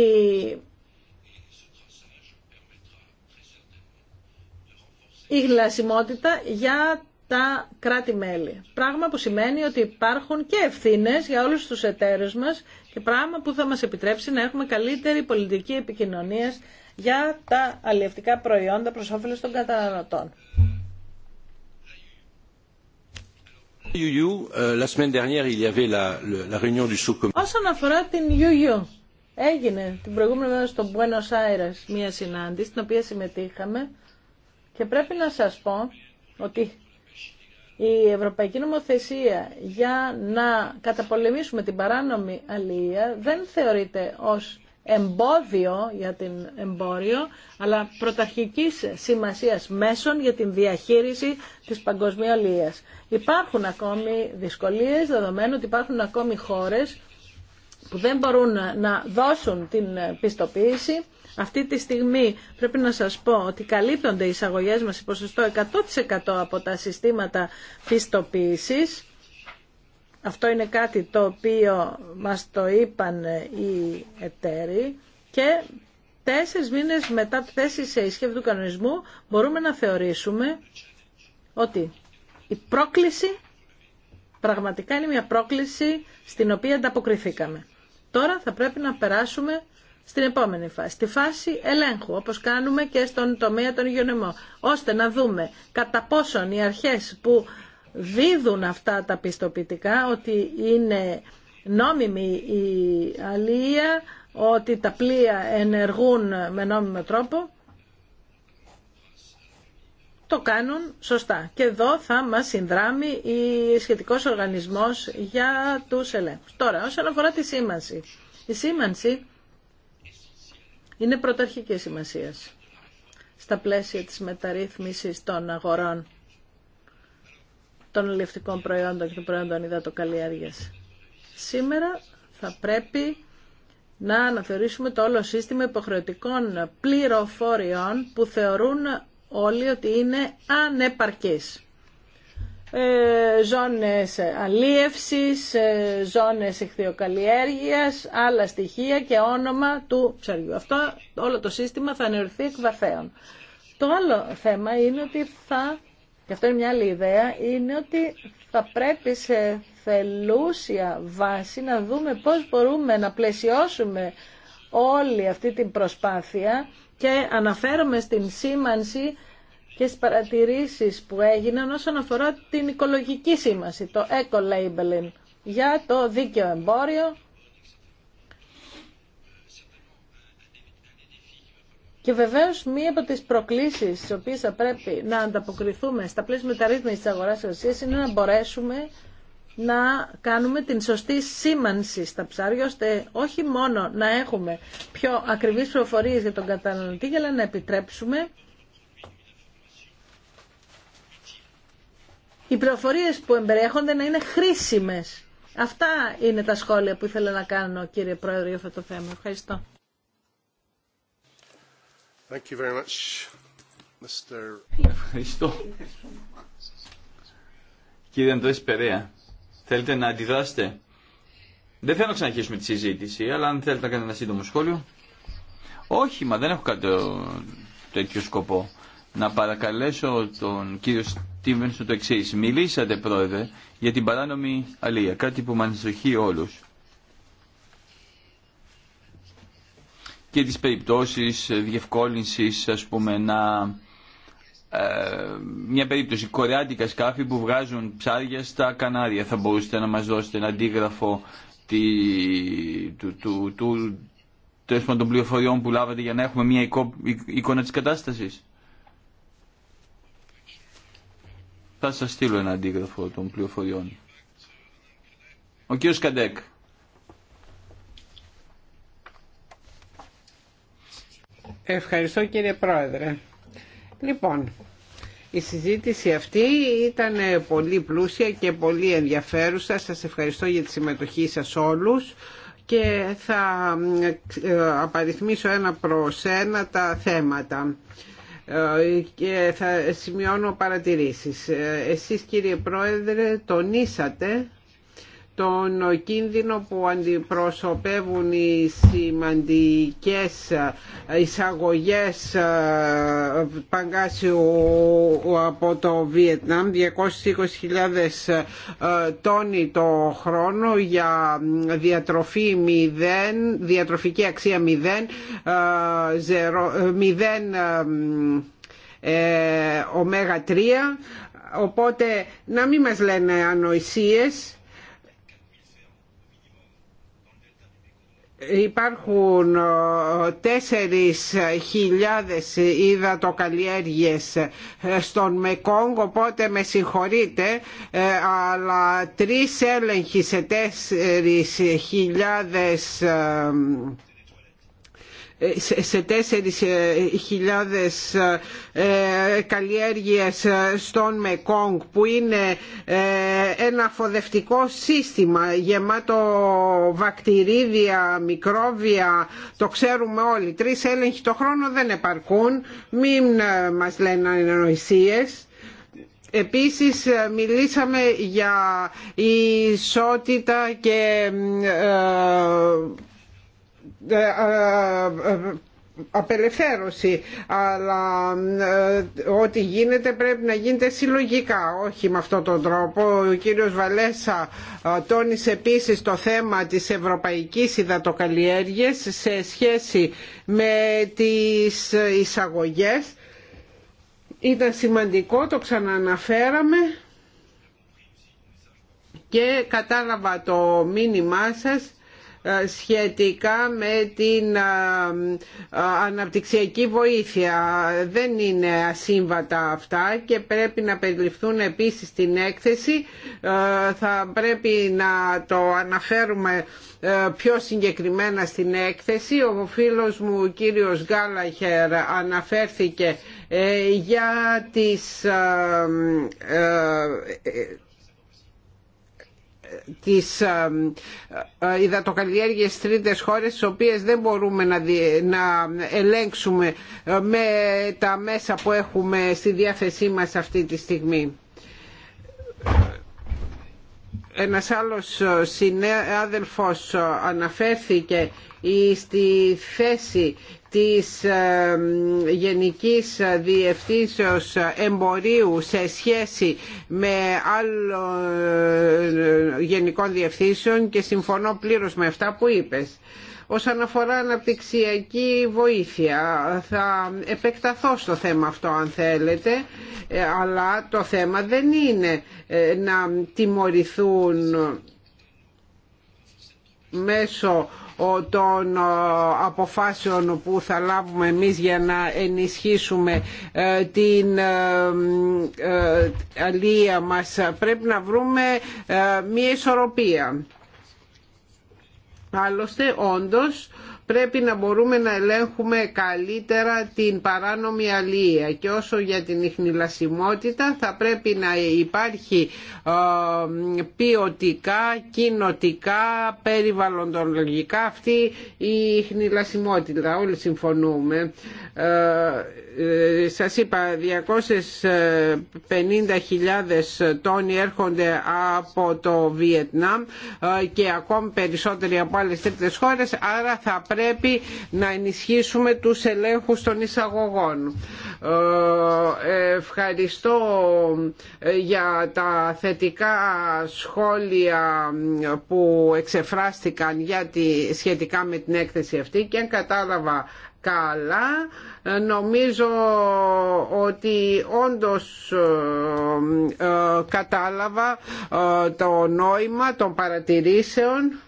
η γλασιμότητα για τα κράτη-μέλη. Πράγμα που σημαίνει ότι υπάρχουν και ευθύνες για όλους τους εταίρους μας και πράγμα που θα μας επιτρέψει να έχουμε καλύτερη πολιτική επικοινωνίας για τα αλλιευτικά προϊόντα προς όφελο των καταναλωτών. Όσον αφορά την UU, έγινε την προηγούμενη μέρα στο Buenos Aires μία συνάντηση, στην οποία συμμετείχαμε και πρέπει να σας πω ότι η Ευρωπαϊκή Νομοθεσία για να καταπολεμήσουμε την παράνομη αλληλεία δεν θεωρείται ως εμπόδιο για την εμπόριο, αλλά πρωταρχικής σημασίας μέσων για την διαχείριση της παγκοσμιολίας. Υπάρχουν ακόμη δυσκολίες, δεδομένου ότι υπάρχουν ακόμη χώρες που δεν μπορούν να δώσουν την πιστοποίηση. Αυτή τη στιγμή πρέπει να σας πω ότι καλύπτονται οι εισαγωγές μας σε ποσοστό 100% από τα συστήματα πιστοποίησης αυτό είναι κάτι το οποίο μας το είπαν οι εταίροι και τέσσερις μήνες μετά τη θέση σε ισχύ του κανονισμού μπορούμε να θεωρήσουμε ότι η πρόκληση πραγματικά είναι μια πρόκληση στην οποία ανταποκριθήκαμε. Τώρα θα πρέπει να περάσουμε στην επόμενη φάση, στη φάση ελέγχου, όπως κάνουμε και στον τομέα των υγειονομών, ώστε να δούμε κατά πόσον οι αρχές που δίδουν αυτά τα πιστοποιητικά ότι είναι νόμιμη η αλία, ότι τα πλοία ενεργούν με νόμιμο τρόπο, το κάνουν σωστά. Και εδώ θα μας συνδράμει η σχετικός οργανισμός για τους ελέγχους. Τώρα, όσον αφορά τη σήμανση. Η σήμανση είναι πρωταρχική σημασία στα πλαίσια της μεταρρύθμισης των αγορών των ληφτικών προϊόντων και των προϊόντων υδατοκαλλιέργειας. Σήμερα θα πρέπει να αναθεωρήσουμε το όλο σύστημα υποχρεωτικών πληροφοριών που θεωρούν όλοι ότι είναι ανεπαρκείς. Ε, ζώνες αλίευσης, ε, ζώνες άλλα στοιχεία και όνομα του ψαριού. Αυτό όλο το σύστημα θα ανεωρηθεί εκ βαθέων. Το άλλο θέμα είναι ότι θα και αυτό είναι μια άλλη ιδέα, είναι ότι θα πρέπει σε θελούσια βάση να δούμε πώς μπορούμε να πλαισιώσουμε όλη αυτή την προσπάθεια και αναφέρομαι στην σήμανση και στις παρατηρήσεις που έγιναν όσον αφορά την οικολογική σήμανση, το eco-labeling για το δίκαιο εμπόριο Και βεβαίως μία από τι προκλήσει στις οποίες θα πρέπει να ανταποκριθούμε στα πλαίσια μεταρρύθμιση της αγοράς εργασία είναι να μπορέσουμε να κάνουμε την σωστή σήμανση στα ψάρια, ώστε όχι μόνο να έχουμε πιο ακριβείς προφορίες για τον καταναλωτή, αλλά να επιτρέψουμε οι προφορίες που εμπεριέχονται να είναι χρήσιμες. Αυτά είναι τα σχόλια που ήθελα να κάνω, κύριε Πρόεδρε, για αυτό το θέμα. Ευχαριστώ. Κύριε Αντρές Περέα, θέλετε να αντιδράσετε. Δεν θέλω να ξαναρχίσουμε τη συζήτηση, αλλά αν θέλετε να κάνετε ένα σύντομο σχόλιο. Όχι, μα δεν έχω κάτι τέτοιο σκοπό. Να παρακαλέσω τον κύριο Στίβενσον το εξή. Μιλήσατε, πρόεδρε, για την παράνομη αλία. Κάτι που μα ανησυχεί όλου. και τις περιπτώσεις διευκόλυνσης, ας πούμε, να, ε, μια περίπτωση κορεάτικα σκάφη που βγάζουν ψάρια στα Κανάρια. Θα μπορούσατε να μας δώσετε ένα αντίγραφο τη, του, του, του, των πληροφοριών που λάβατε για να έχουμε μια εικό, εικόνα της κατάστασης. Θα σας στείλω ένα αντίγραφο των πληροφοριών. Ο κύριος Καντέκ. Ευχαριστώ κύριε Πρόεδρε. Λοιπόν, η συζήτηση αυτή ήταν ε, πολύ πλούσια και πολύ ενδιαφέρουσα. Σας ευχαριστώ για τη συμμετοχή σας όλους και θα ε, απαριθμίσω ένα προς ένα τα θέματα ε, και θα σημειώνω παρατηρήσεις. Εσείς κύριε Πρόεδρε τονίσατε τον κίνδυνο που αντιπροσωπεύουν οι σημαντικές εισαγωγές ε, παγκάσιου από το Βιετνάμ 220.000 ε, τόνοι το χρόνο για διατροφή μηδέν διατροφική αξία 0, 0 ε, ωμέγα 3 οπότε να μην μας λένε ανοησίες υπάρχουν ε, τέσσερις χιλιάδες υδατοκαλλιέργειες ε, στον Μεκόγκ οπότε με συγχωρείτε ε, αλλά τρεις έλεγχοι σε τέσσερις χιλιάδες σε 4.000 ε, ε, καλλιέργειες ε, στον Μεκόγκ που είναι ένα φοδευτικό σύστημα γεμάτο βακτηρίδια, μικρόβια, το ξέρουμε όλοι. Τρεις έλεγχοι το χρόνο δεν επαρκούν, μην μας λένε ανοησίες. Επίσης μιλήσαμε για ισότητα και ε, ε, ε, απελευθέρωση αλλά ό,τι γίνεται πρέπει να γίνεται συλλογικά όχι με αυτόν τον τρόπο ο κύριος Βαλέσα τόνισε επίσης το θέμα της ευρωπαϊκής υδατοκαλλιέργειας σε σχέση με τις εισαγωγές ήταν σημαντικό το ξαναναφέραμε και κατάλαβα το μήνυμά σας ε, σχετικά με την ε, ε, αναπτυξιακή βοήθεια. Δεν είναι ασύμβατα αυτά και πρέπει να περιληφθούν επίσης στην έκθεση. Θα πρέπει να το αναφέρουμε πιο συγκεκριμένα στην έκθεση. Ο φίλος μου, ο κύριος Γκάλαχερ, αναφέρθηκε για τις τις ε, ε, ε, υδατοκαλλιέργειες τρίτες χώρες τις οποίες δεν μπορούμε να, να ελέγξουμε με τα μέσα που έχουμε στη διάθεσή μας αυτή τη στιγμή. Ένας άλλος συνάδελφος αναφέρθηκε στη θέση της Γενικής Διευθύνσεως Εμπορίου σε σχέση με άλλων ε, γενικών διευθύνσεων και συμφωνώ πλήρως με αυτά που είπες. Όσον αφορά αναπτυξιακή βοήθεια, θα επεκταθώ στο θέμα αυτό αν θέλετε, ε, αλλά το θέμα δεν είναι ε, να τιμωρηθούν μέσω των ε, αποφάσεων που θα λάβουμε εμείς για να ενισχύσουμε ε, την ε, αλία μας. Πρέπει να βρούμε μια ισορροπία. Άλλωστε, όντως, πρέπει να μπορούμε να ελέγχουμε καλύτερα την παράνομη αλία και όσο για την ιχνηλασιμότητα θα πρέπει να υπάρχει ε, ποιοτικά, κοινοτικά, περιβαλλοντολογικά αυτή η ιχνηλασιμότητα. Όλοι συμφωνούμε. Ε, ε, σας είπα 250.000 τόνοι έρχονται από το Βιετνάμ και ακόμη περισσότεροι από άλλες τρίτες χώρες άρα θα πρέπει να ενισχύσουμε τους ελέγχους των εισαγωγών. Ε, ευχαριστώ ε, για τα θετικά σχόλια που εξεφράστηκαν για σχετικά με την έκθεση αυτή και αν κατάλαβα καλά ε, νομίζω ότι όντως κατάλαβα το νόημα των παρατηρήσεων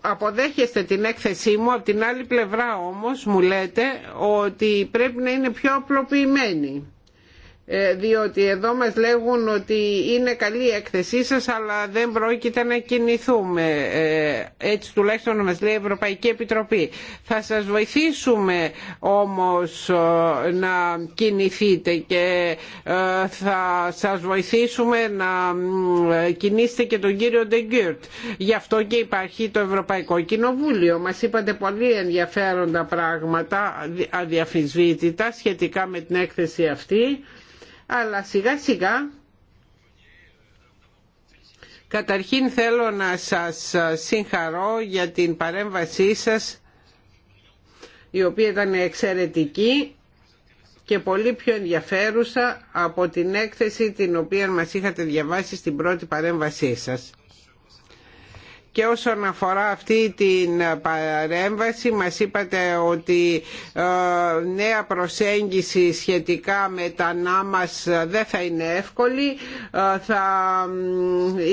αποδέχεστε την έκθεσή μου, από την άλλη πλευρά όμως μου λέτε ότι πρέπει να είναι πιο απλοποιημένη. Ε, διότι εδώ μας λέγουν ότι είναι καλή η έκθεσή σας αλλά δεν πρόκειται να κινηθούμε ε, έτσι τουλάχιστον μας λέει η Ευρωπαϊκή Επιτροπή θα σας βοηθήσουμε όμως ε, να κινηθείτε και θα σας βοηθήσουμε να κινήσετε και τον κύριο Ντεγκύρτ γι' αυτό και υπάρχει το Ευρωπαϊκό Κοινοβούλιο μας είπατε πολύ ενδιαφέροντα πράγματα αδιαφυσβήτητα σχετικά με την έκθεση αυτή αλλά σιγά σιγά καταρχήν θέλω να σας ε, συγχαρώ για την παρέμβασή σας η οποία ήταν εξαιρετική και πολύ πιο ενδιαφέρουσα από την έκθεση την οποία μας είχατε διαβάσει στην πρώτη παρέμβασή σας. Και όσον αφορά αυτή την παρέμβαση μας είπατε ότι ε, νέα προσέγγιση σχετικά με τα νάμας δεν θα είναι εύκολη, ε, θα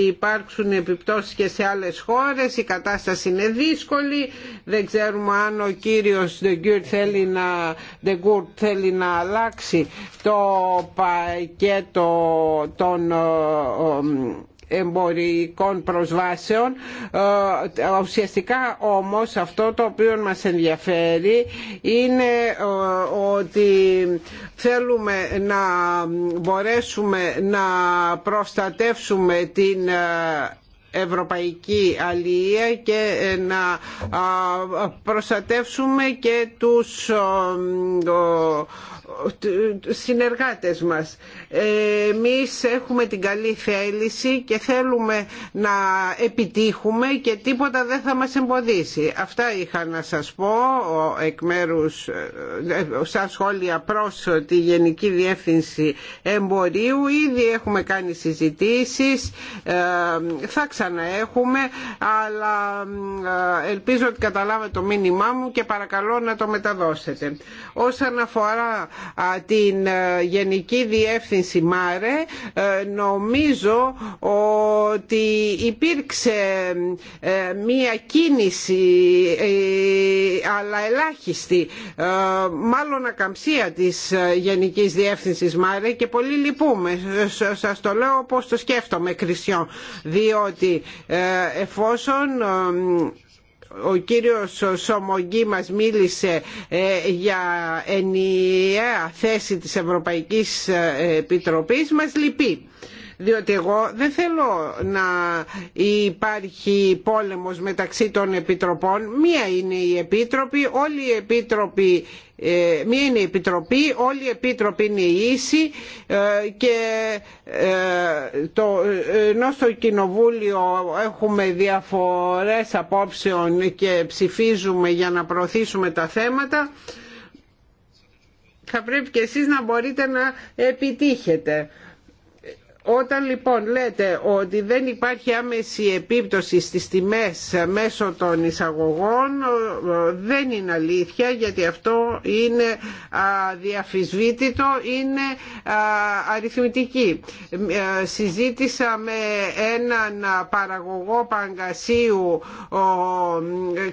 υπάρξουν επιπτώσεις και σε άλλες χώρες, η κατάσταση είναι δύσκολη, δεν ξέρουμε αν ο κύριος Ντεγκούρτ θέλει, να, θέλει να αλλάξει το πακέτο των ε, εμπορικών προσβάσεων ε, ουσιαστικά όμως αυτό το οποίο μας ενδιαφέρει είναι ε, ότι θέλουμε να μπορέσουμε να προστατεύσουμε την ε, ευρωπαϊκή αλληλεία και να προστατεύσουμε και τους συνεργάτες μας εμείς έχουμε την καλή θέληση και θέλουμε να επιτύχουμε και τίποτα δεν θα μας εμποδίσει. Αυτά είχα να σας πω εκ μέρους ε, σαν σχόλια προς τη Γενική Διεύθυνση Εμπορίου. Ήδη έχουμε κάνει συζητήσεις, ε, θα ξαναέχουμε, αλλά ε, ελπίζω ότι καταλάβατε το μήνυμά μου και παρακαλώ να το μεταδώσετε. Όσον αφορά την Γενική Διεύθυνση ε, νομίζω ότι υπήρξε ε, μία κίνηση ε, αλλά ελάχιστη μάλλον ακαμψία της Γενικής Διεύθυνσης ΜΑΡΕ και πολύ λυπούμε σας το λέω όπως το σκέφτομαι Κρισιό διότι εφόσον ο κύριος Σομογγί μας μίλησε ε, για ενιαία θέση της Ευρωπαϊκής ε, Επιτροπής μας λυπεί διότι εγώ δεν θέλω να υπάρχει πόλεμος μεταξύ των επιτροπών. Μία είναι η επίτροπη, όλοι οι επίτροποι ε, μία είναι η επιτροπή όλοι οι επίτροποι είναι ίσοι ε, και ε, το, ενώ στο κοινοβούλιο έχουμε διαφορές απόψεων και ψηφίζουμε για να προωθήσουμε τα θέματα θα πρέπει και εσείς να μπορείτε να επιτύχετε. Όταν λοιπόν λέτε ότι δεν υπάρχει άμεση επίπτωση στις τιμές μέσω των εισαγωγών ε, δεν είναι αλήθεια γιατί αυτό είναι διαφυσβήτητο, είναι αριθμητική. Ε, συζήτησα με έναν παραγωγό παγκασίου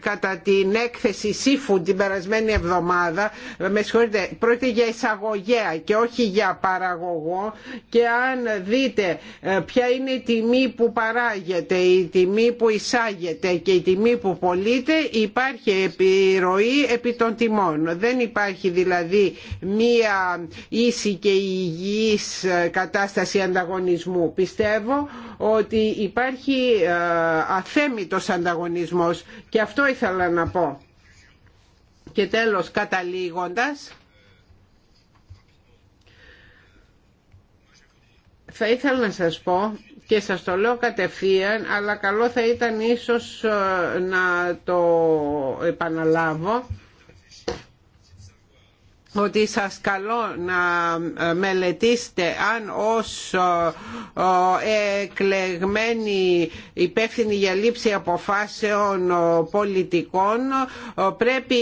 κατά την έκθεση ΣΥΦΟΥ την περασμένη εβδομάδα με συγχωρείτε, πρόκειται για εισαγωγέα και όχι για παραγωγό και αν δείτε ε, ποια είναι η τιμή που παράγεται, η τιμή που εισάγεται και η τιμή που πωλείται υπάρχει επιρροή επί των τιμών. Δεν υπάρχει δηλαδή μία ίση και υγιής ε, κατάσταση ανταγωνισμού. Πιστεύω ότι υπάρχει ε, αθέμητος ανταγωνισμός και αυτό ήθελα να πω. Και τέλος καταλήγοντας Θα ήθελα να σας πω και σας το λέω κατευθείαν, αλλά καλό θα ήταν ίσως ε, να το επαναλάβω ότι σας καλώ να ε, μελετήσετε αν ως ε, ε, εκλεγμένοι υπεύθυνοι για λήψη αποφάσεων πολιτικών πρέπει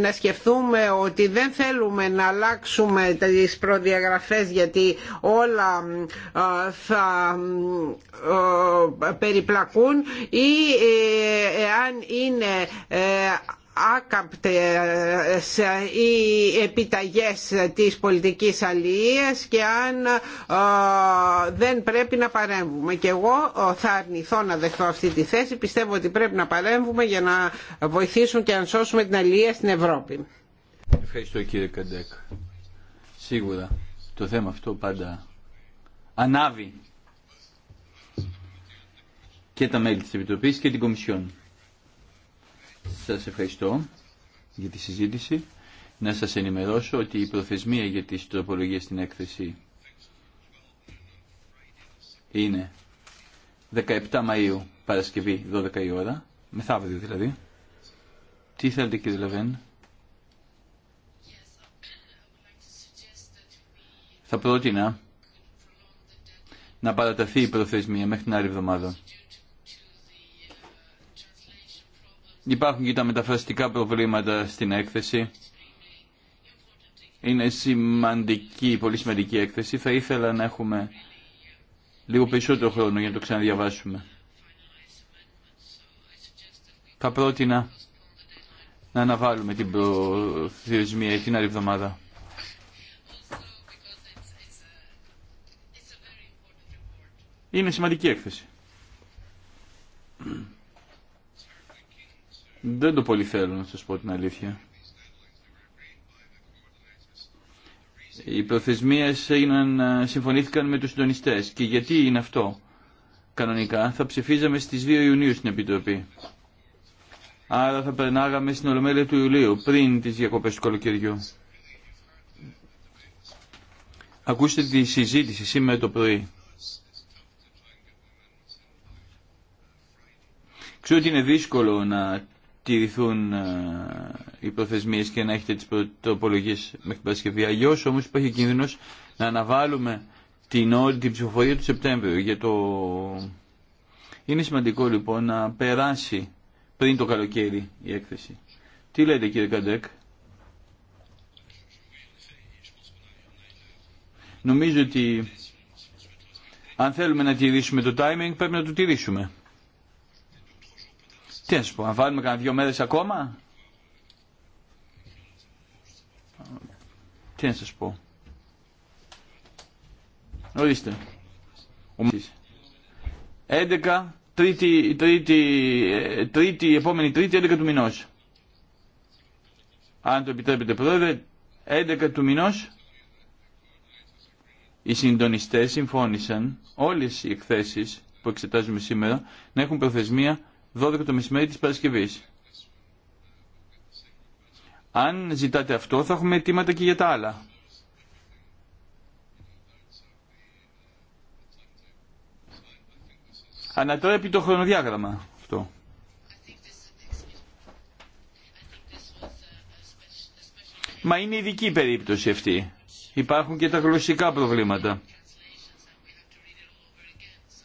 να σκεφτούμε ότι δεν θέλουμε να αλλάξουμε τις προδιαγραφές γιατί όλα θα περιπλακούν ή αν είναι άκαπτε ε, οι επιταγές της πολιτικής αλληλείας και αν ε, δεν πρέπει να παρέμβουμε. Και εγώ ε, θα αρνηθώ να δεχτώ αυτή τη θέση. Πιστεύω ότι πρέπει να παρέμβουμε για να βοηθήσουν και να σώσουμε την αλληλεία στην Ευρώπη. Ευχαριστώ κύριε Καντέκ. Σίγουρα το θέμα αυτό πάντα ανάβει και τα μέλη της Επιτροπής και την Κομισιόν. Σας ευχαριστώ για τη συζήτηση. Να σας ενημερώσω ότι η προθεσμία για τις τροπολογίες στην έκθεση είναι 17 Μαΐου, Παρασκευή, 12 η ώρα, μεθαύριο δηλαδή. Τι θέλετε κύριε Λεβέν. Θα πρότεινα να παραταθεί η προθεσμία μέχρι την άλλη εβδομάδα. Υπάρχουν και τα μεταφραστικά προβλήματα στην έκθεση. Είναι σημαντική, πολύ σημαντική έκθεση. Θα ήθελα να έχουμε λίγο περισσότερο χρόνο για να το ξαναδιαβάσουμε. Θα πρότεινα να αναβάλουμε την προθεσμία την άλλη εβδομάδα. Είναι σημαντική έκθεση. Δεν το πολύ θέλω να σας πω την αλήθεια. Οι προθεσμίες έγιναν, ε, συμφωνήθηκαν με τους συντονιστές. Και γιατί είναι αυτό. Κανονικά θα ψηφίζαμε στις 2 Ιουνίου στην Επιτροπή. Άρα θα περνάγαμε στην Ολομέλεια του Ιουλίου, πριν τις διακοπές του καλοκαιριού. Ακούστε τη συζήτηση σήμερα το πρωί. Ξέρω ότι είναι δύσκολο να τηρηθούν ε, οι προθεσμίες και να έχετε τις προτοπολογίες μέχρι την Παρασκευή. Αλλιώ όμως υπάρχει κίνδυνος να αναβάλουμε την όλη την ψηφοφορία του Σεπτέμβριου. Για το... Είναι σημαντικό λοιπόν να περάσει πριν το καλοκαίρι η έκθεση. Τι λέτε κύριε Καντέκ. Νομίζω ότι αν θέλουμε να τηρήσουμε το timing πρέπει να το τηρήσουμε. Τι να σου πω, να βάλουμε κανένα δύο μέρες ακόμα. Τι να σας πω. Ορίστε. 11, τρίτη, τρίτη, τρίτη, επόμενη τρίτη, 11 του μηνός. Αν το επιτρέπετε πρόεδρε, 11 του μηνός οι συντονιστές συμφώνησαν όλες οι εκθέσεις που εξετάζουμε σήμερα να έχουν προθεσμία 12 το μεσημέρι της Παρασκευής. Αν ζητάτε αυτό θα έχουμε αιτήματα και για τα άλλα. Ανατρέπει το χρονοδιάγραμμα αυτό. Μα είναι ειδική περίπτωση αυτή. Υπάρχουν και τα γλωσσικά προβλήματα.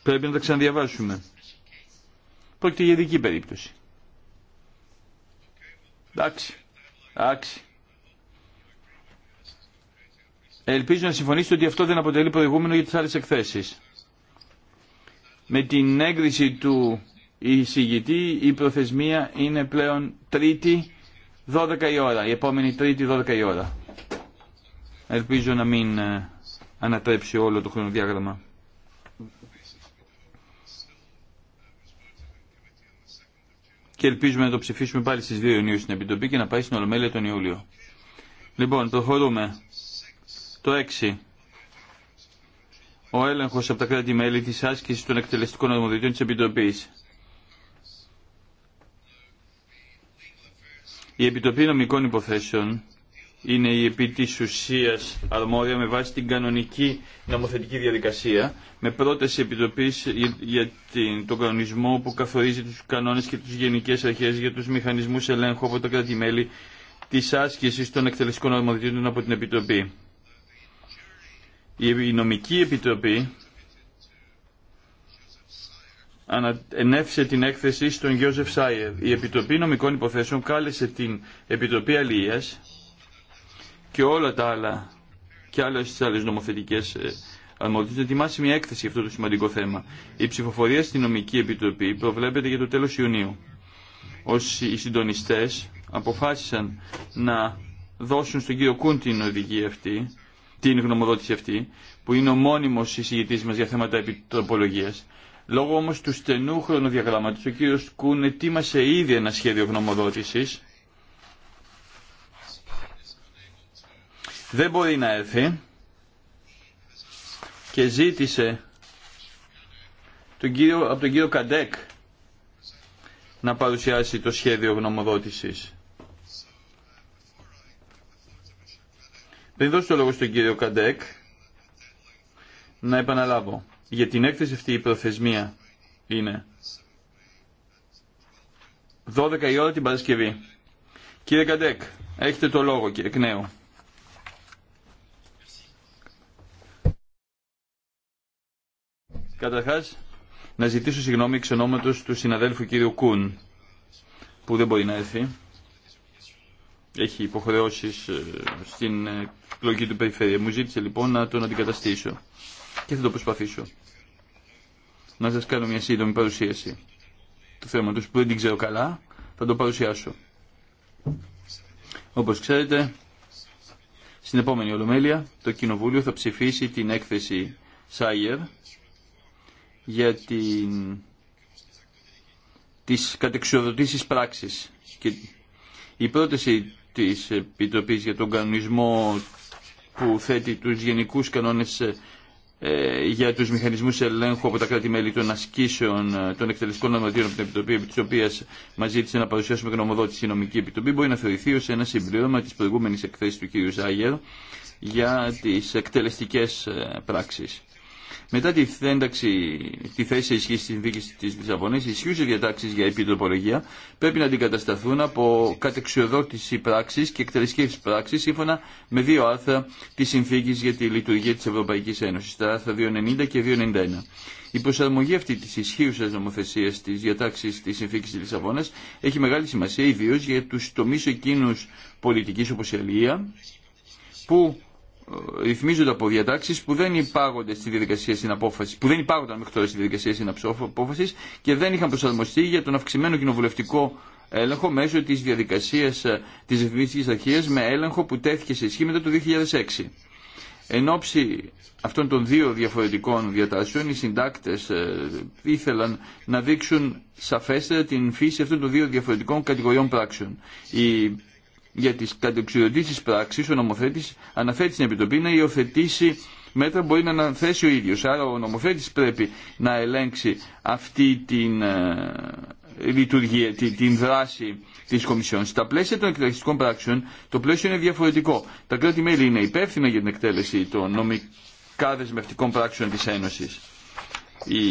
Πρέπει να τα ξαναδιαβάσουμε. Πρόκειται για ειδική περίπτωση. Εντάξει. Εντάξει. Ελπίζω να συμφωνήσετε ότι αυτό δεν αποτελεί προηγούμενο για τις άλλες εκθέσεις. Με την έγκριση του εισηγητή η προθεσμία είναι πλέον τρίτη 12 η ώρα, η επόμενη τρίτη 12 η ώρα. Ελπίζω να μην ε, ανατρέψει όλο το χρονοδιάγραμμα. και ελπίζουμε να το ψηφίσουμε πάλι στις 2 Ιουνίου στην Επιτροπή και να πάει στην Ολομέλεια τον Ιούλιο. Λοιπόν, προχωρούμε. Το 6. Ο έλεγχος από τα κράτη-μέλη της άσκησης των εκτελεστικών αρμοδιοτήτων της Επιτροπής. Η Επιτροπή Νομικών Υποθέσεων είναι η επί της ουσίας αρμόδια με βάση την κανονική νομοθετική διαδικασία με πρόταση επιτροπής για τον κανονισμό που καθορίζει τους κανόνες και τις γενικές αρχές για τους μηχανισμούς ελέγχου από τα κράτη-μέλη της άσκησης των εκτελεστικών αρμοδιότητων από την Επιτροπή. Η νομική επιτροπή ενέφησε την έκθεση στον Γιώζεφ Σάιερ. Η Επιτροπή Νομικών Υποθέσεων κάλεσε την Επιτροπή Αλίας και όλα τα άλλα και άλλες, άλλες νομοθετικές ε, αρμόδιες να ετοιμάσει μια έκθεση για αυτό το σημαντικό θέμα. Η ψηφοφορία στην Νομική Επιτροπή προβλέπεται για το τέλος Ιουνίου. Όσοι οι συντονιστές αποφάσισαν να δώσουν στον κύριο Κούν την οδηγία αυτή, την γνωμοδότηση αυτή, που είναι ο μόνιμος εισηγητής μας για θέματα επιτροπολογίας. Λόγω όμως του στενού χρονοδιαγράμματος, ο κύριος Κούν ετοίμασε ήδη ένα σχέδιο γνωμοδότησης, δεν μπορεί να έρθει και ζήτησε τον κύριο, από τον κύριο Καντέκ να παρουσιάσει το σχέδιο γνωμοδότησης. Πριν δώσω το λόγο στον κύριο Καντέκ, να επαναλάβω. Για την έκθεση αυτή η προθεσμία είναι 12 η ώρα την Παρασκευή. Κύριε Καντέκ, έχετε το λόγο και εκ νέου. Καταρχά να ζητήσω συγγνώμη εξ ονόματο του συναδέλφου κύριου Κούν, που δεν μπορεί να έρθει. Έχει υποχρεώσεις ε, στην εκλογική του περιφέρεια. Μου ζήτησε λοιπόν να τον αντικαταστήσω και θα το προσπαθήσω. Να σα κάνω μια σύντομη παρουσίαση του θέματο που δεν την ξέρω καλά, θα το παρουσιάσω. Όπως ξέρετε, στην επόμενη Ολομέλεια το Κοινοβούλιο θα ψηφίσει την έκθεση Σάιερ για την... τις κατεξοδοτήσεις πράξης. Και η πρόταση της Επιτροπής για τον κανονισμό που θέτει τους γενικούς κανόνες ε, για τους μηχανισμούς ελέγχου από τα κράτη-μέλη των ασκήσεων ε, των εκτελεστικών νομοθετήρων από την Επιτροπή, επί της οποίας μας ζήτησε να παρουσιάσουμε γνωμοδότηση η νομική επιτροπή, μπορεί να θεωρηθεί ως ένα συμπλήρωμα της προηγούμενης εκθέσης του κ. Ζάγερ για τις εκτελεστικές ε, πράξεις. Μετά τη, τη θέση ισχύ τη συνθήκη τη Λισαβόνα, οι ισχύουσε διατάξει για επιτροπολογία πρέπει να αντικατασταθούν από κατεξιοδότηση πράξη και εκτελεστική πράξη σύμφωνα με δύο άρθρα τη συνθήκη για τη λειτουργία τη Ευρωπαϊκή Ένωση, τα άρθρα 290 και 291. Η προσαρμογή αυτή τη ισχύουσα νομοθεσία τη διατάξη τη συνθήκη τη Λισαβόνα έχει μεγάλη σημασία, ιδίω για του τομεί εκείνου πολιτική όπω η Αλία, που ρυθμίζονται από διατάξει που δεν υπάγονται στη διαδικασία συναπόφαση, που δεν υπάγονταν μέχρι τώρα στη διαδικασία συναπόφαση και δεν είχαν προσαρμοστεί για τον αυξημένο κοινοβουλευτικό έλεγχο μέσω τη διαδικασία τη ρυθμιστική αρχία με έλεγχο που τέθηκε σε ισχύ μετά το 2006. Εν ώψη αυτών των δύο διαφορετικών διατάσεων, οι συντάκτε ε, ήθελαν να δείξουν σαφέστερα την φύση αυτών των δύο διαφορετικών κατηγοριών πράξεων. Η για τις κατεξιδοτήσεις πράξεις ο νομοθέτης αναφέρει στην Επιτροπή να υιοθετήσει μέτρα μπορεί να αναθέσει ο ίδιος. Άρα ο νομοθέτης πρέπει να ελέγξει αυτή την ε, λειτουργία, την δράση της Κομισιόν. Στα πλαίσια των εκτελεστικών πράξεων, το πλαίσιο είναι διαφορετικό. Τα κράτη-μέλη είναι υπεύθυνα για την εκτέλεση των νομικά δεσμευτικών πράξεων της Ένωσης. Οι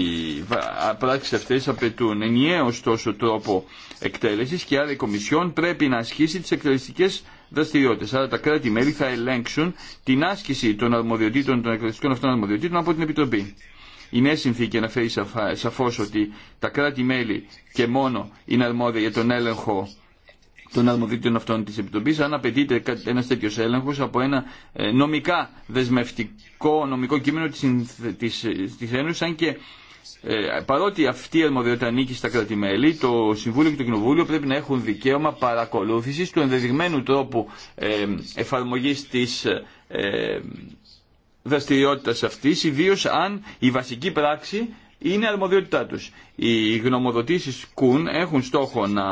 πράξει αυτέ απαιτούν ενιαίο τόσο τρόπο εκτέλεσης και άρα η Κομισιόν πρέπει να ασχίσει τις εκτελεστικές δραστηριότητε. Άρα τα κράτη-μέλη θα ελέγξουν την άσκηση των αρμοδιοτήτων, των εκτελεστικών αυτών αρμοδιοτήτων από την Επιτροπή. Η νέα συνθήκη αναφέρει σαφώ ότι τα κράτη-μέλη και μόνο είναι αρμόδια για τον έλεγχο των αρμοδίτων αυτών της Επιτροπής αν απαιτείται ένας τέτοιος έλεγχος από ένα ε, νομικά δεσμευτικό νομικό κείμενο της, της, της Ένωσης αν και ε, παρότι αυτή η αρμοδιότητα ανήκει στα κρατημέλη, το Συμβούλιο και το Κοινοβούλιο πρέπει να έχουν δικαίωμα παρακολούθησης του ενδεδειγμένου τρόπου ε, εφαρμογής της ε, δραστηριότητας αυτής, ιδίως αν η βασική πράξη είναι αρμοδιότητά τους. Οι γνωμοδοτήσεις ΚΟΥΝ έχουν στόχο να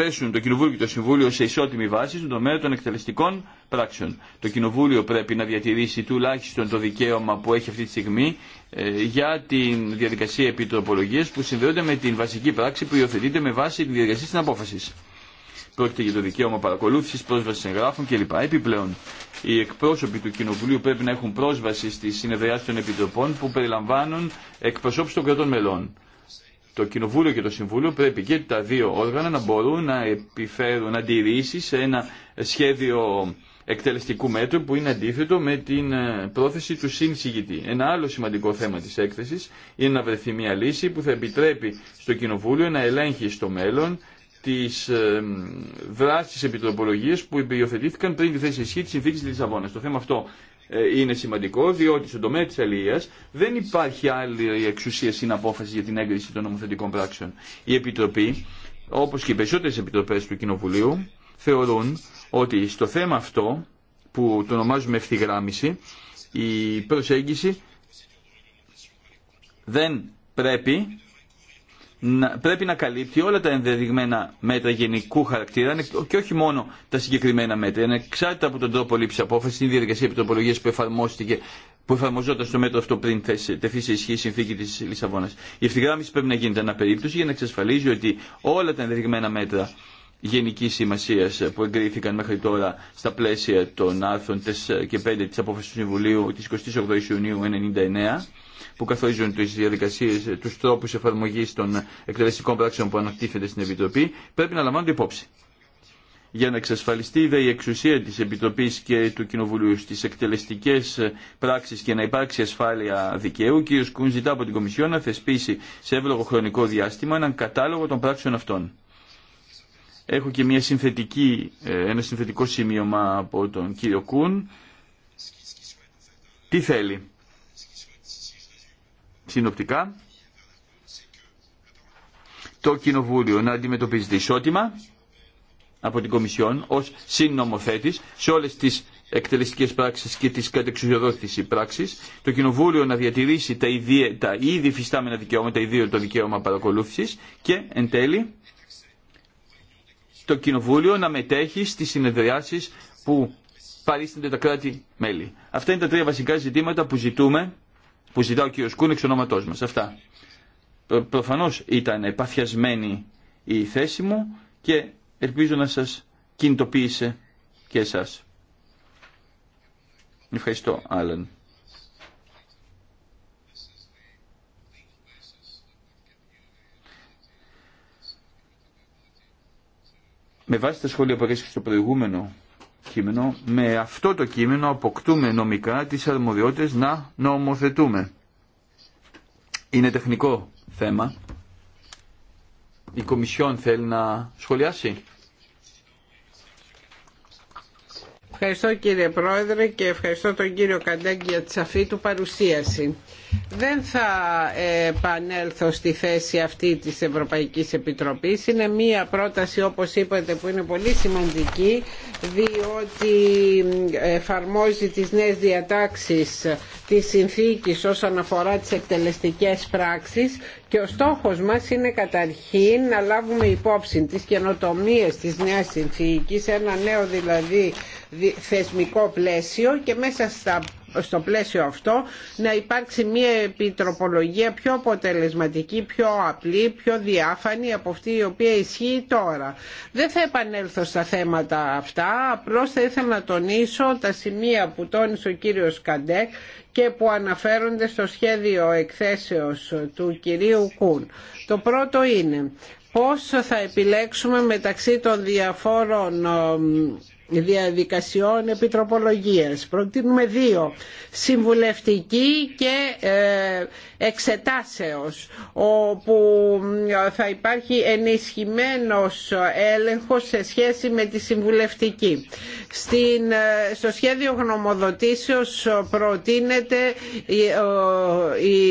θέσουν το Κοινοβούλιο και το Συμβούλιο σε ισότιμη βάση στον τομέα των εκτελεστικών πράξεων. Το Κοινοβούλιο πρέπει να διατηρήσει τουλάχιστον το δικαίωμα που έχει αυτή τη στιγμή ε, για τη διαδικασία επιτροπολογία που συνδέονται με την βασική πράξη που υιοθετείται με βάση τη διαδικασία τη απόφαση. Πρόκειται για το δικαίωμα παρακολούθηση, πρόσβαση εγγράφων κλπ. Επιπλέον, οι εκπρόσωποι του Κοινοβουλίου πρέπει να έχουν πρόσβαση στι συνεδριάσει των επιτροπών που περιλαμβάνουν εκπροσώπου των κρατών μελών το Κοινοβούλιο και το Συμβούλιο πρέπει και τα δύο όργανα να μπορούν να επιφέρουν αντιρρήσει σε ένα σχέδιο εκτελεστικού μέτρου που είναι αντίθετο με την ε, πρόθεση του συνσηγητή. Ένα άλλο σημαντικό θέμα της έκθεσης είναι να βρεθεί μια λύση που θα επιτρέπει στο Κοινοβούλιο να ελέγχει στο μέλλον τις ε, δράσεις επιτροπολογίες που υιοθετήθηκαν πριν τη θέση ισχύ της συνθήκης της Λισαβόνας. Το θέμα αυτό ε, είναι σημαντικό, διότι στον τομέα τη αλληλεία δεν υπάρχει άλλη εξουσία στην απόφαση για την έγκριση των νομοθετικών πράξεων. Η Επιτροπή, όπως και οι περισσότερες επιτροπές του Κοινοβουλίου, θεωρούν ότι στο θέμα αυτό, που το ονομάζουμε ευθυγράμμιση, η προσέγγιση δεν πρέπει πρέπει να καλύπτει όλα τα ενδεδειγμένα μέτρα γενικού χαρακτήρα και όχι μόνο τα συγκεκριμένα μέτρα. Είναι εξάρτητα από τον τρόπο λήψη απόφαση, την διαδικασία επιτροπολογία που που εφαρμοζόταν στο μέτρο αυτό πριν τεθεί σε ισχύ η συνθήκη τη Λισαβόνα. Η ευθυγράμμιση πρέπει να γίνεται αναπερίπτωση για να εξασφαλίζει ότι όλα τα ενδεδειγμένα μέτρα γενική σημασία που εγκρίθηκαν μέχρι τώρα στα πλαίσια των άρθρων 4 και 5 τη απόφαση του Συμβουλίου τη 28 Ιουνίου 1999 που καθορίζουν τι διαδικασίε, του τρόπου εφαρμογής των εκτελεστικών πράξεων που ανακτήφεται στην Επιτροπή, πρέπει να λαμβάνονται υπόψη. Για να εξασφαλιστεί η εξουσία της Επιτροπής και του Κοινοβουλίου στις εκτελεστικές πράξεις και να υπάρξει ασφάλεια δικαίου, ο κ. Κούν ζητά από την Κομισιό να θεσπίσει σε εύλογο χρονικό διάστημα έναν κατάλογο των πράξεων αυτών. Έχω και μια συνθετική, ε, ένα συνθετικό σημείωμα από τον κύριο Κούν. Τι θέλει συνοπτικά το Κοινοβούλιο να αντιμετωπίζεται ισότιμα από την Κομισιόν ως συνομοθέτης σε όλες τις εκτελεστικές πράξεις και τις κατεξουσιοδότηση πράξεις, το Κοινοβούλιο να διατηρήσει τα, ήδη, τα φυστάμενα δικαιώματα, ιδίω το δικαίωμα παρακολούθησης και εν τέλει το Κοινοβούλιο να μετέχει στις συνεδριάσεις που παρίστανται τα κράτη-μέλη. Αυτά είναι τα τρία βασικά ζητήματα που ζητούμε που ζητά ο κύριο Κούνεξ εξ ονόματός μας. Αυτά. Ε, προφανώς ήταν παθιασμένη η θέση μου και ελπίζω να σας κινητοποίησε και εσάς. Ευχαριστώ, Άλεν. Με βάση τα σχόλια που έκανε στο προηγούμενο κείμενο, με αυτό το κείμενο αποκτούμε νομικά τις αρμοδιότητες να νομοθετούμε. Είναι τεχνικό θέμα. Η Κομισιόν θέλει να σχολιάσει. Ευχαριστώ κύριε Πρόεδρε και ευχαριστώ τον κύριο Καντέγκ για τη σαφή του παρουσίαση. Δεν θα επανέλθω στη θέση αυτή της Ευρωπαϊκής Επιτροπής. Είναι μία πρόταση όπως είπατε που είναι πολύ σημαντική διότι εφαρμόζει τις νέες διατάξεις της συνθήκης όσον αφορά τις εκτελεστικές πράξεις και ο στόχος μας είναι καταρχήν να λάβουμε υπόψη τις καινοτομίες της νέας συνθήκης, ένα νέο δηλαδή θεσμικό πλαίσιο και μέσα στα στο πλαίσιο αυτό να υπάρξει μια επιτροπολογία πιο αποτελεσματική, πιο απλή, πιο διάφανη από αυτή η οποία ισχύει τώρα. Δεν θα επανέλθω στα θέματα αυτά, απλώς θα ήθελα να τονίσω τα σημεία που τόνισε ο κύριος Καντέκ και που αναφέρονται στο σχέδιο εκθέσεως του κυρίου Κούν. Το πρώτο είναι πώς θα επιλέξουμε μεταξύ των διαφόρων διαδικασιών επιτροπολογίας. Προτείνουμε δύο, συμβουλευτική και ε, εξετάσεως, όπου ε, θα υπάρχει ενισχυμένος έλεγχος σε σχέση με τη συμβουλευτική. Στην, ε, στο σχέδιο γνωμοδοτήσεως προτείνεται η,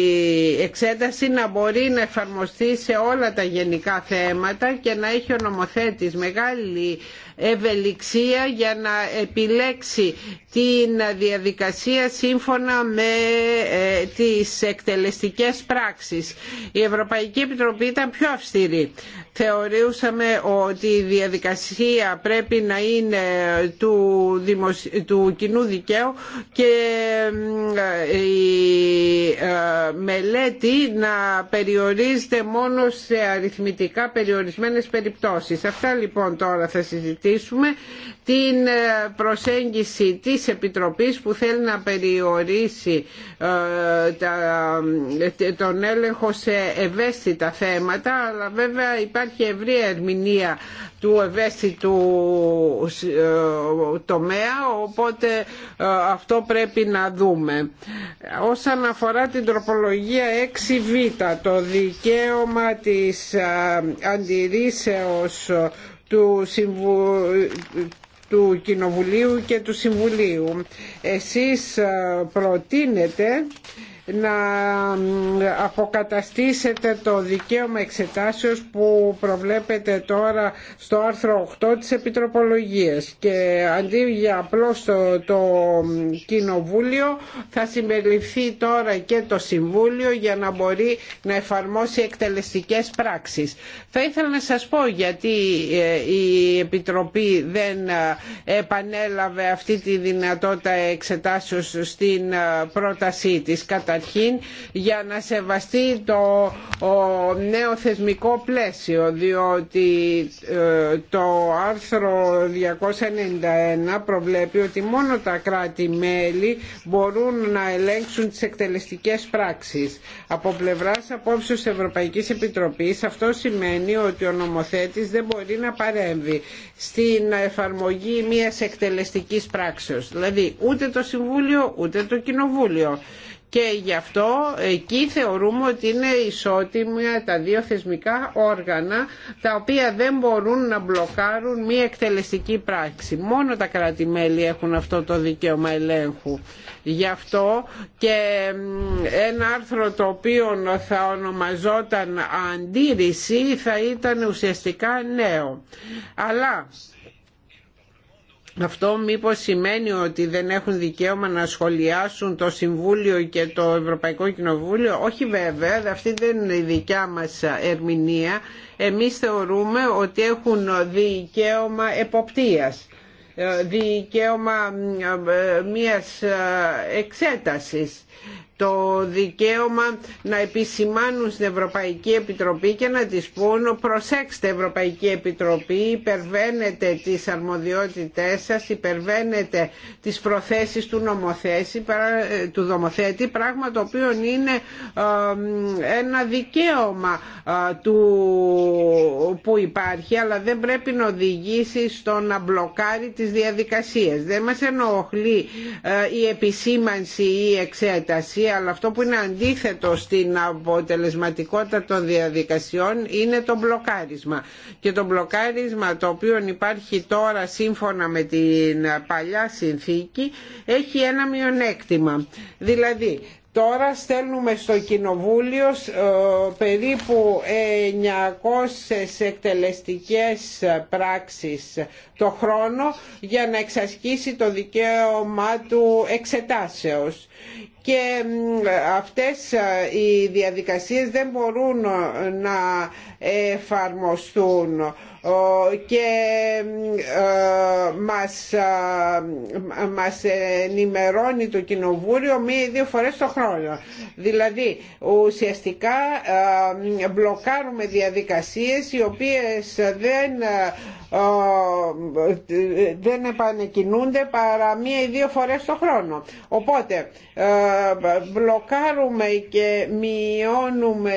εξέταση να μπορεί να εφαρμοστεί σε όλα τα γενικά θέματα και να έχει ο νομοθέτης μεγάλη ευελιξία για να επιλέξει την διαδικασία σύμφωνα με ε, τις εκτελεστικές πράξεις. Η Ευρωπαϊκή Επιτροπή ήταν πιο αυστηρή θεωρούσαμε ότι η διαδικασία πρέπει να είναι του, του κοινού δικαίου και η ε, μελέτη να περιορίζεται μόνο σε αριθμητικά περιορισμένες περιπτώσεις. Αυτά λοιπόν τώρα θα συζητήσουμε την ε, προσέγγιση της Επιτροπής που θέλει να περιορίσει ε, τον έλεγχο σε ευαίσθητα θέματα αλλά βέβαια υπάρχει υπάρχει ευρία ερμηνεία του ευαίσθητου ε, τομέα οπότε ε, αυτό πρέπει να δούμε. Όσον αφορά την τροπολογία 6β το δικαίωμα της ε, αντιρρήσεως του, του Κοινοβουλίου και του Συμβουλίου. Εσείς προτείνετε να αποκαταστήσετε το δικαίωμα εξετάσεως που προβλέπετε τώρα στο άρθρο 8 της Επιτροπολογίας και αντί για απλώς το, Κοινοβούλιο θα συμπεριληφθεί τώρα και το Συμβούλιο για να μπορεί να εφαρμόσει εκτελεστικές πράξεις. Θα ήθελα να σας πω γιατί ε, η Επιτροπή δεν ε, επανέλαβε αυτή τη δυνατότητα εξετάσεως στην ε, πρότασή της. Κατά για να σεβαστεί το νέο θεσμικό πλαίσιο διότι ε, το άρθρο 291 προβλέπει ότι μόνο τα κράτη-μέλη μπορούν να ελέγξουν τις εκτελεστικές πράξεις. Από πλευράς απόψεως Ευρωπαϊκής Επιτροπής αυτό σημαίνει ότι ο νομοθέτης δεν μπορεί να παρέμβει στην εφαρμογή μιας εκτελεστικής πράξεως. Δηλαδή ούτε το Συμβούλιο ούτε το Κοινοβούλιο και γι' αυτό εκεί θεωρούμε ότι είναι ισότιμοι τα δύο θεσμικά όργανα τα οποία δεν μπορούν να μπλοκάρουν μία εκτελεστική πράξη. Μόνο τα κράτη-μέλη έχουν αυτό το δικαίωμα ελέγχου. Γι' αυτό και ένα άρθρο το οποίο θα ονομαζόταν αντίρρηση θα ήταν ουσιαστικά νέο. Αλλά αυτό μήπως σημαίνει ότι δεν έχουν δικαίωμα να σχολιάσουν το Συμβούλιο και το Ευρωπαϊκό Κοινοβούλιο. Όχι βέβαια, αυτή δεν είναι η δικιά μας ερμηνεία. Εμείς θεωρούμε ότι έχουν δικαίωμα εποπτείας, ε, δικαίωμα ε, μιας ε, εξέτασης το δικαίωμα να επισημάνουν στην Ευρωπαϊκή Επιτροπή και να της πούν προσέξτε Ευρωπαϊκή Επιτροπή υπερβαίνετε τις αρμοδιότητές σας, υπερβαίνετε τις προθέσεις του, νομοθέση, του νομοθέτη πράγμα το οποίο είναι ένα δικαίωμα του που υπάρχει αλλά δεν πρέπει να οδηγήσει στο να μπλοκάρει τις διαδικασίες. Δεν μας ενοχλεί ε, η επισήμανση ή η εξέταση αλλά αυτό που είναι αντίθετο στην αποτελεσματικότητα των διαδικασιών είναι το μπλοκάρισμα και το μπλοκάρισμα το οποίο υπάρχει τώρα σύμφωνα με την παλιά συνθήκη έχει ένα μειονέκτημα δηλαδή Τώρα στέλνουμε στο Κοινοβούλιο ε, περίπου 900 εκτελεστικές πράξεις το χρόνο για να εξασκήσει το δικαίωμά του εξετάσεως. Και αυτές ε, οι διαδικασίες δεν μπορούν να εφαρμοστούν και ε, μας, ε, μας ενημερώνει το κοινοβούλιο μία ή δύο φορές το χρόνο. Δηλαδή ουσιαστικά ε, μπλοκάρουμε διαδικασίες οι οποίες δεν ε, δεν επανεκκινούνται παρά μία ή δύο φορές το χρόνο. Οπότε ε, μπλοκάρουμε και μειώνουμε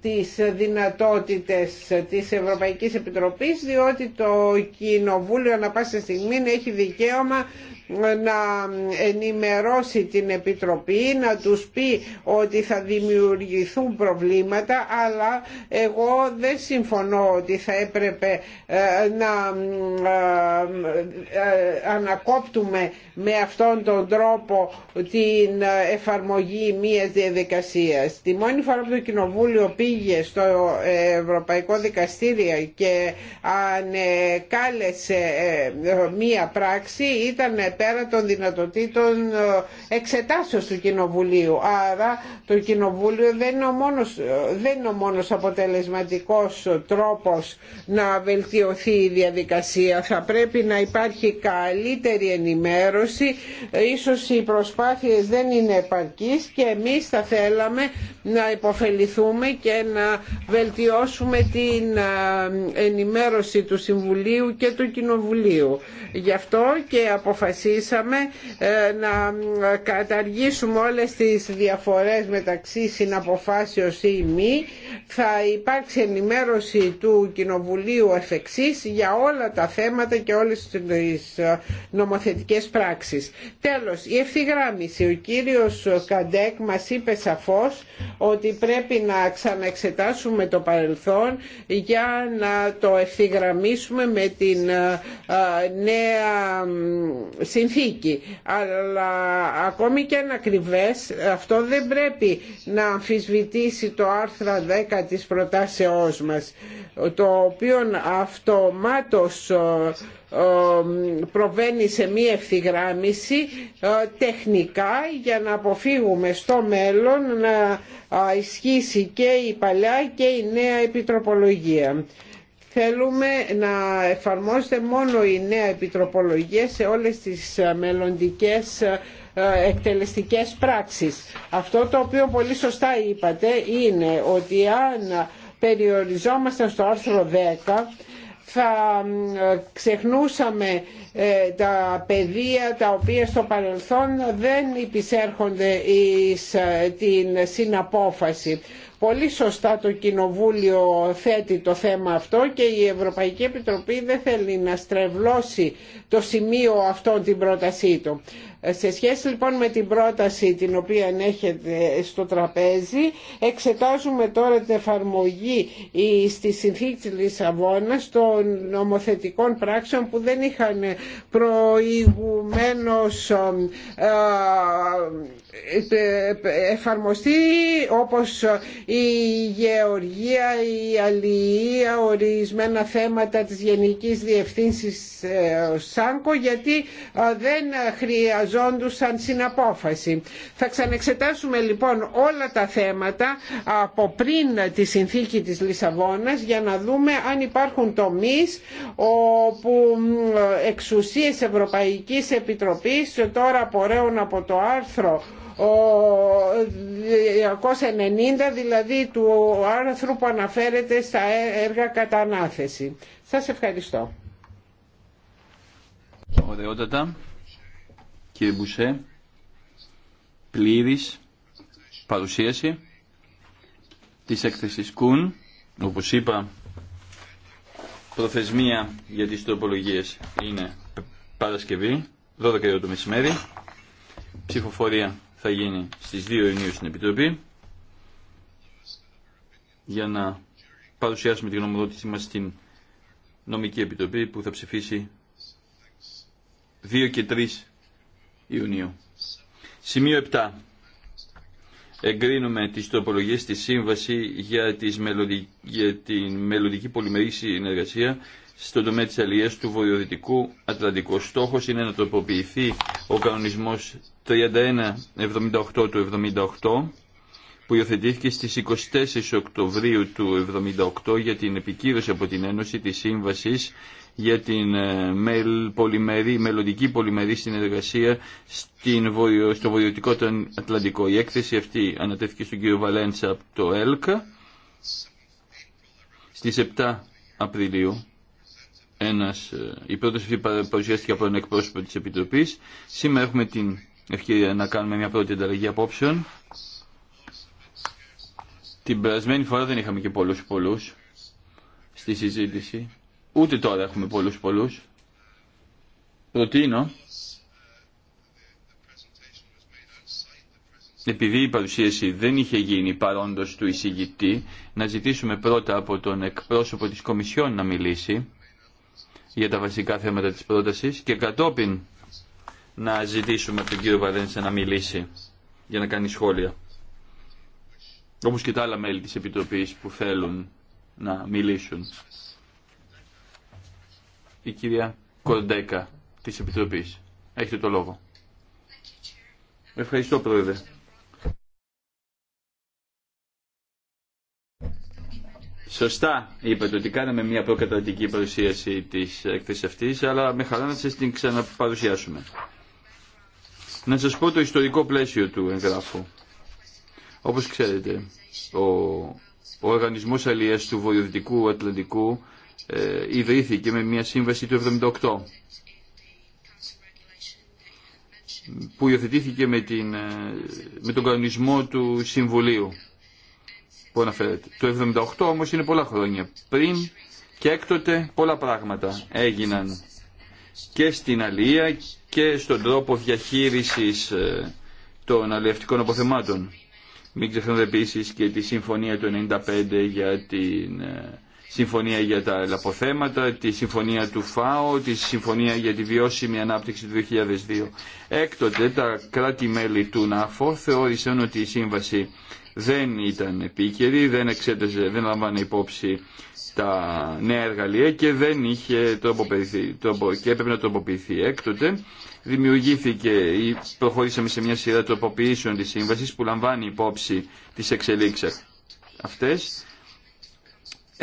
τις δυνατότητες της Ευρωπαϊκής Επιτροπής διότι το Κοινοβούλιο να πάση στιγμή έχει δικαίωμα να ενημερώσει την Επιτροπή, να τους πει ότι θα δημιουργηθούν προβλήματα, αλλά εγώ δεν συμφωνώ ότι θα έπρεπε ε, να ε, ε, ανακόπτουμε με αυτόν τον τρόπο την εφαρμογή μιας διαδικασίας. Τη μόνη φορά που το Κοινοβούλιο πήγε στο Ευρωπαϊκό Δικαστήριο και ανεκάλεσε μία πράξη ήταν πέρα των δυνατοτήτων ε, εξετάσεως του Κοινοβουλίου. Άρα το Κοινοβούλιο δεν είναι ο μόνος, ε, δεν είναι μόνος αποτελεσματικός τρόπος να βελτιωθεί η διαδικασία. Θα πρέπει να υπάρχει καλύτερη ενημέρωση. Ίσως οι προσπάθειες δεν είναι επαρκείς και εμείς θα θέλαμε να υποφεληθούμε και να βελτιώσουμε την ε, ενημέρωση του Συμβουλίου και του Κοινοβουλίου. Γι' αυτό και αποφασίσαμε αποφασίσαμε ε, να ε, καταργήσουμε όλες τις διαφορές μεταξύ συναποφάσεως ή μη. Θα υπάρξει ενημέρωση του Κοινοβουλίου εφεξής για όλα τα θέματα και όλες τις ε, νομοθετικές πράξεις. Τέλος, η ευθυγράμμιση. Ο κύριος Καντέκ μας είπε σαφώς ότι πρέπει να ξαναεξετάσουμε το παρελθόν για να το ευθυγραμμίσουμε με την νέα συνθήκη. Αλλά ακόμη και αν ακριβές αυτό δεν πρέπει να αμφισβητήσει το άρθρο 10 της προτάσεώς μας το οποίο αυτομάτως ε, ε, προβαίνει σε μία ευθυγράμμιση ε, τεχνικά για να αποφύγουμε στο μέλλον να ισχύσει και η παλιά και η νέα επιτροπολογία. Θέλουμε να εφαρμόζεται μόνο η νέα επιτροπολογία σε όλες τις ε, μελλοντικές ε, ε, εκτελεστικές πράξεις. Αυτό το οποίο πολύ σωστά είπατε είναι ότι αν περιοριζόμαστε στο άρθρο 10 θα ξεχνούσαμε τα πεδία τα οποία στο παρελθόν δεν υπησέρχονται εις την συναπόφαση. Πολύ σωστά το Κοινοβούλιο θέτει το θέμα αυτό και η Ευρωπαϊκή Επιτροπή δεν θέλει να στρεβλώσει το σημείο αυτό την πρότασή του. Σε σχέση λοιπόν με την πρόταση την οποία έχετε στο τραπέζι, εξετάζουμε τώρα την εφαρμογή στη συνθήκη τη Λισαβόνας των νομοθετικών πράξεων που δεν είχαν προηγουμένως ε, ε, εφαρμοστεί όπως η γεωργία, η αλληλεία, ορισμένα θέματα της Γενικής Διευθύνσης ε, ΣΑΝΚΟ γιατί δεν χρειαζόταν εργαζόντουσαν στην Θα ξανεξετάσουμε λοιπόν όλα τα θέματα από πριν τη συνθήκη της Λισαβόνας για να δούμε αν υπάρχουν τομείς όπου εξουσίες Ευρωπαϊκής Επιτροπής τώρα απορρέουν από το άρθρο ο 290 δηλαδή του άρθρου που αναφέρεται στα έργα κατά ανάθεση. Σας ευχαριστώ. Κύριε Μπουσέ, πλήρης παρουσίαση της έκθεσης Κουν, όπως είπα, προθεσμία για τις τροπολογίες είναι Παρασκευή, 12 το μεσημέρι. Ψηφοφορία θα γίνει στις 2 Ιουνίου στην Επιτροπή για να παρουσιάσουμε την γνωμοδότησή μας στην Νομική Επιτροπή που θα ψηφίσει 2 και 3 Ιουνίου. Σημείο 7. Εγκρίνουμε τις τοπολογίες στη Σύμβαση για, τις την μελλοντική πολυμερή συνεργασία στον τομέα της αλληλείας του Βορειοδυτικού Ατλαντικού. στόχος είναι να τοποποιηθεί ο κανονισμός 3178 του 78 που υιοθετήθηκε στις 24 Οκτωβρίου του 78 για την επικύρωση από την Ένωση της Σύμβασης για την ε, πολυμερή, μελλοντική πολυμερή συνεργασία στην στο βορειοτικό Ατλαντικό. Η έκθεση αυτή ανατέθηκε στον κύριο Βαλέντσα από το ΕΛΚΑ στις 7 Απριλίου. Ένας, ε, η πρώτη αυτή παρουσιάστηκε από τον εκπρόσωπο της Επιτροπής. Σήμερα έχουμε την ευκαιρία να κάνουμε μια πρώτη ανταλλαγή απόψεων. Την περασμένη φορά δεν είχαμε και πολλούς πολλούς στη συζήτηση. Ούτε τώρα έχουμε πολλούς πολλούς. Προτείνω, επειδή η παρουσίαση δεν είχε γίνει παρόντος του εισηγητή, να ζητήσουμε πρώτα από τον εκπρόσωπο της Κομισιόν να μιλήσει για τα βασικά θέματα της πρότασης και κατόπιν να ζητήσουμε από τον κύριο Βαρένσα να μιλήσει για να κάνει σχόλια. Όπως και τα άλλα μέλη της Επιτροπής που θέλουν να μιλήσουν η κυρία Κορντέκα της Επιτροπή. Έχετε το λόγο. Ευχαριστώ πρόεδρε. Σωστά είπατε ότι κάναμε μια προκαταρτική παρουσίαση της έκθεσης αυτής, αλλά με χαρά να σας την ξαναπαρουσιάσουμε. Να σας πω το ιστορικό πλαίσιο του εγγράφου. Όπως ξέρετε, ο, ο Οργανισμός του Βορειοδυτικού Ατλαντικού ε, ιδρύθηκε με μια σύμβαση του 78. που υιοθετήθηκε με, την, ε, με τον κανονισμό του Συμβουλίου που αναφέρεται. Το 78 όμως είναι πολλά χρόνια. Πριν και έκτοτε πολλά πράγματα έγιναν και στην αλληλεία και στον τρόπο διαχείρισης ε, των αλληλευτικών αποθεμάτων. Μην ξεχνάτε επίσης και τη συμφωνία του 1995 για την ε, συμφωνία για τα λαποθέματα, τη συμφωνία του ΦΑΟ, τη συμφωνία για τη βιώσιμη ανάπτυξη του 2002. Έκτοτε τα κράτη-μέλη του ΝΑΦΟ θεώρησαν ότι η σύμβαση δεν ήταν επίκαιρη, δεν εξέταζε, δεν λαμβάνε υπόψη τα νέα εργαλεία και δεν είχε και έπρεπε να τροποποιηθεί. Έκτοτε δημιουργήθηκε ή προχωρήσαμε σε μια σειρά τροποποιήσεων της σύμβασης που λαμβάνει υπόψη τις εξελίξεις αυτές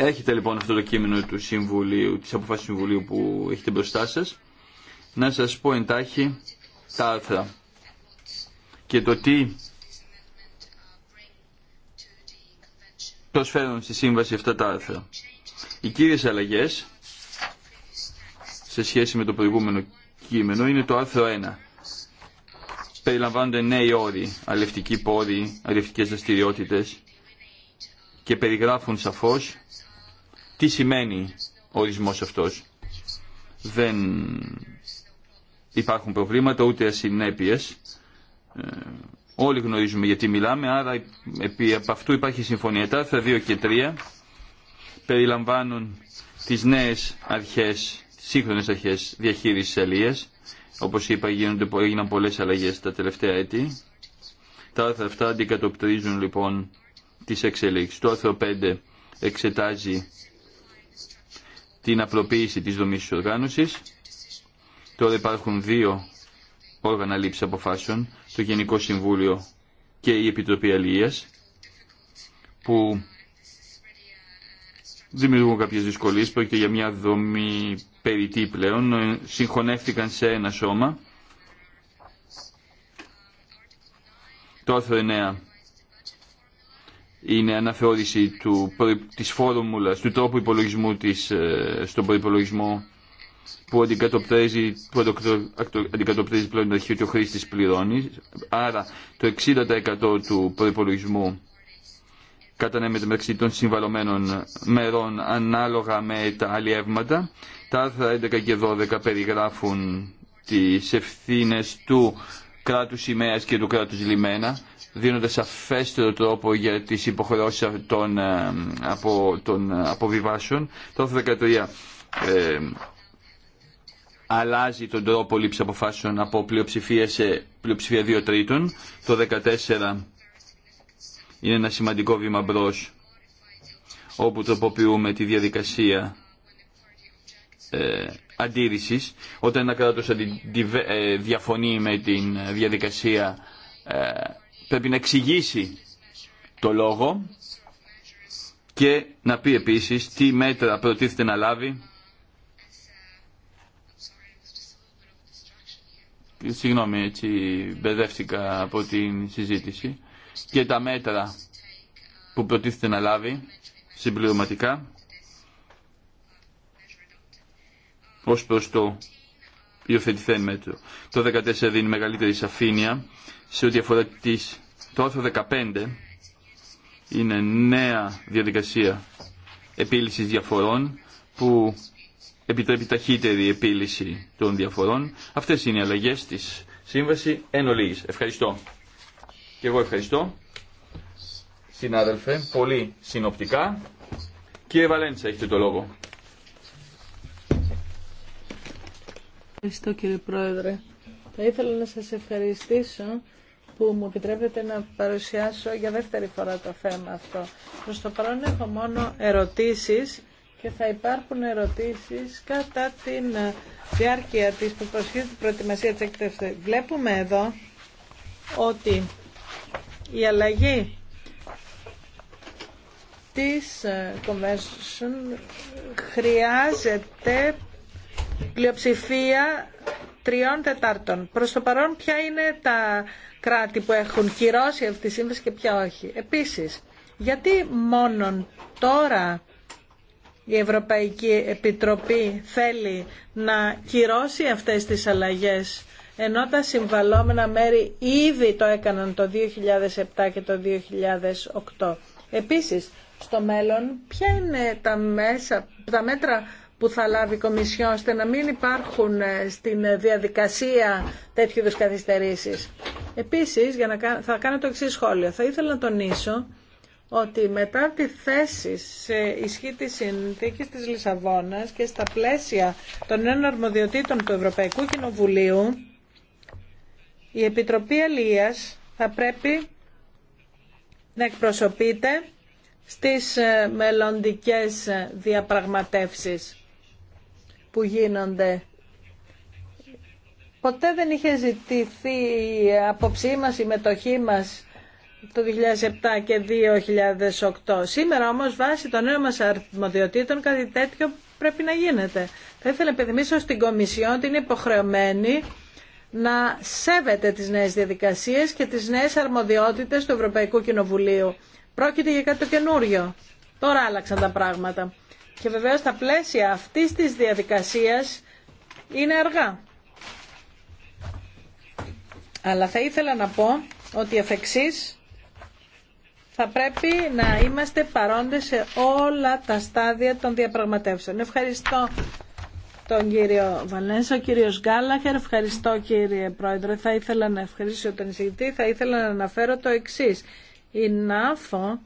Έχετε λοιπόν αυτό το κείμενο του Συμβουλίου, της αποφάσης του Συμβουλίου που έχετε μπροστά σας. Να σας πω εντάχει τα άρθρα και το τι προσφέρουν στη σύμβαση αυτά τα άρθρα. Οι κύριες αλλαγές σε σχέση με το προηγούμενο κείμενο είναι το άρθρο 1. Περιλαμβάνονται νέοι όροι, αλευτικοί πόροι, αλευτικές δραστηριότητε και περιγράφουν σαφώς τι σημαίνει ο ορισμός αυτός. Δεν υπάρχουν προβλήματα ούτε ασυνέπειες. Ε, όλοι γνωρίζουμε γιατί μιλάμε, άρα επί από αυτού υπάρχει συμφωνία. Τα άρθρα 2 και 3 περιλαμβάνουν τις νέες αρχές, τις σύγχρονες αρχές διαχείρισης αλίας. Όπως είπα γίνονται, έγιναν πολλές αλλαγές τα τελευταία έτη. Τα άρθρα αυτά αντικατοπτρίζουν λοιπόν τις εξελίξεις. Το άρθρο 5 εξετάζει την απλοποίηση της δομής της οργάνωσης. Τώρα υπάρχουν δύο όργανα λήψη αποφάσεων, το Γενικό Συμβούλιο και η Επιτροπή Αλληλείας, που δημιουργούν κάποιες δυσκολίες, πρόκειται για μια δομή περιττή πλέον, συγχωνεύτηκαν σε ένα σώμα. Το άρθρο 9 είναι αναθεώρηση του, της φόρμουλας, του τρόπου υπολογισμού της, ε, στον προϋπολογισμό που αντικατοπτρίζει, που αντικατοπτρίζει πλέον το αρχείο και ο χρήστη πληρώνει. Άρα το 60% του προπολογισμού κατανέμεται μεταξύ των συμβαλωμένων μερών ανάλογα με τα αλλιεύματα. Τα άρθρα 11 και 12 περιγράφουν τις ευθύνες του κράτους σημαία και του κράτους λιμένα δίνοντα σαφέστερο τρόπο για τι υποχρεώσει των, ε, από, των αποβιβάσεων. Το άρθρο 13 ε, αλλάζει τον τρόπο λήψη αποφάσεων από πλειοψηφία σε πλειοψηφία 2 τρίτων. Το 14 είναι ένα σημαντικό βήμα μπρο όπου τροποποιούμε τη διαδικασία ε, αντίρρησης. Όταν ένα κράτος ε, διαφωνεί με τη διαδικασία ε, πρέπει να εξηγήσει το λόγο και να πει επίσης τι μέτρα προτίθεται να λάβει συγγνώμη έτσι μπερδεύτηκα από την συζήτηση και τα μέτρα που προτίθεται να λάβει συμπληρωματικά ως προς το υιοθετηθέν μέτρο. Το 14 δίνει μεγαλύτερη σαφήνεια σε ό,τι αφορά το άρθρο 15 είναι νέα διαδικασία επίλυσης διαφορών που επιτρέπει ταχύτερη επίλυση των διαφορών. Αυτές είναι οι αλλαγές της σύμβαση εν ολίγης. Ευχαριστώ. Και εγώ ευχαριστώ. Συνάδελφε, πολύ συνοπτικά. Κύριε Βαλέντσα, έχετε το λόγο. Ευχαριστώ κύριε Πρόεδρε. Θα ήθελα να σας ευχαριστήσω που μου επιτρέπετε να παρουσιάσω για δεύτερη φορά το θέμα αυτό. Προς το παρόν έχω μόνο ερωτήσεις και θα υπάρχουν ερωτήσεις κατά τη ε, διάρκεια της την προετοιμασία της Βλέπουμε εδώ ότι η αλλαγή της ε, Convention χρειάζεται πλειοψηφία τριών τετάρτων. Προς το παρόν ποια είναι τα κράτη που έχουν κυρώσει αυτή τη σύμβαση και ποια όχι. Επίσης, γιατί μόνον τώρα η Ευρωπαϊκή Επιτροπή θέλει να κυρώσει αυτές τις αλλαγές ενώ τα συμβαλόμενα μέρη ήδη το έκαναν το 2007 και το 2008. Επίσης, στο μέλλον, ποια είναι τα, μέσα, τα μέτρα που θα λάβει η Κομισιόν ώστε να μην υπάρχουν ε, στην διαδικασία τέτοιου είδου καθυστερήσει. Επίση, θα κάνω το εξή σχόλιο. Θα ήθελα να τονίσω ότι μετά τη θέση σε ισχύ της συνθήκης της Λισαβόνας και στα πλαίσια των νέων αρμοδιοτήτων του Ευρωπαϊκού Κοινοβουλίου, η Επιτροπή Αλίας θα πρέπει να εκπροσωπείται στις ε, μελλοντικές ε, διαπραγματεύσεις που γίνονται. Ποτέ δεν είχε ζητηθεί η απόψή μας, η μετοχή μας το 2007 και 2008. Σήμερα όμως βάσει των νέων μας αρμοδιοτήτων κάτι τέτοιο πρέπει να γίνεται. Θα ήθελα να επιθυμίσω στην Κομισιόν ότι είναι υποχρεωμένη να σέβεται τις νέες διαδικασίες και τις νέες αρμοδιότητες του Ευρωπαϊκού Κοινοβουλίου. Πρόκειται για κάτι το καινούριο. Τώρα άλλαξαν τα πράγματα. Και βεβαίως τα πλαίσια αυτής της διαδικασίας είναι αργά. Αλλά θα ήθελα να πω ότι εφ' εξής θα πρέπει να είμαστε παρόντες σε όλα τα στάδια των διαπραγματεύσεων. Ευχαριστώ τον κύριο Βαλένσο, ο κύριος Γκάλαχερ, ευχαριστώ κύριε Πρόεδρε. Θα ήθελα να ευχαριστήσω τον εισηγητή, θα ήθελα να αναφέρω το εξής. Η ΝΑΦΟ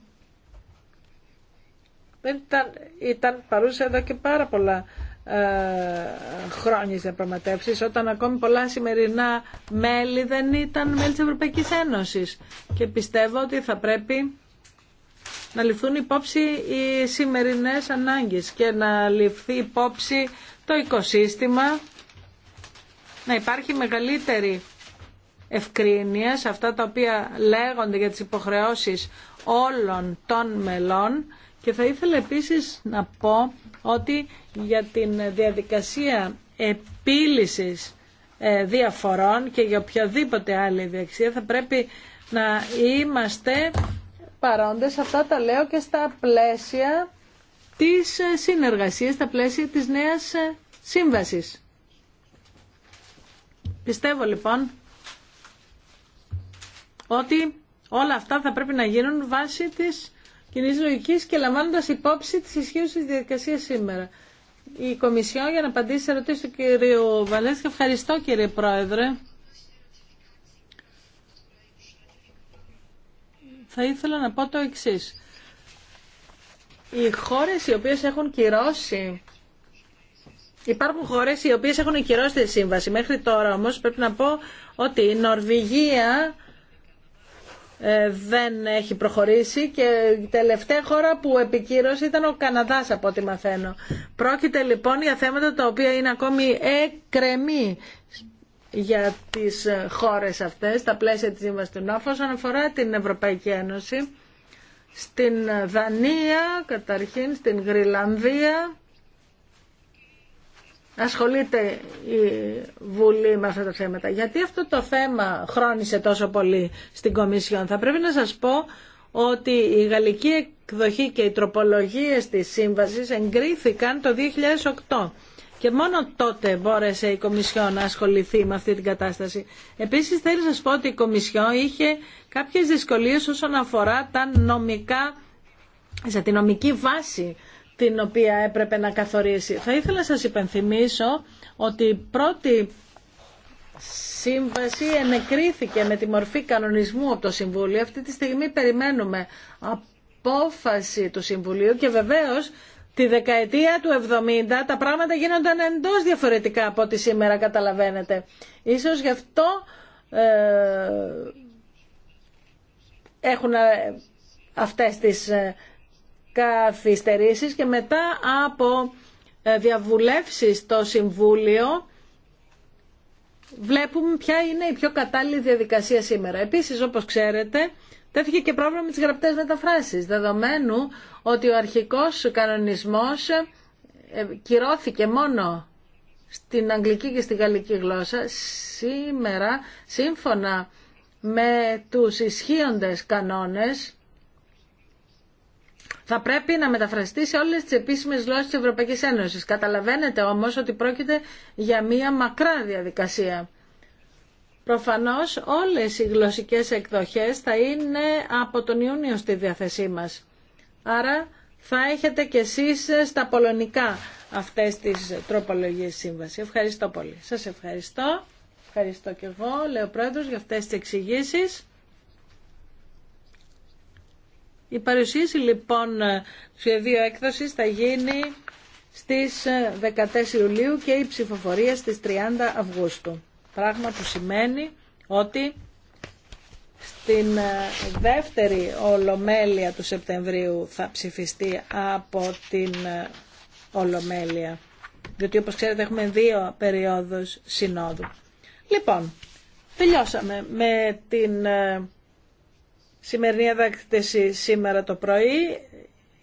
δεν ήταν, ήταν παρούσα εδώ και πάρα πολλά ε, χρόνια διαπραγματεύσεις όταν ακόμη πολλά σημερινά μέλη δεν ήταν μέλη της Ευρωπαϊκής Ένωσης και πιστεύω ότι θα πρέπει να ληφθούν υπόψη οι σημερινές ανάγκες και να ληφθεί υπόψη το οικοσύστημα να υπάρχει μεγαλύτερη ευκρίνεια σε αυτά τα οποία λέγονται για τις υποχρεώσεις όλων των μελών και θα ήθελα επίσης να πω ότι για την διαδικασία επίλυσης ε, διαφορών και για οποιαδήποτε άλλη διαξία θα πρέπει να είμαστε παρόντες. Αυτά τα λέω και στα πλαίσια της ε, συνεργασίας, στα πλαίσια της νέας ε, σύμβασης. Πιστεύω λοιπόν ότι όλα αυτά θα πρέπει να γίνουν βάσει της κοινή λογική και λαμβάνοντα υπόψη τι ισχύουσε διαδικασία σήμερα. Η Κομισιό, για να απαντήσει σε ερωτήσει του κύριου Βαλέσκα. Ευχαριστώ κύριε Πρόεδρε. Θα ήθελα να πω το εξή. Οι χώρες οι οποίες έχουν κυρώσει Υπάρχουν χώρε οι οποίε έχουν κυρώσει τη σύμβαση. Μέχρι τώρα όμω πρέπει να πω ότι η Νορβηγία ε, δεν έχει προχωρήσει και η τελευταία χώρα που επικύρωσε ήταν ο Καναδάς από ό,τι μαθαίνω. Πρόκειται λοιπόν για θέματα τα οποία είναι ακόμη εκκρεμή για τις χώρες αυτές, τα πλαίσια της Σύμβασης του Νόφου, όσον αφορά την Ευρωπαϊκή Ένωση, στην Δανία, καταρχήν στην Γρυλανδία, ασχολείται η Βουλή με αυτά τα θέματα. Γιατί αυτό το θέμα χρόνισε τόσο πολύ στην Κομισιόν. Θα πρέπει να σας πω ότι η γαλλική εκδοχή και οι τροπολογίες της σύμβασης εγκρίθηκαν το 2008. Και μόνο τότε μπόρεσε η Κομισιόν να ασχοληθεί με αυτή την κατάσταση. Επίσης θέλω να σας πω ότι η Κομισιόν είχε κάποιες δυσκολίες όσον αφορά τα νομικά, σε τη νομική βάση την οποία έπρεπε να καθορίσει. Θα ήθελα να σας υπενθυμίσω ότι η πρώτη σύμβαση ενεκρίθηκε με τη μορφή κανονισμού από το Συμβούλιο. Αυτή τη στιγμή περιμένουμε απόφαση του Συμβουλίου και βεβαίως τη δεκαετία του 70 τα πράγματα γίνονταν εντός διαφορετικά από ό,τι σήμερα καταλαβαίνετε. Ίσως γι' αυτό ε, έχουν ε, αυτές τις ε, καθυστερήσεις και μετά από ε, διαβουλεύσεις στο Συμβούλιο βλέπουμε ποια είναι η πιο κατάλληλη διαδικασία σήμερα. Επίσης, όπως ξέρετε, τέθηκε και πρόβλημα με τις γραπτές μεταφράσεις, δεδομένου ότι ο αρχικός κανονισμός ε, κυρώθηκε μόνο στην αγγλική και στη γαλλική γλώσσα. Σήμερα, σύμφωνα με τους ισχύοντες κανόνες, θα πρέπει να μεταφραστεί σε όλες τις επίσημες γλώσσες της Ευρωπαϊκής Ένωσης. Καταλαβαίνετε όμως ότι πρόκειται για μία μακρά διαδικασία. Προφανώς όλες οι γλωσσικές εκδοχές θα είναι από τον Ιούνιο στη διάθεσή μας. Άρα θα έχετε κι εσείς στα πολωνικά αυτές τις τροπολογίες σύμβαση. Ευχαριστώ πολύ. Σας ευχαριστώ. Ευχαριστώ κι εγώ, λεω Πρόεδρος, για αυτές τις εξηγήσεις. Η παρουσίαση λοιπόν του σχεδίου έκδοσης θα γίνει στις 14 ε, Ιουλίου και η ψηφοφορία στις 30 Αυγούστου. Πράγμα που σημαίνει ότι στην ε, δεύτερη Ολομέλεια του Σεπτεμβρίου θα ψηφιστεί από την ε, Ολομέλεια. Διότι όπως ξέρετε έχουμε δύο περιόδους συνόδου. Λοιπόν, τελειώσαμε με την σημερινή αδάκτηση σήμερα το πρωί.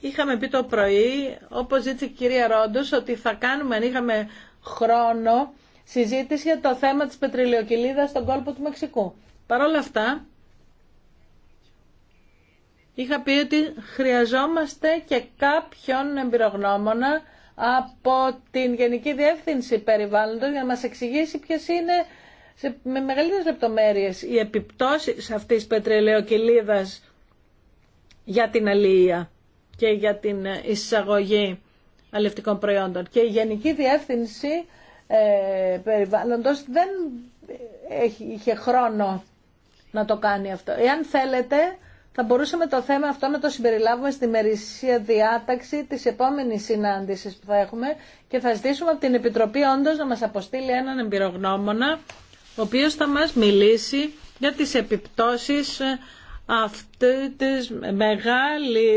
Είχαμε πει το πρωί, όπως ζήτησε η κυρία Ρόντος, ότι θα κάνουμε αν είχαμε χρόνο συζήτηση για το θέμα της πετρελαιοκυλίδας στον κόλπο του Μεξικού. Παρ' όλα αυτά, είχα πει ότι χρειαζόμαστε και κάποιον εμπειρογνώμονα από την Γενική Διεύθυνση Περιβάλλοντος για να μας εξηγήσει ποιες είναι σε, με μεγαλύτερες λεπτομέρειες οι επιπτώσεις αυτής της πετρελαιοκυλίδας για την αλληλεία και για την ε, εισαγωγή αλληλευτικών προϊόντων. Και η Γενική Διεύθυνση ε, Περιβάλλοντος δεν ε, έχει, είχε χρόνο να το κάνει αυτό. Εάν θέλετε, θα μπορούσαμε το θέμα αυτό να το συμπεριλάβουμε στη μερισσία διάταξη της επόμενης συνάντησης που θα έχουμε και θα ζητήσουμε από την Επιτροπή όντως να μας αποστείλει έναν εμπειρογνώμονα ο οποίος θα μας μιλήσει για τις επιπτώσεις ε, αυτή της μεγάλη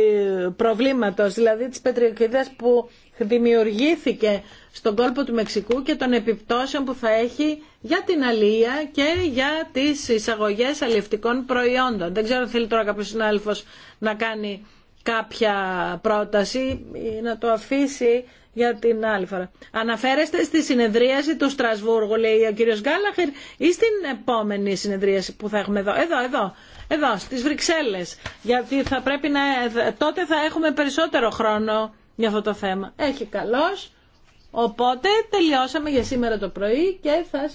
προβλήματος, δηλαδή της πετρελοκυρίδας που δημιουργήθηκε στον κόλπο του Μεξικού και των επιπτώσεων που θα έχει για την αλληλεία και για τις εισαγωγές αλληλευτικών προϊόντων. Δεν ξέρω αν θέλει τώρα κάποιος συνάδελφος να κάνει κάποια πρόταση ή να το αφήσει για την άλλη φορά. Αναφέρεστε στη συνεδρίαση του Στρασβούργου, λέει ο κύριος Γκάλαχερ, ή στην επόμενη συνεδρίαση που θα έχουμε εδώ. Εδώ, εδώ, εδώ, στις Βρυξέλλες. Γιατί θα πρέπει να, τότε θα έχουμε περισσότερο χρόνο για αυτό το θέμα. Έχει καλώς. Οπότε τελειώσαμε για σήμερα το πρωί και θα